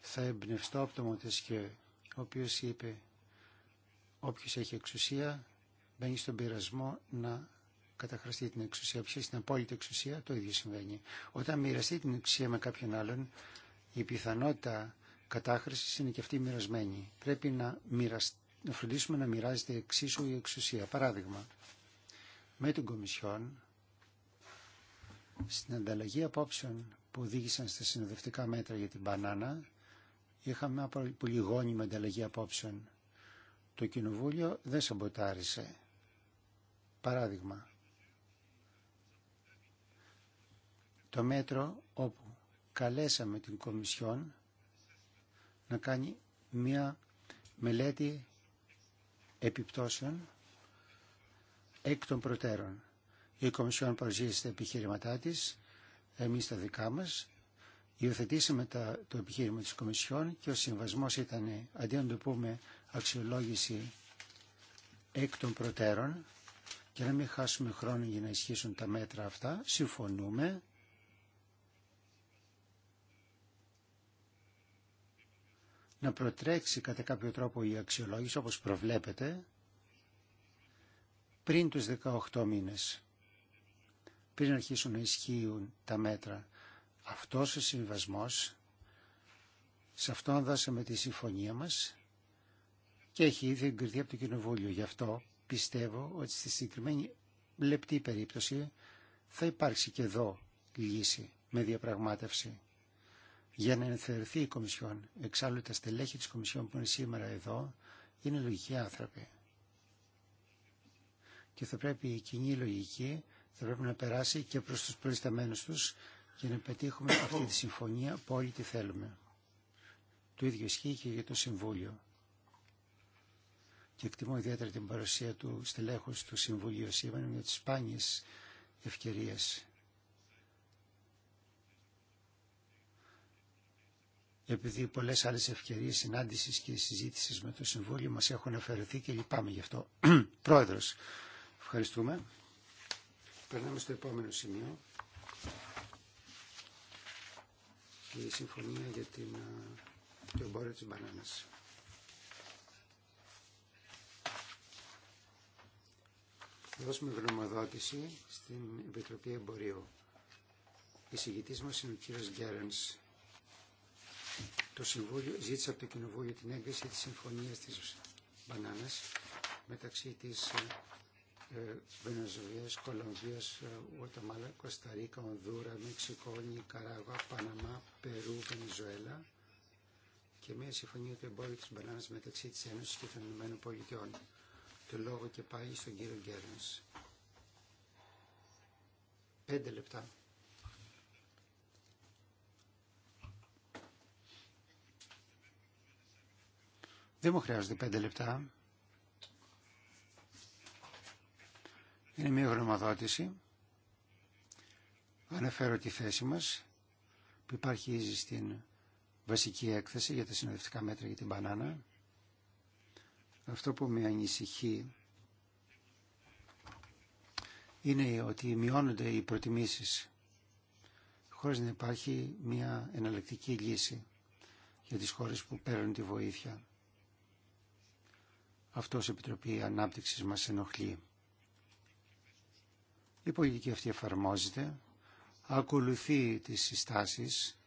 Θα εμπνευστώ από το ο είπε όποιος έχει εξουσία μπαίνει στον πειρασμό να καταχραστεί την εξουσία. Ποιο στην απόλυτη εξουσία, το ίδιο συμβαίνει. Όταν μοιραστεί την εξουσία με κάποιον άλλον, η πιθανότητα κατάχρηση είναι και αυτή μοιρασμένη. Πρέπει να, να φροντίσουμε να μοιράζεται εξίσου η εξουσία. Παράδειγμα, με τον Κομισιόν, στην ανταλλαγή απόψεων που οδήγησαν στα συνοδευτικά μέτρα για την μπανάνα, είχαμε μια πολύ γόνιμη ανταλλαγή απόψεων. Το Κοινοβούλιο δεν σαμποτάρισε Παράδειγμα, το μέτρο όπου καλέσαμε την Κομισιόν να κάνει μία μελέτη επιπτώσεων εκ των προτέρων. Η Κομισιόν παρουσίασε τα επιχείρηματά της, εμείς τα δικά μας, υιοθετήσαμε τα, το επιχείρημα της Κομισιόν και ο συμβασμός ήταν αντί να το πούμε αξιολόγηση εκ των προτέρων για να μην χάσουμε χρόνο για να ισχύσουν τα μέτρα αυτά, συμφωνούμε. Να προτρέξει κατά κάποιο τρόπο η αξιολόγηση, όπως προβλέπετε, πριν τους 18 μήνες, πριν αρχίσουν να ισχύουν τα μέτρα. Αυτός ο συμβασμός, σε αυτόν δώσαμε τη συμφωνία μας και έχει ήδη εγκριθεί από το Κοινοβούλιο. Γι' αυτό πιστεύω ότι στη συγκεκριμένη λεπτή περίπτωση θα υπάρξει και εδώ λύση με διαπραγμάτευση για να ενθερθεί η Κομισιόν. Εξάλλου τα στελέχη της Κομισιόν που είναι σήμερα εδώ είναι λογικοί άνθρωποι. Και θα πρέπει η κοινή λογική θα πρέπει να περάσει και προς τους προϊσταμένους τους για να πετύχουμε αυτή τη συμφωνία που όλοι τη θέλουμε. Το ίδιο ισχύει και για το Συμβούλιο και εκτιμώ ιδιαίτερα την παρουσία του στελέχους του Συμβουλίου σήμερα με τις σπάνιες ευκαιρίες. Επειδή πολλές άλλες ευκαιρίες συνάντησης και συζήτησης με το Συμβούλιο μας έχουν αφαιρεθεί και λυπάμαι γι' αυτό. Πρόεδρος, ευχαριστούμε. Περνάμε στο επόμενο σημείο. η συμφωνία για την, ε, το εμπόριο της μπανάνας. δώσουμε γνωμοδότηση στην Επιτροπή Εμπορίου. Η συγητής μας είναι ο κύριος Γκέρενς. Το Συμβούλιο ζήτησε από το Κοινοβούλιο την έγκριση της συμφωνίας της Μπανάνας μεταξύ της ε, ε, Βενεζουέλας, Κολομβίας, ε, Ουαταμάλα, Κωνσταντίνα, Ονδούρα, Μεξικό, Νικαράγουα, Παναμά, Περού, Βενεζουέλα και μια συμφωνία του εμπόριου της μπανάνας μεταξύ της Ένωσης και των Ηνωμένων Πολιτειών το λόγο και πάει στον κύριο Γκέρνς. Πέντε λεπτά. Δεν μου χρειάζονται πέντε λεπτά. Είναι μια γνωμοδότηση. Αναφέρω τη θέση μας που υπάρχει στην βασική έκθεση για τα συνοδευτικά μέτρα για την μπανάνα. Αυτό που με ανησυχεί είναι ότι μειώνονται οι προτιμήσεις χωρίς να υπάρχει μια εναλλακτική λύση για τις χώρες που παίρνουν τη βοήθεια. Αυτό, η Επιτροπή Ανάπτυξης μας ενοχλεί. Η πολιτική αυτή εφαρμόζεται, ακολουθεί τις συστάσεις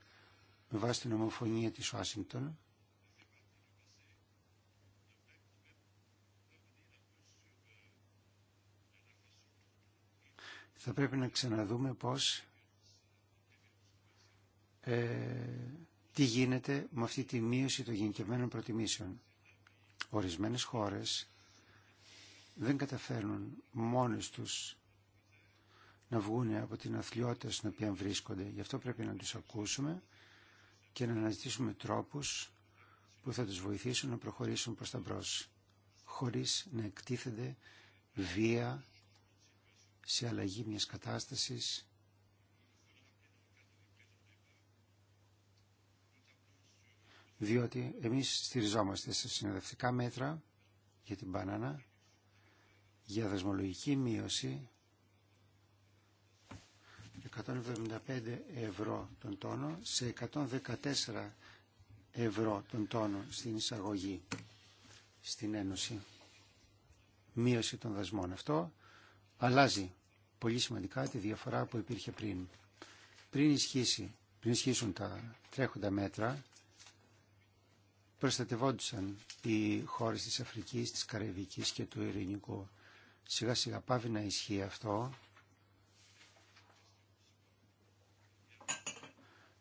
με βάση την ομοφωνία της Ουάσιγκτον θα πρέπει να ξαναδούμε πώς ε, τι γίνεται με αυτή τη μείωση των γενικευμένων προτιμήσεων. Ορισμένες χώρες δεν καταφέρνουν μόνες τους να βγούνε από την αθλειότητα στην οποία βρίσκονται. Γι' αυτό πρέπει να τους ακούσουμε και να αναζητήσουμε τρόπους που θα τους βοηθήσουν να προχωρήσουν προς τα μπρος, χωρίς να εκτίθενται βία σε αλλαγή μιας κατάστασης διότι εμείς στηριζόμαστε σε συνοδευτικά μέτρα για την μπανάνα, για δεσμολογική μείωση 175 ευρώ τον τόνο σε 114 ευρώ τον τόνο στην εισαγωγή στην Ένωση. Μείωση των δασμών αυτό αλλάζει πολύ σημαντικά τη διαφορά που υπήρχε πριν. Πριν, ισχύσει, πριν ισχύσουν τα τρέχοντα μέτρα, προστατευόντουσαν οι χώρες της Αφρικής, της Καραϊβικής και του Ειρηνικού. Σιγά σιγά πάβει να ισχύει αυτό,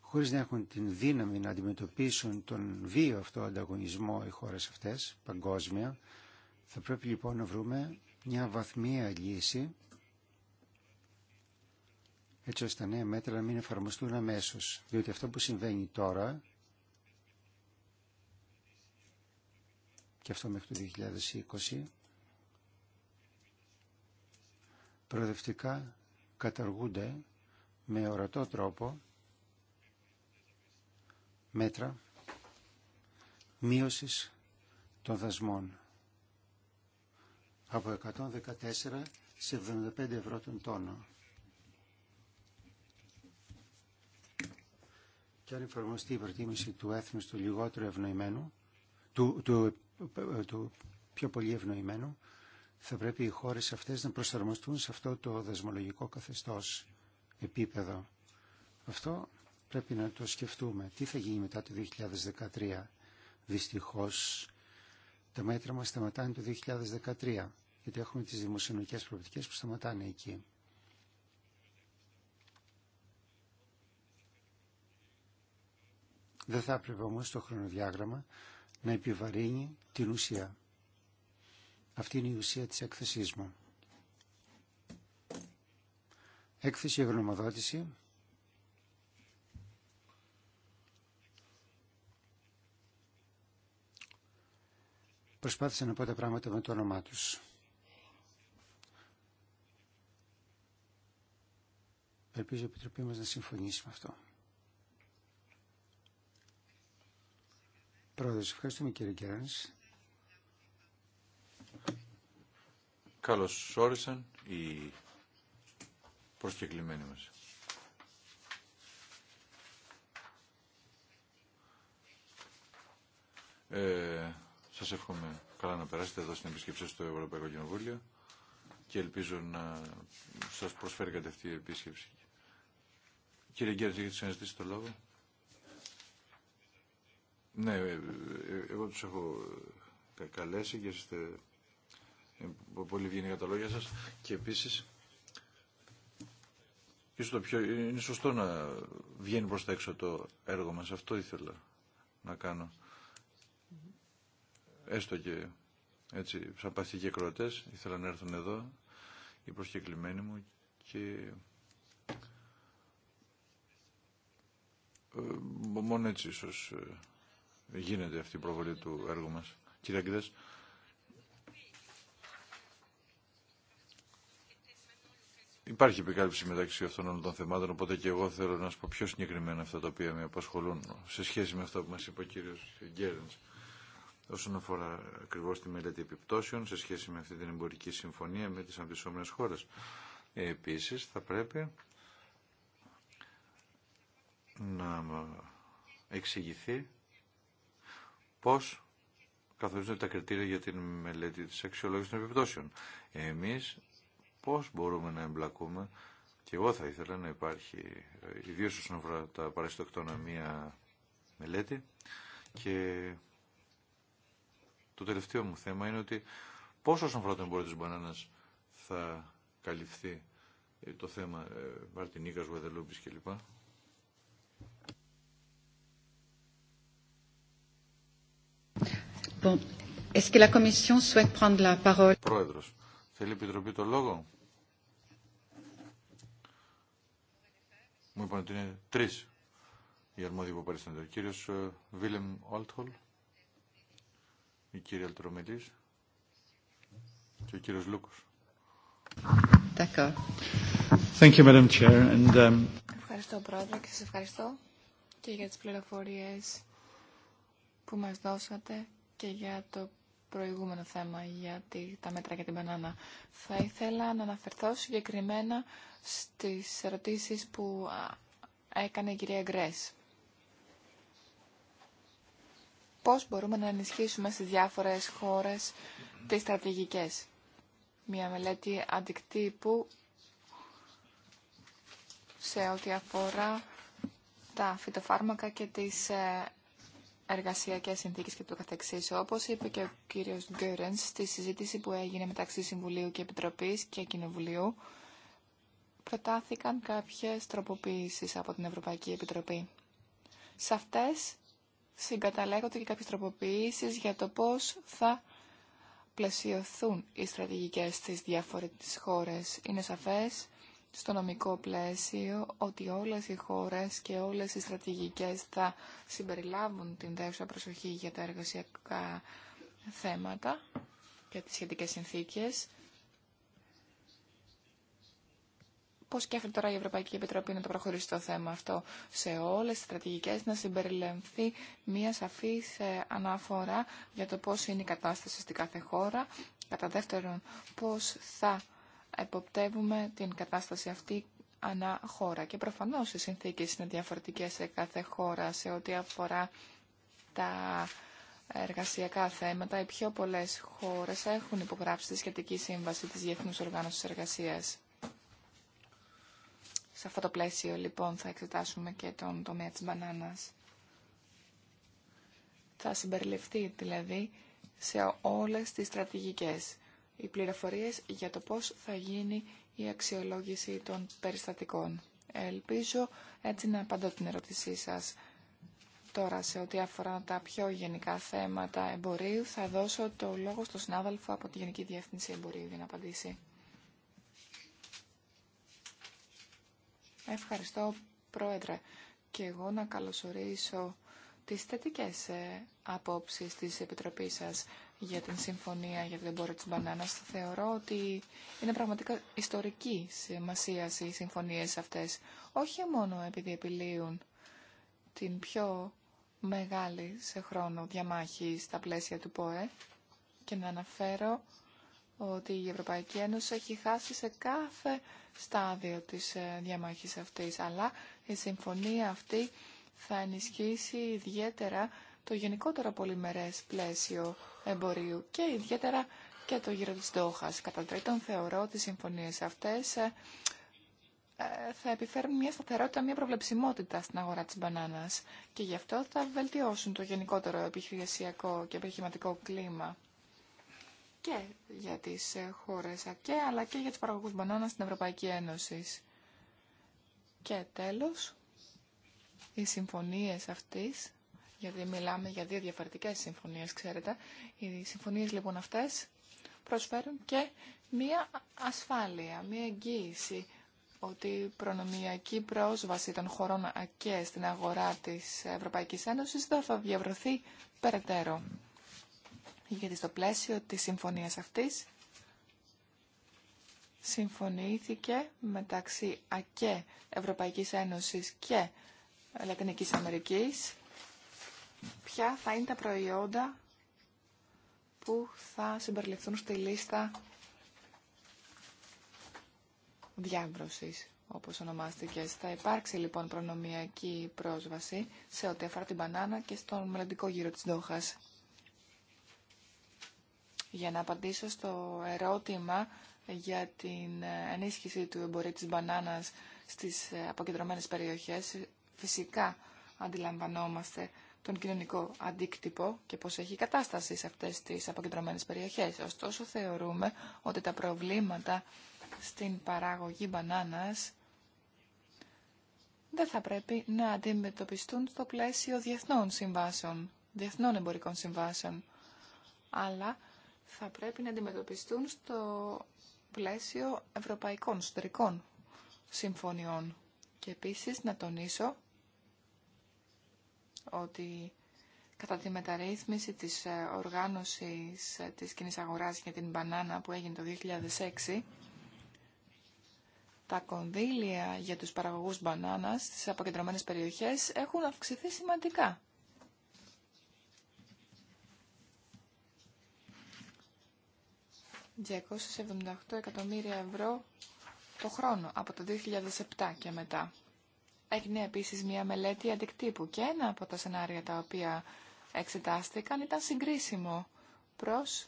χωρίς να έχουν την δύναμη να αντιμετωπίσουν τον βίο αυτό ανταγωνισμό οι χώρες αυτές, παγκόσμια. Θα πρέπει λοιπόν να βρούμε μια βαθμία λύση έτσι ώστε νέα μέτρα να μην εφαρμοστούν αμέσως. Διότι αυτό που συμβαίνει τώρα και αυτό μέχρι το 2020 προοδευτικά καταργούνται με ορατό τρόπο μέτρα μείωσης των δασμών από 114 σε 75 ευρώ τον τόνο. Και αν εφαρμοστεί η προτίμηση του έθνους του λιγότερο ευνοημένου, του, του πιο πολύ ευνοημένου, θα πρέπει οι χώρες αυτές να προσαρμοστούν σε αυτό το δεσμολογικό καθεστώς επίπεδο. Αυτό πρέπει να το σκεφτούμε. Τι θα γίνει μετά το 2013. Δυστυχώς τα μέτρα μας σταματάνε το 2013, γιατί έχουμε τις δημοσιονομικές προοπτικές που σταματάνε εκεί. Δεν θα έπρεπε όμως το χρονοδιάγραμμα να επιβαρύνει την ουσία. Αυτή είναι η ουσία της έκθεσής μου. Έκθεση γνωμοδότηση Προσπάθησα να πω τα πράγματα με το όνομά τους. Ελπίζω η Επιτροπή μας να συμφωνήσει με αυτό. Πρόεδρος, ευχαριστούμε κύριε Κεράνης. Καλώς όρισαν οι προσκεκλημένοι μας. Ε, σας εύχομαι καλά να περάσετε εδώ στην επισκέψη στο Ευρωπαϊκό Κοινοβούλιο και ελπίζω να σας προσφέρει κατευθείαν αυτή η επίσκεψη. Κύριε Γκέρτζη, έχετε συναντήσει το λόγο. Ναι, ε, ε, εγώ τους έχω καλέσει και είστε ε, πολύ βγαίνει τα λόγια σας και επίσης το πιο, είναι σωστό να βγαίνει προς τα έξω το έργο μας. Αυτό ήθελα να κάνω έστω και έτσι σαν και κροτές, ήθελαν να έρθουν εδώ οι προσκεκλημένοι μου και ε, μόνο έτσι ίσως ε, γίνεται αυτή η προβολή του έργου μας. Κύριε Υπάρχει επικάλυψη μεταξύ αυτών των θεμάτων, οπότε και εγώ θέλω να σα πω πιο συγκεκριμένα αυτά τα οποία με απασχολούν σε σχέση με αυτά που μα είπε ο κύριο Γκέρντ όσον αφορά ακριβώ τη μελέτη επιπτώσεων σε σχέση με αυτή την εμπορική συμφωνία με τις αμφισόμενες χώρες. Επίσης θα πρέπει να εξηγηθεί πώς καθορίζονται τα κριτήρια για την μελέτη της αξιολόγησης των επιπτώσεων. Εμείς πώς μπορούμε να εμπλακούμε και εγώ θα ήθελα να υπάρχει ιδίως όσον αφορά τα παραστοκτονομία μία μελέτη και το τελευταίο μου θέμα είναι ότι πόσο όσον αφορά το εμπόριο της μπανάνας θα καλυφθεί ε, το θέμα ε, Μαρτινίκας, κλπ. Bon. est Πρόεδρος, θέλει η Επιτροπή το λόγο. Μου είπαν ότι είναι τρεις οι αρμόδιοι που παρίστανται. Ο κύριος Βίλεμ Όλτχολ η κυρία Λτρομελής και ο κύριος Λούκος. Thank you, Madam Chair. And, um... Ευχαριστώ πρόεδρε και σας ευχαριστώ και για τις πληροφορίες που μας δώσατε και για το προηγούμενο θέμα για τα μέτρα για την μπανάνα. Θα ήθελα να αναφερθώ συγκεκριμένα στις ερωτήσεις που έκανε η κυρία Γκρέσ. πώς μπορούμε να ενισχύσουμε στις διάφορες χώρες τις στρατηγικές. Μια μελέτη αντικτύπου σε ό,τι αφορά τα φυτοφάρμακα και τις ε, εργασιακές συνθήκες και το καθεξής. Όπως είπε και ο κύριος Γκέρενς στη συζήτηση που έγινε μεταξύ Συμβουλίου και Επιτροπής και Κοινοβουλίου, προτάθηκαν κάποιες τροποποίησεις από την Ευρωπαϊκή Επιτροπή. Σε αυτές συγκαταλέγονται και κάποιες τροποποιήσεις για το πώς θα πλαισιωθούν οι στρατηγικές στις διάφορες χώρες. Είναι σαφές στο νομικό πλαίσιο ότι όλες οι χώρες και όλες οι στρατηγικές θα συμπεριλάβουν την δέουσα προσοχή για τα εργασιακά θέματα και τις σχετικές συνθήκες Πώς σκέφτεται τώρα η Ευρωπαϊκή Επιτροπή να το προχωρήσει το θέμα αυτό σε όλες τις στρατηγικές, να συμπεριληφθεί μια σαφή ε, αναφορά για το πώς είναι η κατάσταση στην κάθε χώρα. Κατά δεύτερον, πώς θα εποπτεύουμε την κατάσταση αυτή ανά χώρα. Και προφανώς οι συνθήκες είναι διαφορετικές σε κάθε χώρα σε ό,τι αφορά τα εργασιακά θέματα. Οι πιο πολλές χώρες έχουν υπογράψει τη σχετική σύμβαση της Διεθνούς Οργάνωσης Εργασίας. Σε αυτό το πλαίσιο λοιπόν θα εξετάσουμε και τον τομέα της μπανάνας. Θα συμπεριληφθεί δηλαδή σε όλες τις στρατηγικές οι πληροφορίες για το πώς θα γίνει η αξιολόγηση των περιστατικών. Ελπίζω έτσι να απαντώ την ερώτησή σας. Τώρα σε ό,τι αφορά τα πιο γενικά θέματα εμπορίου θα δώσω το λόγο στον συνάδελφο από τη Γενική Διεύθυνση Εμπορίου για να απαντήσει. Ευχαριστώ, Πρόεδρε. Και εγώ να καλωσορίσω τις θετικές ε, απόψεις της Επιτροπής σας για την Συμφωνία για την πόρο της Μπανάνας. Θεωρώ ότι είναι πραγματικά ιστορική σημασία οι συμφωνίες αυτές. Όχι μόνο επειδή επιλύουν την πιο μεγάλη σε χρόνο διαμάχη στα πλαίσια του ΠΟΕ και να αναφέρω ότι η Ευρωπαϊκή Ένωση έχει χάσει σε κάθε στάδιο της ε, διαμάχης αυτής, αλλά η συμφωνία αυτή θα ενισχύσει ιδιαίτερα το γενικότερο πολυμερές πλαίσιο εμπορίου και ιδιαίτερα και το γύρο της Δόχας. Κατά τρίτον, θεωρώ ότι οι συμφωνίες αυτές ε, ε, θα επιφέρουν μια σταθερότητα, μια προβλεψιμότητα στην αγορά της μπανάνας και γι' αυτό θα βελτιώσουν το γενικότερο επιχειρησιακό και επιχειρηματικό κλίμα και για τις ε, χώρες ΑΚΕ αλλά και για τους παραγωγούς μπανάνα στην Ευρωπαϊκή Ένωση. Και τέλος, οι συμφωνίες αυτής, γιατί μιλάμε για δύο διαφορετικές συμφωνίες, ξέρετε, οι συμφωνίες λοιπόν αυτές προσφέρουν και μία ασφάλεια, μία εγγύηση ότι η προνομιακή πρόσβαση των χωρών ΑΚΕ στην αγορά της Ευρωπαϊκής Ένωσης δεν θα διαβρωθεί περαιτέρω γιατί στο πλαίσιο της συμφωνίας αυτής συμφωνήθηκε μεταξύ ΑΚΕ Ευρωπαϊκής Ένωσης και Λατινικής Αμερικής ποια θα είναι τα προϊόντα που θα συμπεριληφθούν στη λίστα διάβρωσης, όπως ονομάστηκε. Θα υπάρξει λοιπόν προνομιακή πρόσβαση σε ό,τι αφορά την μπανάνα και στον μελλοντικό γύρο της Δόχας για να απαντήσω στο ερώτημα για την ενίσχυση του εμπορίου της μπανάνας στις αποκεντρωμένες περιοχές. Φυσικά αντιλαμβανόμαστε τον κοινωνικό αντίκτυπο και πώς έχει κατάσταση σε αυτές τις αποκεντρωμένες περιοχές. Ωστόσο θεωρούμε ότι τα προβλήματα στην παραγωγή μπανάνας δεν θα πρέπει να αντιμετωπιστούν στο πλαίσιο διεθνών συμβάσεων, διεθνών εμπορικών συμβάσεων, αλλά θα πρέπει να αντιμετωπιστούν στο πλαίσιο ευρωπαϊκών, εσωτερικών συμφωνιών. Και επίσης να τονίσω ότι κατά τη μεταρρύθμιση της ε, οργάνωσης ε, της κοινή αγοράς για την μπανάνα που έγινε το 2006, τα κονδύλια για τους παραγωγούς μπανάνας στις αποκεντρωμένες περιοχές έχουν αυξηθεί σημαντικά. 278 εκατομμύρια ευρώ το χρόνο από το 2007 και μετά. Έγινε επίσης μια μελέτη αντικτύπου και ένα από τα σενάρια τα οποία εξετάστηκαν ήταν συγκρίσιμο προς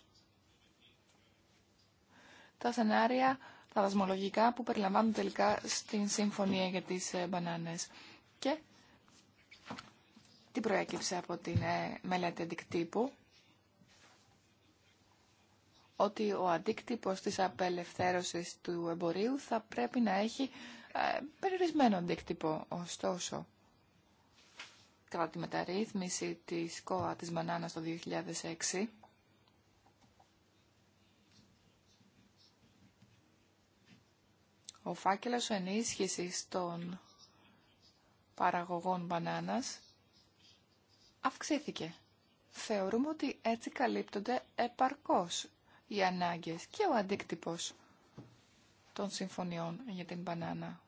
τα σενάρια τα δασμολογικά που περιλαμβάνουν τελικά στην συμφωνία για τις ε, μπανάνες. Και τι προέκυψε από την ε, μελέτη αντικτύπου ότι ο αντίκτυπος της απελευθέρωσης του εμπορίου θα πρέπει να έχει ε, περιορισμένο αντίκτυπο. Ωστόσο, κατά τη μεταρρύθμιση της ΚΟΑ της Μανάνας το 2006, ο φάκελος ενίσχυσης των παραγωγών μπανάνας αυξήθηκε. Θεωρούμε ότι έτσι καλύπτονται επαρκώς οι ανάγκες και ο αντίκτυπος των συμφωνιών για την μπανάνα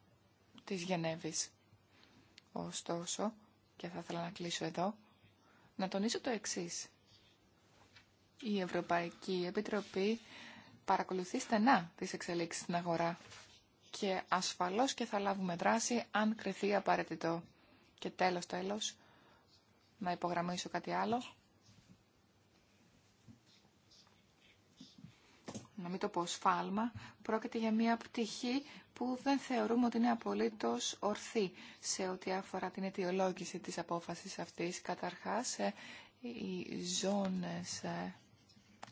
της Γενέβης. Ωστόσο, και θα ήθελα να κλείσω εδώ, να τονίσω το εξής. Η Ευρωπαϊκή Επιτροπή παρακολουθεί στενά τις εξελίξεις στην αγορά και ασφαλώς και θα λάβουμε δράση αν κρυθεί απαραίτητο. Και τέλος τέλος, να υπογραμμίσω κάτι άλλο, να μην το πω σφάλμα, πρόκειται για μια πτυχή που δεν θεωρούμε ότι είναι απολύτως ορθή σε ό,τι αφορά την αιτιολόγηση της απόφασης αυτής. Καταρχάς, ε, οι ζώνες ε,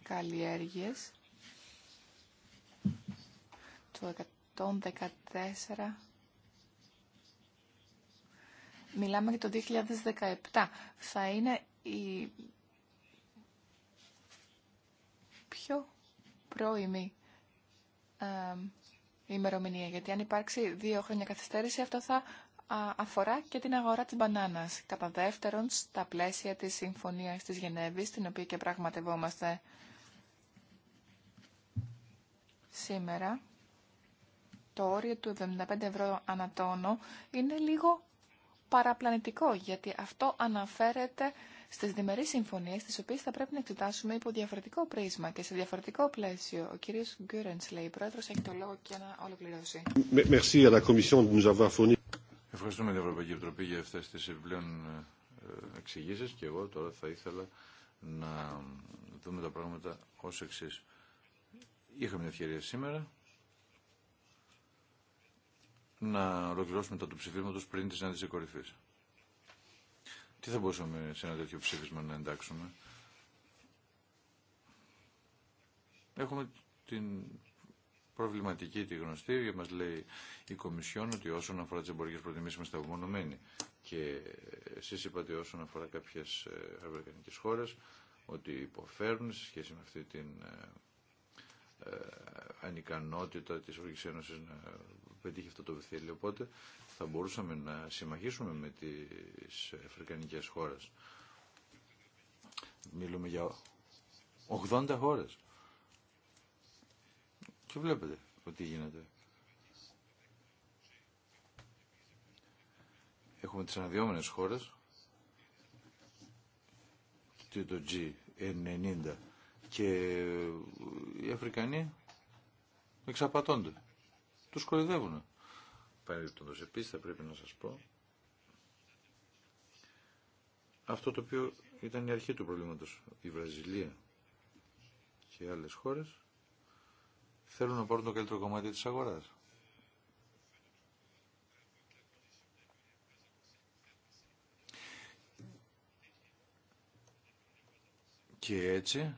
καλλιέργειες του 114 μιλάμε για το 2017 θα είναι η πιο πρώιμη ε, ημερομηνία. Γιατί αν υπάρξει δύο χρόνια καθυστέρηση, αυτό θα αφορά και την αγορά της μπανάνας. Κατά δεύτερον, στα πλαίσια της Συμφωνίας της Γενέβης, την οποία και πραγματευόμαστε σήμερα, το όριο του 75 ευρώ ανατόνο είναι λίγο παραπλανητικό, γιατί αυτό αναφέρεται στι διμερείς συμφωνίε, τι οποίε θα πρέπει να εξετάσουμε υπό διαφορετικό πρίσμα και σε διαφορετικό πλαίσιο. Ο κ. Γκούρεντ, λέει, πρόεδρο, έχει το λόγο και να ολοκληρώσει. Ευχαριστούμε την Ευρωπαϊκή Επιτροπή για αυτέ τι επιπλέον ε, εξηγήσει και εγώ τώρα θα ήθελα να δούμε τα πράγματα ω εξή Είχαμε την ευκαιρία σήμερα να ολοκληρώσουμε τα του ψηφίσματος πριν τη συνάντηση κορυφής. Τι θα μπορούσαμε σε ένα τέτοιο ψήφισμα να εντάξουμε. Έχουμε την προβληματική τη γνωστή, γιατί μας λέει η Κομισιόν ότι όσον αφορά τις εμπορικές προτιμήσεις είμαστε απομονωμένοι. Και εσείς είπατε όσον αφορά κάποιες ε, ευρωπαϊκές χώρες ότι υποφέρουν σε σχέση με αυτή την ε, ε, ανικανότητα της Ευρωπαϊκής Ένωσης να πετύχει αυτό το βεθύλιο. Οπότε θα μπορούσαμε να συμμαχίσουμε με τις αφρικανικές χώρες. Μιλούμε για 80 χώρες. Και βλέπετε ότι γίνεται. Έχουμε τις αναδυόμενες χώρες και το G90 και οι Αφρικανοί εξαπατώνται. Τους κορυδεύουν επίσης θα πρέπει να σας πω αυτό το οποίο ήταν η αρχή του προβλήματος. Η Βραζιλία και άλλες χώρες θέλουν να πάρουν το καλύτερο κομμάτι της αγοράς. Και έτσι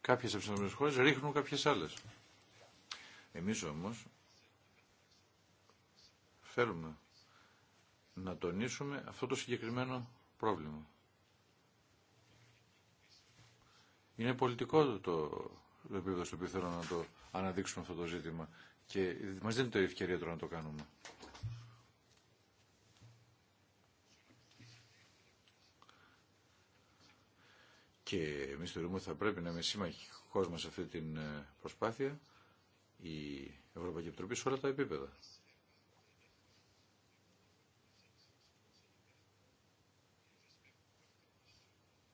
κάποιες αυξημένες χώρες ρίχνουν κάποιες άλλες. Εμείς όμως θέλουμε να τονίσουμε αυτό το συγκεκριμένο πρόβλημα. Είναι πολιτικό το, επίπεδο στο οποίο θέλω να το αναδείξουμε αυτό το ζήτημα και μας δίνει το ευκαιρία τώρα να το κάνουμε. Και εμείς θεωρούμε ότι θα πρέπει να είμαι σύμμαχος μας σε αυτή την ε, προσπάθεια η Ευρωπαϊκή Επιτροπή σε όλα τα επίπεδα.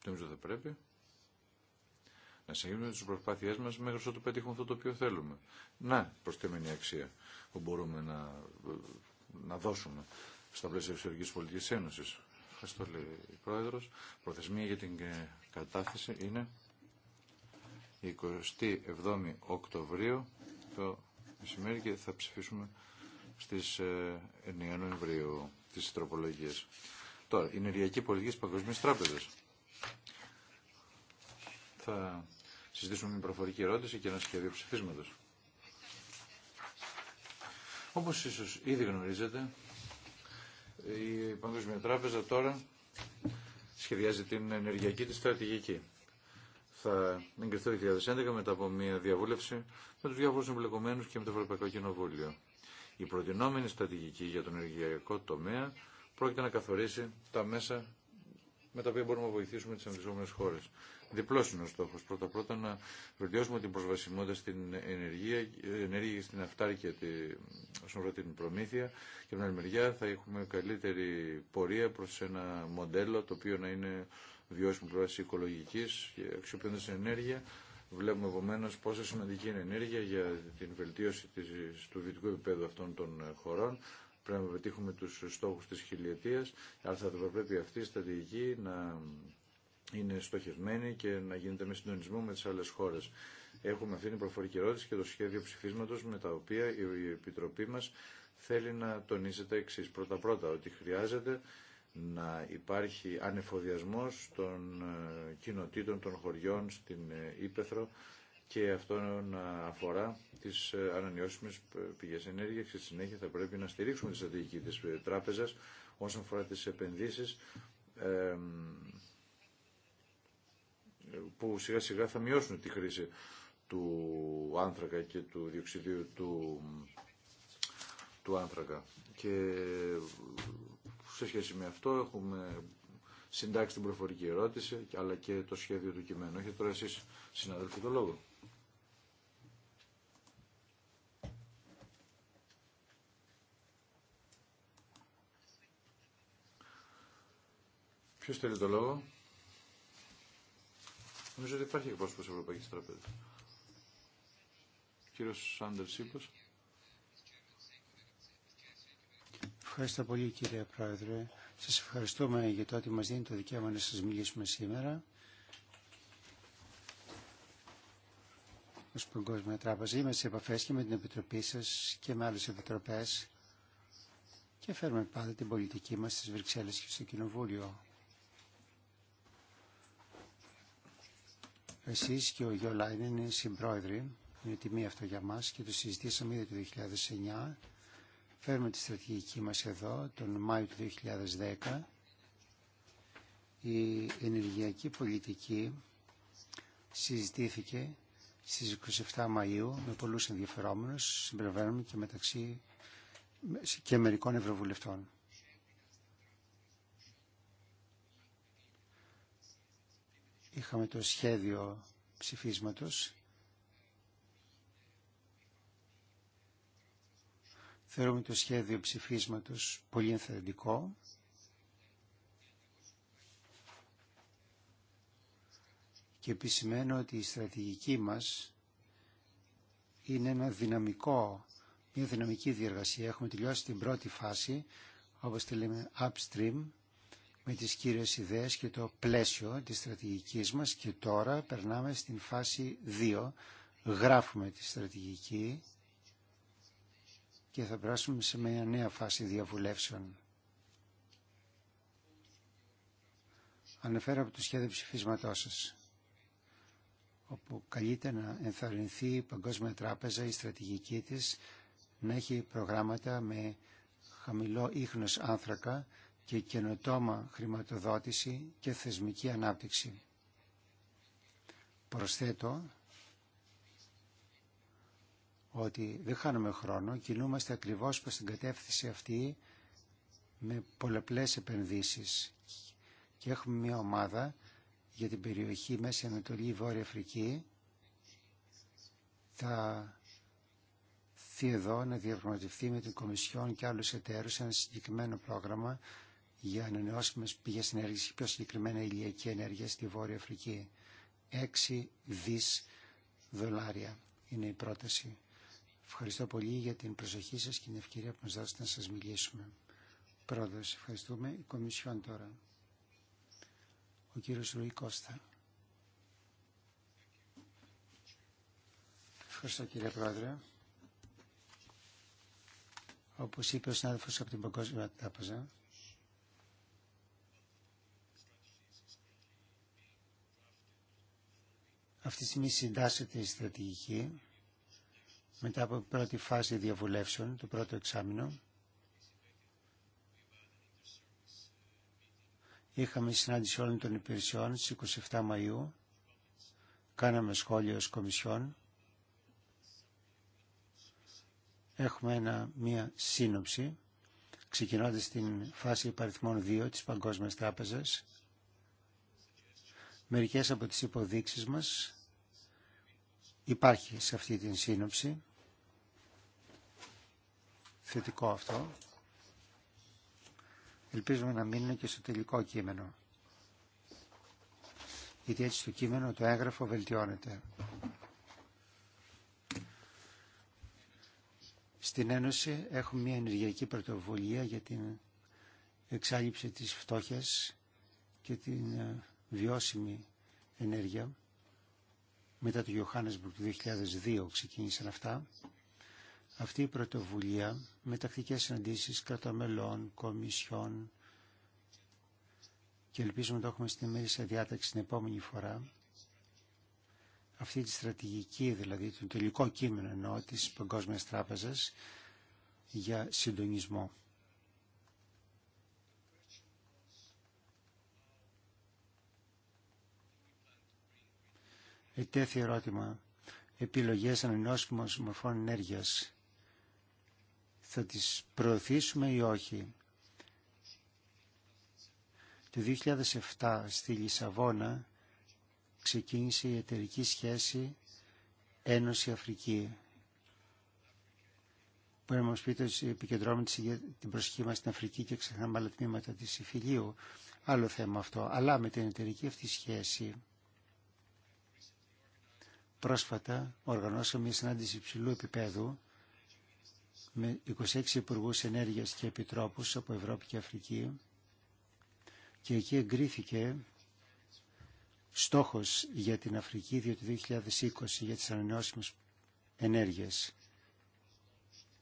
Νομίζω θα πρέπει να συγκρίνουμε τις προσπάθειές μας μέχρι ότου πετύχουμε αυτό το οποίο θέλουμε. Να, μια αξία που μπορούμε να, να δώσουμε στα πλαίσια Εξωτερικής Πολιτικής Ένωσης. Ευχαριστώ, λέει η Πρόεδρος. Προθεσμία για την ε, κατάθεση είναι 27 Οκτωβρίου το μεσημέρι και θα ψηφίσουμε στις 9 ε, Νοεμβρίου τις τροπολογίε. Τώρα, η ενεργειακή πολιτική της Παγκοσμίας θα συζητήσουμε μια προφορική ερώτηση και ένα σχέδιο ψηφισματο. Όπω ίσω ήδη γνωρίζετε, η Παγκόσμια Τράπεζα τώρα σχεδιάζει την ενεργειακή τη στρατηγική. Θα εγκριθεί το 2011 μετά από μια διαβούλευση με του διάφορου εμπλεκομένου και με το Ευρωπαϊκό Κοινοβούλιο. Η προτινόμενη στρατηγική για τον ενεργειακό τομέα πρόκειται να καθορίσει τα μέσα με τα οποία μπορούμε να βοηθήσουμε τι αναπτυσσόμενες χώρε. Διπλό είναι ο στόχο. Πρώτα-πρώτα να βελτιώσουμε την προσβασιμότητα στην ενεργεία, ενέργεια στην αυτάρκεια τη, όσον αφορά την προμήθεια. Και από την άλλη μεριά θα έχουμε καλύτερη πορεία προ ένα μοντέλο το οποίο να είναι βιώσιμο βάση οικολογική και αξιοποιώντα ενέργεια. Βλέπουμε επομένω πόσο σημαντική είναι η ενέργεια για την βελτίωση της, του βιωτικού επίπεδου αυτών των χωρών. Πρέπει να πετύχουμε του στόχου τη χιλιετία, αλλά θα πρέπει αυτή η στρατηγική να είναι στοχευμένη και να γίνεται με συντονισμό με τις άλλες χώρες. Έχουμε αυτή την προφορική ερώτηση και το σχέδιο ψηφίσματος με τα οποία η Επιτροπή μας θέλει να τονίσει εξή. Πρώτα-πρώτα ότι χρειάζεται να υπάρχει ανεφοδιασμός των ε, κοινοτήτων, των χωριών στην ε, Ήπεθρο και αυτό να αφορά τις ε, ανανεώσιμε πηγές ενέργειας και στη συνέχεια θα πρέπει να στηρίξουμε τη στρατηγική της τράπεζας όσον αφορά τις επενδύσεις που σιγά σιγά θα μειώσουν τη χρήση του άνθρακα και του διοξιδίου του, του άνθρακα. Και σε σχέση με αυτό έχουμε συντάξει την προφορική ερώτηση αλλά και το σχέδιο του κειμένου. Έχετε τώρα εσείς συναδελφοί το λόγο. Ποιος θέλει το λόγο. Νομίζω ότι υπάρχει εκπρόσωπο τη Ευρωπαϊκή Τράπεζα. Κύριο Σάντερ Σίπο. Ευχαριστώ πολύ κύριε Πρόεδρε. Σα ευχαριστούμε για το ότι μα δίνει το δικαίωμα να σα μιλήσουμε σήμερα. ως Παγκόσμια Τράπεζα. Είμαστε σε επαφέ και με την Επιτροπή σα και με άλλε επιτροπέ και φέρουμε πάντα την πολιτική μα στις Βρυξέλλε και στο Κοινοβούλιο. Εσείς και ο Γιώ Λάινεν είναι συμπρόεδροι. Είναι τιμή αυτό για μας και το συζητήσαμε ήδη το 2009. Φέρουμε τη στρατηγική μας εδώ τον Μάιο του 2010. Η ενεργειακή πολιτική συζητήθηκε στις 27 Μαΐου με πολλούς ενδιαφερόμενους, συμπεριβαίνουμε και μεταξύ και μερικών ευρωβουλευτών. είχαμε το σχέδιο ψηφίσματος. Θεωρούμε το σχέδιο ψηφίσματος πολύ ενθαρρυντικό. Και επισημαίνω ότι η στρατηγική μας είναι ένα δυναμικό, μια δυναμική διεργασία. Έχουμε τελειώσει την πρώτη φάση, όπως τη λέμε upstream, με τις κύριες ιδέες και το πλαίσιο της στρατηγικής μας και τώρα περνάμε στην φάση 2. Γράφουμε τη στρατηγική και θα περάσουμε σε μια νέα φάση διαβουλεύσεων. Αναφέρω από το σχέδιο ψηφίσματό σας όπου καλείται να ενθαρρυνθεί η Παγκόσμια Τράπεζα η στρατηγική της να έχει προγράμματα με χαμηλό ίχνος άνθρακα και καινοτόμα χρηματοδότηση και θεσμική ανάπτυξη. Προσθέτω ότι δεν χάνουμε χρόνο, κινούμαστε ακριβώς προς την κατεύθυνση αυτή με πολλαπλές επενδύσεις και έχουμε μια ομάδα για την περιοχή Μέση Ανατολή Βόρεια Αφρική θα θεί εδώ να διαπραγματευτεί με την Κομισιόν και άλλους εταίρους ένα συγκεκριμένο πρόγραμμα για ανανεώσιμες πηγέ ενέργειας και πιο συγκεκριμένα ηλιακή ενέργεια στη Βόρεια Αφρική. 6 δις δολάρια είναι η πρόταση. Ευχαριστώ πολύ για την προσοχή σας και την ευκαιρία που μας δώσετε να σας μιλήσουμε. Πρόεδρος, ευχαριστούμε. Η Κομισιόν τώρα. Ο κύριος Λουί Κώστα. Ευχαριστώ κύριε Πρόεδρε. Όπως είπε ο συνάδελφος από την Παγκόσμια Τάπαζα, Αυτή τη στιγμή συντάσσεται η στρατηγική μετά από την πρώτη φάση διαβουλεύσεων, το πρώτο εξάμεινο. Είχαμε συνάντηση όλων των υπηρεσιών στις 27 Μαΐου. Κάναμε σχόλιο ως Κομισιόν. Έχουμε μία σύνοψη, ξεκινώντας την φάση υπαριθμών 2 της Παγκόσμιας Τράπεζας. Μερικές από τις υποδείξεις μας υπάρχει σε αυτή την σύνοψη. Θετικό αυτό. Ελπίζουμε να μείνουν και στο τελικό κείμενο. Γιατί έτσι το κείμενο, το έγγραφο βελτιώνεται. Στην Ένωση έχουμε μια ενεργειακή πρωτοβουλία για την εξάλληψη της φτώχειας και την ε, βιώσιμη ενέργεια μετά το Johannesburg του 2002 ξεκίνησαν αυτά, αυτή η πρωτοβουλία με τακτικές συναντήσεις κρατομελών, κομισιών και ελπίζουμε να το έχουμε στην σε διάταξη την επόμενη φορά, αυτή τη στρατηγική δηλαδή, το τελικό κείμενο εννοώ της Παγκόσμιας Τράπεζας για συντονισμό. ετέθη ερώτημα επιλογές ανανεώσιμων μορφών ενέργειας. Θα τις προωθήσουμε ή όχι. Το 2007 στη Λισαβόνα ξεκίνησε η εταιρική σχέση Ένωση Αφρική. Μπορεί να μας πείτε ότι επικεντρώμε την προσοχή μας στην Αφρική και ξεχνάμε άλλα τμήματα της Ιφιλίου. Άλλο θέμα αυτό. Αλλά με την εταιρική αυτή σχέση Πρόσφατα οργανώσαμε μια συνάντηση υψηλού επίπεδου με 26 υπουργούς ενέργειας και επιτρόπους από Ευρώπη και Αφρική και εκεί εγκρίθηκε στόχος για την Αφρική διότι 2020 για τις ανανεώσιμες ενέργειες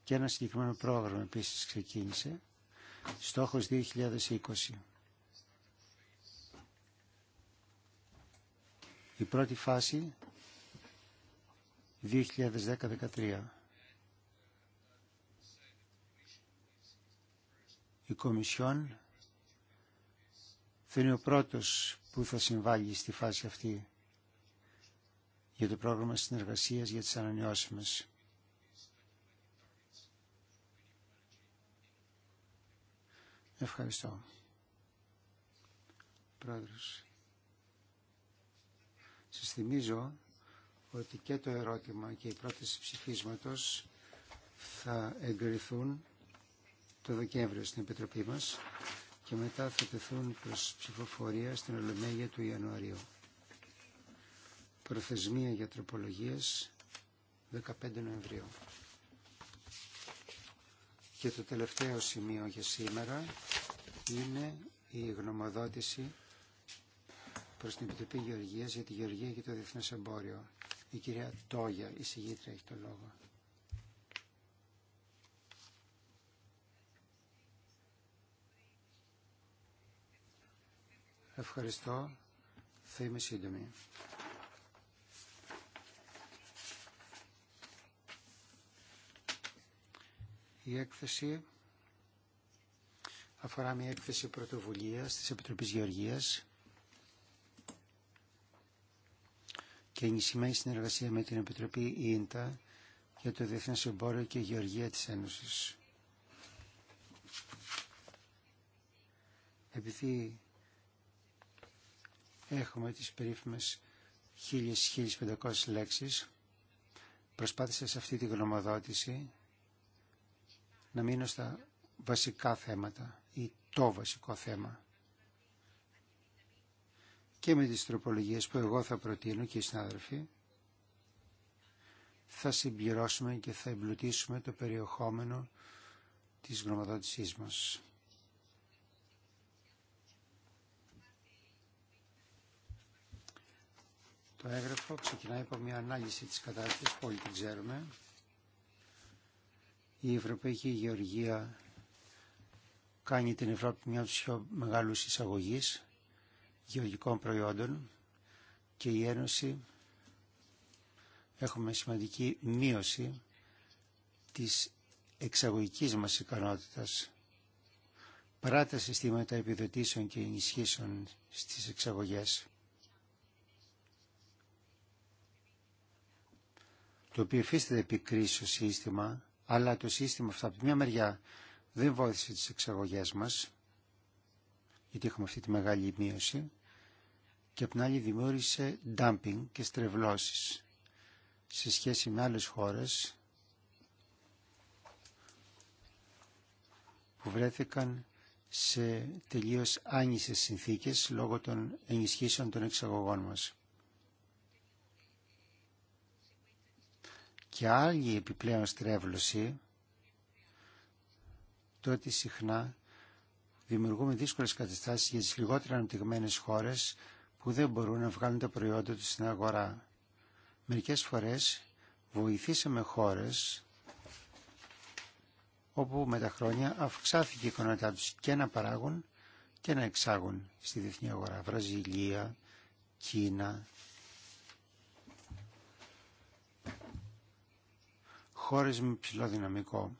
και ένα συγκεκριμένο πρόγραμμα επίσης ξεκίνησε στόχος 2020 η πρώτη φάση 2010-2013. Η Κομισιόν θα είναι ο πρώτος που θα συμβάλλει στη φάση αυτή για το πρόγραμμα συνεργασίας για τις ανανεώσιμες. Ευχαριστώ. Πρόεδρος. Σας θυμίζω ότι και το ερώτημα και η πρόταση ψηφίσματος θα εγκριθούν το Δεκέμβριο στην Επιτροπή μας και μετά θα τεθούν προς ψηφοφορία στην Ολομέγεια του Ιανουαρίου. Προθεσμία για τροπολογίες 15 Νοεμβρίου. Και το τελευταίο σημείο για σήμερα είναι η γνωμοδότηση προς την Επιτροπή Γεωργίας για τη Γεωργία και το Διεθνές Εμπόριο. Η κυρία Τόγια, η συγγήτρια, έχει το λόγο. Ευχαριστώ. Θα είμαι σύντομη. Η έκθεση αφορά μια έκθεση πρωτοβουλίας της Επιτροπής Γεωργίας και ενισχυμένη συνεργασία με την Επιτροπή ΙΝΤΑ για το Διεθνές Εμπόριο και Γεωργία της Ένωσης. Επειδή έχουμε τις περίφημες 1000-1500 λέξεις, προσπάθησα σε αυτή τη γνωμοδότηση να μείνω στα βασικά θέματα ή το βασικό θέμα και με τις τροπολογίες που εγώ θα προτείνω και οι συνάδελφοι, θα συμπληρώσουμε και θα εμπλουτίσουμε το περιεχόμενο της γνωματότησής μας. Το έγγραφο ξεκινάει από μια ανάλυση της κατάστασης που όλοι την ξέρουμε. Η Ευρωπαϊκή Γεωργία κάνει την Ευρώπη μια από τις πιο μεγάλους εισαγωγείς γεωργικών προϊόντων και η Ένωση έχουμε σημαντική μείωση της εξαγωγικής μας ικανότητας. Παρά τα συστήματα επιδοτήσεων και ενισχύσεων στις εξαγωγές, το οποίο υφίσταται επί σύστημα, αλλά το σύστημα αυτό από μια μεριά δεν βόηθησε τις εξαγωγές μας, γιατί έχουμε αυτή τη μεγάλη μείωση, και απ' την άλλη δημιούργησε dumping και στρεβλώσεις σε σχέση με άλλες χώρες που βρέθηκαν σε τελείως άνισες συνθήκες λόγω των ενισχύσεων των εξαγωγών μας. Και άλλη επιπλέον στρέβλωση, τότε συχνά δημιουργούμε δύσκολε καταστάσεις για τις λιγότερα αναπτυγμένε χώρες που δεν μπορούν να βγάλουν τα προϊόντα του στην αγορά. Μερικές φορές βοηθήσαμε χώρες όπου με τα χρόνια αυξάθηκε η οικονομία του και να παράγουν και να εξάγουν στη διεθνή αγορά. Βραζιλία, Κίνα, χώρες με ψηλό δυναμικό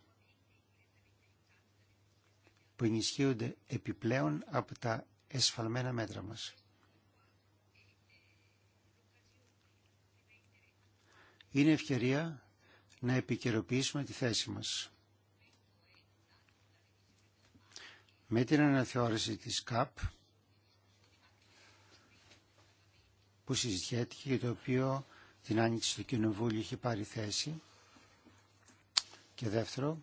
που ενισχύονται επιπλέον από τα εσφαλμένα μέτρα μας. Είναι ευκαιρία να επικαιροποιήσουμε τη θέση μας. Με την αναθεώρηση της ΚΑΠ που συζητιέται και το οποίο την άνοιξη του Κοινοβούλου είχε πάρει θέση και δεύτερο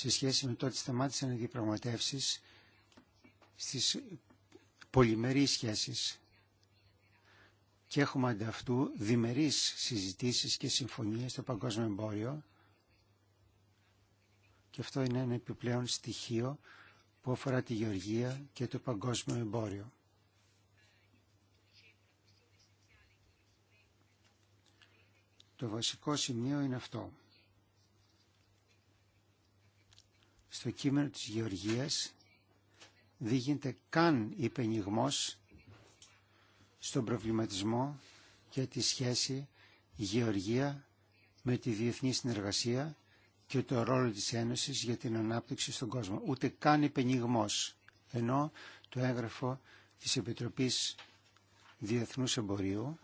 σε σχέση με το ότι σταμάτησαν οι διαπραγματεύσει στις πολυμερείς σχέσεις και έχουμε ανταυτού διμερείς συζητήσεις και συμφωνίες στο παγκόσμιο εμπόριο και αυτό είναι ένα επιπλέον στοιχείο που αφορά τη γεωργία και το παγκόσμιο εμπόριο. Το βασικό σημείο είναι αυτό. στο κείμενο της Γεωργίας δίγεται καν υπενιγμός στον προβληματισμό για τη σχέση Γεωργία με τη διεθνή συνεργασία και το ρόλο της Ένωσης για την ανάπτυξη στον κόσμο. Ούτε καν υπενιγμός, ενώ το έγγραφο της Επιτροπής Διεθνούς Εμπορίου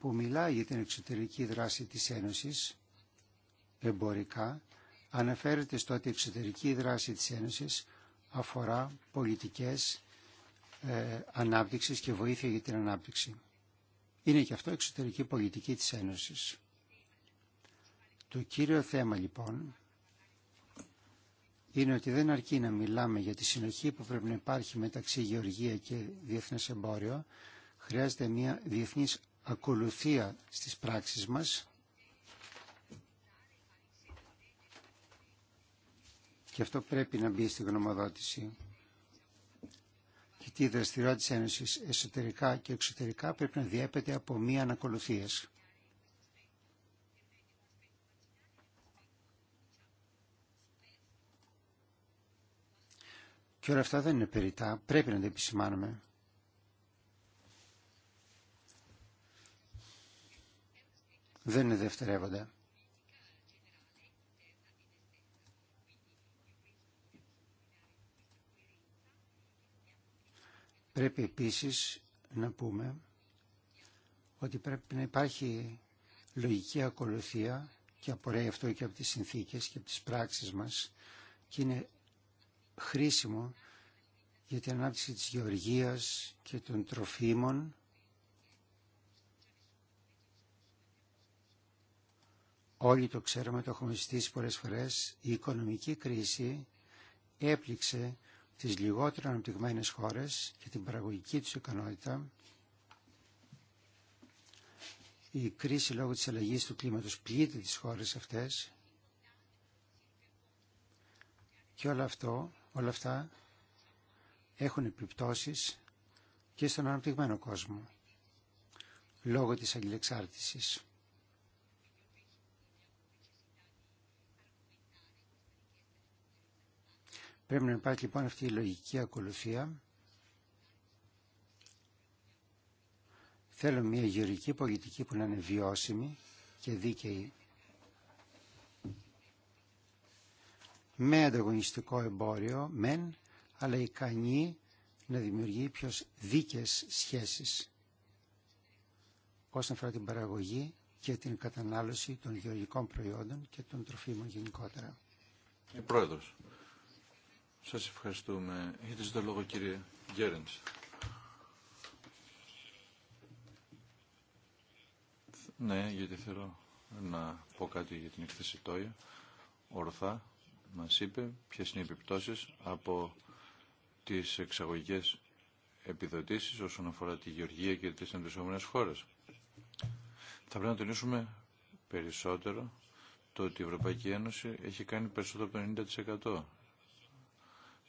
που μιλάει για την εξωτερική δράση της Ένωσης εμπορικά αναφέρεται στο ότι η εξωτερική δράση της Ένωσης αφορά πολιτικές ε, ανάπτυξης και βοήθεια για την ανάπτυξη. Είναι και αυτό εξωτερική πολιτική της Ένωσης. Το κύριο θέμα λοιπόν είναι ότι δεν αρκεί να μιλάμε για τη συνοχή που πρέπει να υπάρχει μεταξύ γεωργία και διεθνές εμπόριο. Χρειάζεται μια διεθνής ακολουθία στις πράξεις μας Και αυτό πρέπει να μπει στη γνωμοδότηση. Γιατί η δραστηριότητα της Ένωσης εσωτερικά και εξωτερικά πρέπει να διέπεται από μία ανακολουθία. Και όλα αυτά δεν είναι περιτά, πρέπει να τα επισημάνουμε. Δεν είναι δευτερεύοντα. Πρέπει επίσης να πούμε ότι πρέπει να υπάρχει λογική ακολουθία και απορρέει αυτό και από τις συνθήκες και από τις πράξεις μας και είναι χρήσιμο για την ανάπτυξη της γεωργίας και των τροφίμων Όλοι το ξέρουμε, το έχουμε συζητήσει πολλές φορές, η οικονομική κρίση έπληξε τις λιγότερο αναπτυγμένες χώρες και την παραγωγική τους ικανότητα, η κρίση λόγω της αλλαγής του κλίματος πλήττει τις χώρες αυτές και όλα, όλα αυτά έχουν επιπτώσεις και στον αναπτυγμένο κόσμο λόγω της αλληλεξάρτησης. Πρέπει να υπάρχει λοιπόν αυτή η λογική ακολουθία. Θέλω μια γεωργική πολιτική που να είναι βιώσιμη και δίκαιη. Με ανταγωνιστικό εμπόριο, μεν, αλλά ικανή να δημιουργεί πιο δίκαιες σχέσεις όσον αφορά την παραγωγή και την κατανάλωση των γεωργικών προϊόντων και των τροφίμων γενικότερα. Ε, πρόεδρος, σας ευχαριστούμε. Έχετε το λόγο κύριε Γκέρεντς. Ναι, γιατί θέλω να πω κάτι για την εκθέση Τόια. Ορθά μας είπε ποιες είναι οι επιπτώσεις από τις εξαγωγικές επιδοτήσεις όσον αφορά τη γεωργία και τις εμπλησόμενες χώρες. Θα πρέπει να τονίσουμε περισσότερο το ότι η Ευρωπαϊκή Ένωση έχει κάνει περισσότερο από το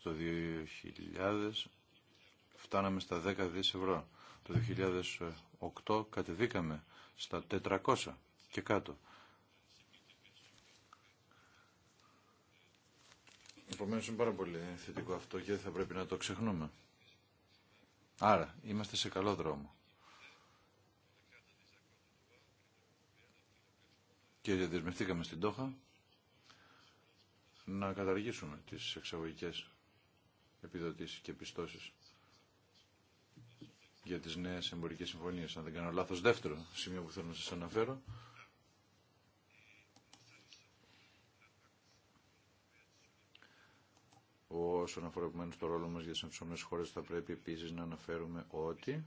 το 2000 φτάναμε στα 10 δις ευρώ. Το 2008 κατεβήκαμε στα 400 και κάτω. Επομένω είναι πάρα πολύ θετικό αυτό και δεν θα πρέπει να το ξεχνούμε. Άρα είμαστε σε καλό δρόμο. Και διαδεσμευτήκαμε στην Τόχα να καταργήσουμε τις εξαγωγικές επιδοτήσεις και πιστώσεις για τις νέες εμπορικές συμφωνίες. Αν δεν κάνω λάθος δεύτερο σημείο που θέλω να σας αναφέρω. Όσον αφορά το ρόλο μας για τις εμψωμένες χώρες θα πρέπει επίσης να αναφέρουμε ότι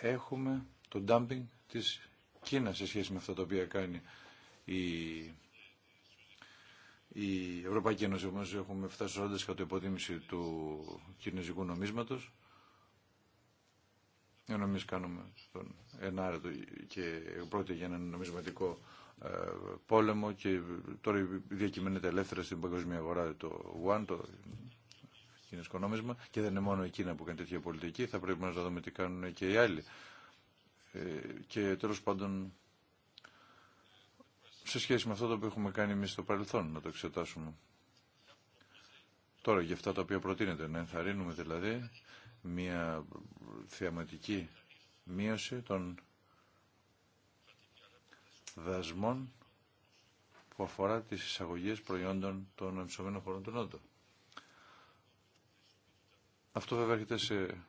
έχουμε το dumping της Κίνα σε σχέση με αυτά τα οποία κάνει η, η Ευρωπαϊκή Ένωση. Όμως έχουμε φτάσει όντως κατά υποτίμηση του κινέζικου νομίσματος. Ενώ εμείς κάνουμε τον ενάρετο και πρόκειται για έναν νομισματικό ε, πόλεμο και τώρα διακυμαίνεται ελεύθερα στην παγκοσμία αγορά το One, το κινέζικο νόμισμα και δεν είναι μόνο η Κίνα που κάνει τέτοια πολιτική, θα πρέπει να δούμε τι κάνουν και οι άλλοι. Ε, και τέλος πάντων σε σχέση με αυτό το που έχουμε κάνει εμείς στο παρελθόν να το εξετάσουμε. Τώρα για αυτά τα οποία προτείνεται να ενθαρρύνουμε δηλαδή μια θεαματική μείωση των δασμών που αφορά τις εισαγωγές προϊόντων των εμψωμένων χωρών του Νότου. Αυτό βέβαια έρχεται σε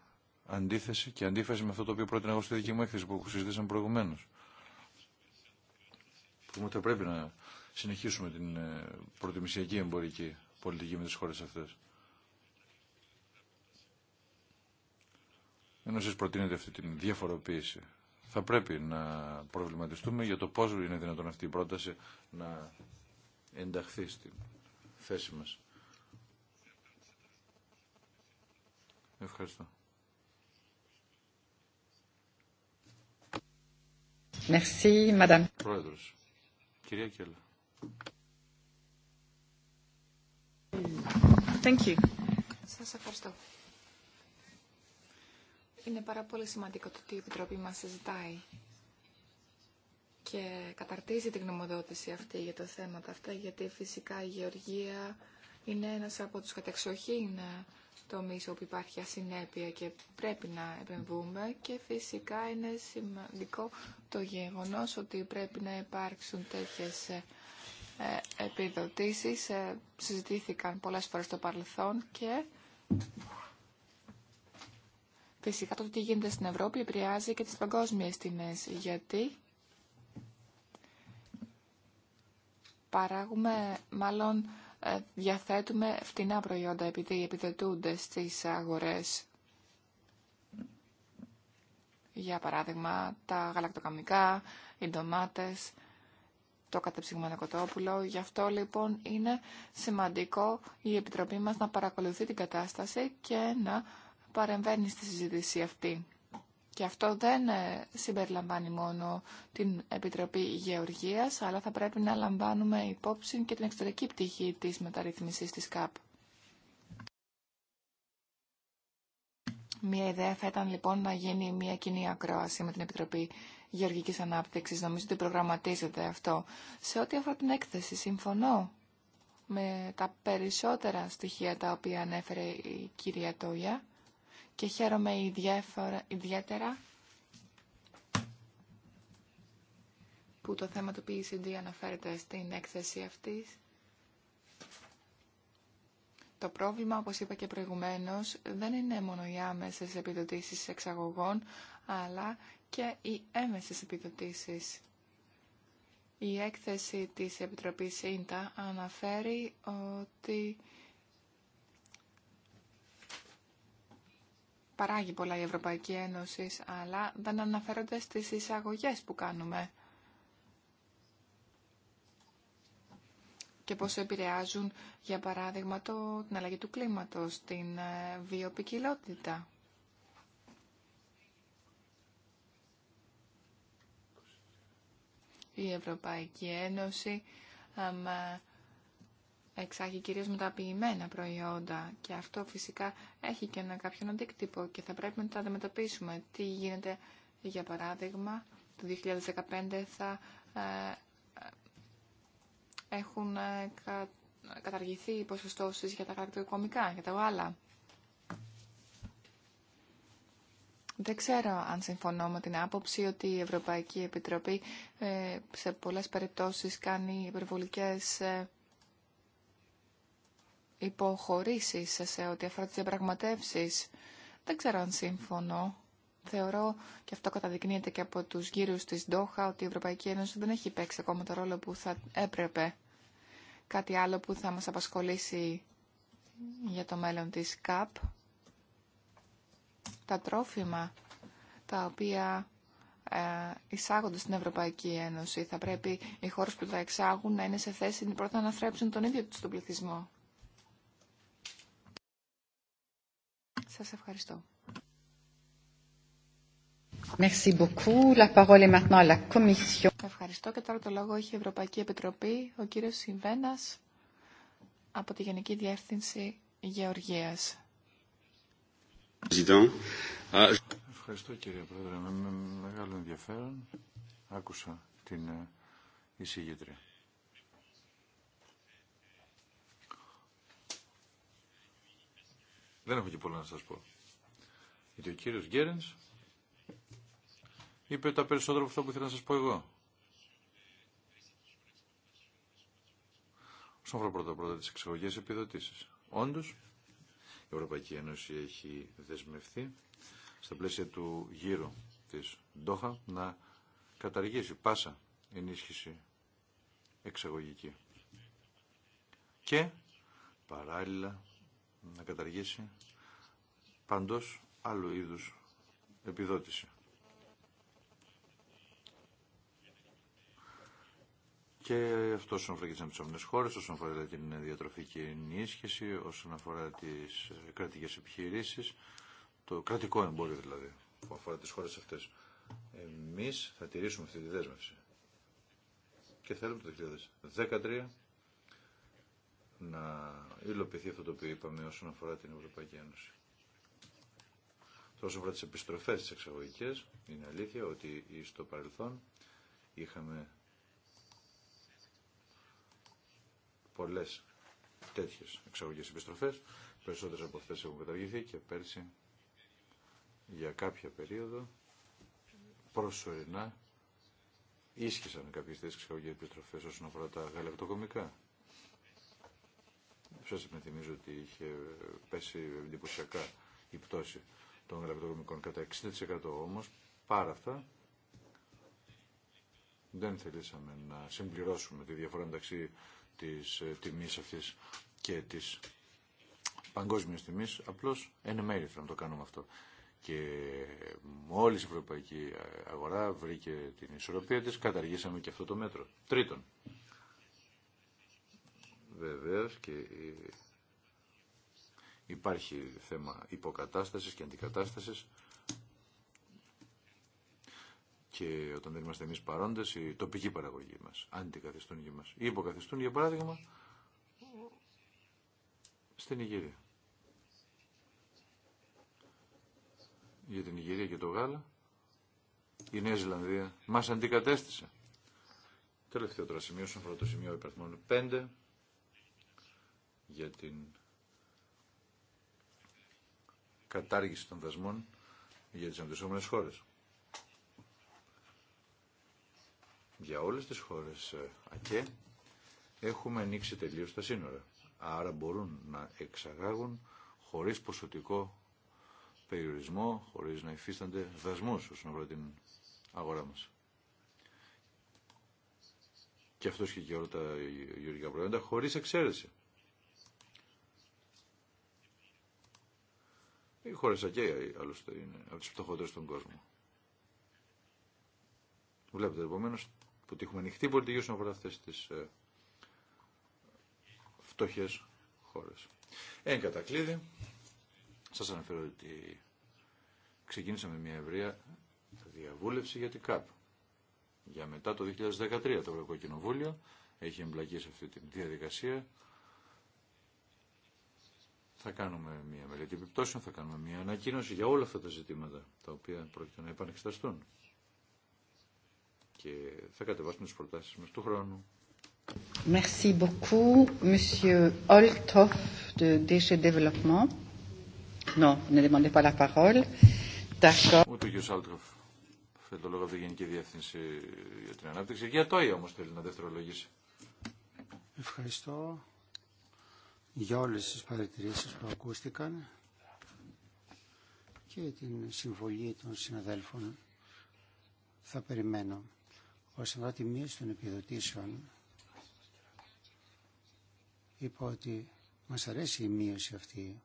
αντίθεση και αντίφαση με αυτό το οποίο πρότεινα εγώ στη δική μου έκθεση που συζητήσαμε προηγουμένω. Που θα πρέπει να συνεχίσουμε την ε, προτιμησιακή εμπορική πολιτική με τι χώρε αυτές. Ενώ εσεί προτείνετε αυτή την διαφοροποίηση. Θα πρέπει να προβληματιστούμε για το πώς είναι δυνατόν αυτή η πρόταση να ενταχθεί στην θέση μας. Ευχαριστώ. ευχαριστώ. Είναι πάρα πολύ σημαντικό το ότι η Επιτροπή μας συζητάει και καταρτίζει την γνωμοδότηση αυτή για τα θέματα αυτά, γιατί φυσικά η γεωργία είναι ένας από τους κατεξοχήν τομείς όπου υπάρχει ασυνέπεια και πρέπει να επεμβούμε και φυσικά είναι σημαντικό το γεγονός ότι πρέπει να υπάρξουν τέτοιες ε, ε, επιδοτήσεις. Ε, συζητήθηκαν πολλές φορές στο παρελθόν και φυσικά το τι γίνεται στην Ευρώπη επηρεάζει και τις παγκόσμιες τιμές γιατί παράγουμε μάλλον ε, διαθέτουμε φτηνά προϊόντα επειδή επιδετούνται στις αγορές. Για παράδειγμα, τα γαλακτοκαμικά, οι ντομάτες, το κατεψυγμένο κοτόπουλο. Γι' αυτό λοιπόν είναι σημαντικό η Επιτροπή μας να παρακολουθεί την κατάσταση και να παρεμβαίνει στη συζήτηση αυτή. Και αυτό δεν ε, συμπεριλαμβάνει μόνο την Επιτροπή Γεωργίας, αλλά θα πρέπει να λαμβάνουμε υπόψη και την εξωτερική πτυχή της μεταρρυθμίσης της ΚΑΠ. Μία ιδέα θα ήταν λοιπόν να γίνει μια κοινή ακρόαση με την Επιτροπή Γεωργικής Ανάπτυξης. Νομίζω ότι προγραμματίζεται αυτό. Σε ό,τι αφορά την έκθεση, συμφωνώ με τα περισσότερα στοιχεία τα οποία ανέφερε η κυρία Τόγια και χαίρομαι ιδιαίτερα που το θέμα του PCD e αναφέρεται στην έκθεση αυτής. Το πρόβλημα, όπως είπα και προηγουμένως, δεν είναι μόνο οι άμεσες επιδοτήσεις εξαγωγών, αλλά και οι έμεσες επιδοτήσεις. Η έκθεση της Επιτροπής ΙΝΤΑ αναφέρει ότι παράγει πολλά η Ευρωπαϊκή Ένωση, αλλά δεν αναφέρονται στις εισαγωγές που κάνουμε. Και πώς επηρεάζουν, για παράδειγμα, το, την αλλαγή του κλίματος, την ε, βιοπικιλότητα. Η Ευρωπαϊκή Ένωση εξάγει κυρίως μεταποιημένα προϊόντα και αυτό φυσικά έχει και ένα κάποιον αντίκτυπο και θα πρέπει να τα αντιμετωπίσουμε. Τι γίνεται, για παράδειγμα, το 2015 θα ε, ε, έχουν ε, καταργηθεί οι ποσοστώσεις για τα χαρακτηροκομικά, για τα γάλα. Δεν ξέρω αν συμφωνώ με την άποψη ότι η Ευρωπαϊκή Επιτροπή σε πολλές περιπτώσεις κάνει υπερβολικές υποχωρήσεις σε ό,τι αφορά τις διαπραγματεύσει. Δεν ξέρω αν σύμφωνο. Θεωρώ, και αυτό καταδεικνύεται και από τους γύρους της Ντόχα, ότι η Ευρωπαϊκή Ένωση δεν έχει παίξει ακόμα το ρόλο που θα έπρεπε. Κάτι άλλο που θα μας απασχολήσει για το μέλλον της ΚΑΠ. Τα τρόφιμα τα οποία ε, εισάγονται στην Ευρωπαϊκή Ένωση. Θα πρέπει οι χώρες που τα εξάγουν να είναι σε θέση πρώτα να θρέψουν τον ίδιο τους τον πληθυσμό. Σας ευχαριστώ. Merci beaucoup. La parole est maintenant à la Commission. Ευχαριστώ και τώρα το λόγο έχει η Ευρωπαϊκή Επιτροπή, ο κύριος Συμβένας από τη Γενική Διεύθυνση Γεωργίας. Ευχαριστώ κύριε Πρόεδρε. Με μεγάλο ενδιαφέρον άκουσα την ε, εισηγήτρια. Δεν έχω και πολλά να σας πω. Γιατί ο κύριος Γκέρενς είπε τα περισσότερα από αυτά που ήθελα να σας πω εγώ. Όσον αφορά πρώτα πρώτα τις εξαγωγές επιδοτήσεις. Όντως, η Ευρωπαϊκή Ένωση έχει δεσμευθεί στα πλαίσια του γύρου της Ντόχα να καταργήσει πάσα ενίσχυση εξαγωγική. Και παράλληλα να καταργήσει παντός άλλου είδους επιδότηση. Και αυτό όσον αφορά και τι αναπτυσσόμενε χώρε, όσον αφορά δηλαδή την διατροφική ενίσχυση, όσον αφορά τι ε, κρατικέ επιχειρήσει, το κρατικό εμπόριο δηλαδή που αφορά τι χώρε αυτέ. Εμεί θα τηρήσουμε αυτή τη δέσμευση. Και θέλουμε το 2013 να υλοποιηθεί αυτό το οποίο είπαμε όσον αφορά την Ευρωπαϊκή Ένωση. Τόσο αφορά τις επιστροφές τις εξαγωγικές, είναι αλήθεια ότι στο παρελθόν είχαμε πολλές τέτοιες εξαγωγικές επιστροφές, περισσότερες από αυτές έχουν καταργηθεί και πέρσι για κάποια περίοδο προσωρινά ίσχυσαν κάποιες τέτοιες εξαγωγικές επιστροφές όσον αφορά τα γαλακτοκομικά. Σα υπενθυμίζω ότι είχε πέσει εντυπωσιακά η πτώση των γραπτοκομικών κατά 60% όμως πάρα αυτά δεν θελήσαμε να συμπληρώσουμε τη διαφορά μεταξύ της ε, τιμής αυτής και της παγκόσμιας τιμής απλώς εν μέρη να το κάνουμε αυτό και μόλι η ευρωπαϊκή ε, αγορά βρήκε την ισορροπία της καταργήσαμε και αυτό το μέτρο. Τρίτον, Βεβαίως και υπάρχει θέμα υποκατάστασης και αντικατάστασης και όταν δεν είμαστε εμείς παρόντες η τοπική παραγωγή μας αντικαθιστούν για μας ή υποκαθιστούν για παράδειγμα στην Ιγυρία. Για την Ιγυρία και το Γάλα η Νέα Ζηλανδία μας αντικατέστησε. Τελευταίο τώρα σημείο, σαν το σημείο υπερθμόνου. 5 για την κατάργηση των δασμών για τις αντισόμενες χώρες. Για όλες τις χώρες ε, ΑΚΕ έχουμε ανοίξει τελείως τα σύνορα. Άρα μπορούν να εξαγάγουν χωρίς ποσοτικό περιορισμό, χωρίς να υφίστανται δασμούς όσον αφορά την αγορά μας. Και αυτός και για όλα τα γεωργικά προϊόντα χωρίς εξαίρεση. Οι χώρες ΑΚΕ άλλωστε είναι από τι πτωχότερες στον κόσμο. Βλέπετε επομένω που έχουμε ανοιχτή πολιτική όσον αφορά αυτές τις ε, φτωχές χώρες. Εν κατακλείδη, σας αναφέρω ότι ξεκίνησαμε μια ευρεία διαβούλευση για την ΚΑΠ. Για μετά το 2013 το Ευρωπαϊκό Κοινοβούλιο έχει εμπλακεί σε αυτή τη διαδικασία θα κάνουμε μια μελέτη επιπτώσεων, θα κάνουμε μια ανακοίνωση για όλα αυτά τα ζητήματα τα οποία πρόκειται να επανεξεταστούν. Και θα κατεβάσουμε τις προτάσεις μας του χρόνου. Merci beaucoup, Monsieur Olthoff de DG Développement. Non, vous ne demandez pas la parole. D'accord. Ούτε ο κ. Olthoff θέλει το λόγο από τη Γενική Διεύθυνση για την Ανάπτυξη. Για το όμως θέλει να δευτερολογήσει. Ευχαριστώ για όλες τις παρατηρήσεις που ακούστηκαν και την συμβολή των συναδέλφων θα περιμένω. Όσον αφορά τη μείωση των επιδοτήσεων, είπα ότι μας αρέσει η μείωση αυτή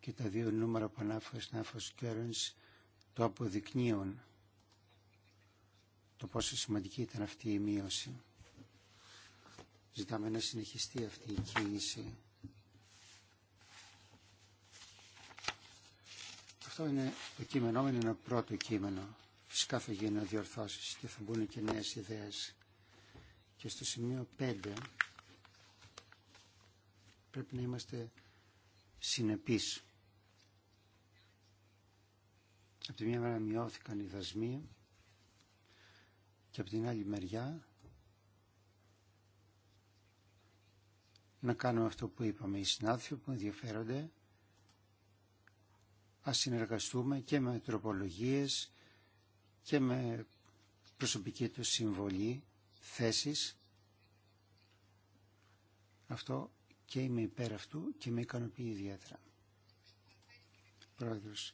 και τα δύο νούμερα που ανάφερε στην Κέρνς το αποδεικνύουν το πόσο σημαντική ήταν αυτή η μείωση. Ζητάμε να συνεχιστεί αυτή η κίνηση. Αυτό είναι το κείμενό μου, είναι ένα πρώτο κείμενο. Φυσικά θα γίνουν διορθώσεις και θα μπουν και νέες ιδέες. Και στο σημείο 5 πρέπει να είμαστε συνεπείς. Από τη μία μέρα μειώθηκαν οι δασμοί και από την άλλη μεριά να κάνουμε αυτό που είπαμε. Οι συνάδελφοι που ενδιαφέρονται α συνεργαστούμε και με τροπολογίες και με προσωπική του συμβολή, θέσεις. Αυτό και είμαι υπέρ αυτού και με ικανοποιεί ιδιαίτερα. Πρόεδρος,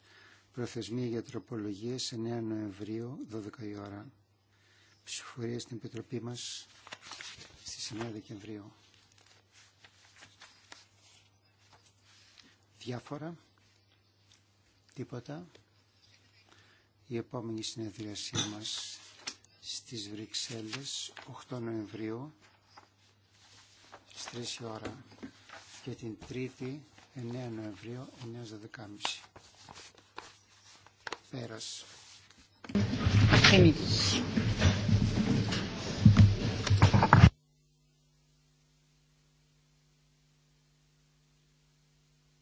προθεσμία για τροπολογίες 9 Νοεμβρίου, 12 η ώρα. Ψηφορία στην Επιτροπή μας στις 9 Δεκεμβρίου. διάφορα. Τίποτα. Η επόμενη συνεδρίασή μας στις Βρυξέλλες 8 Νοεμβρίου στις 3 η ώρα και την 3η 9 Νοεμβρίου 9 Πέρασε. περας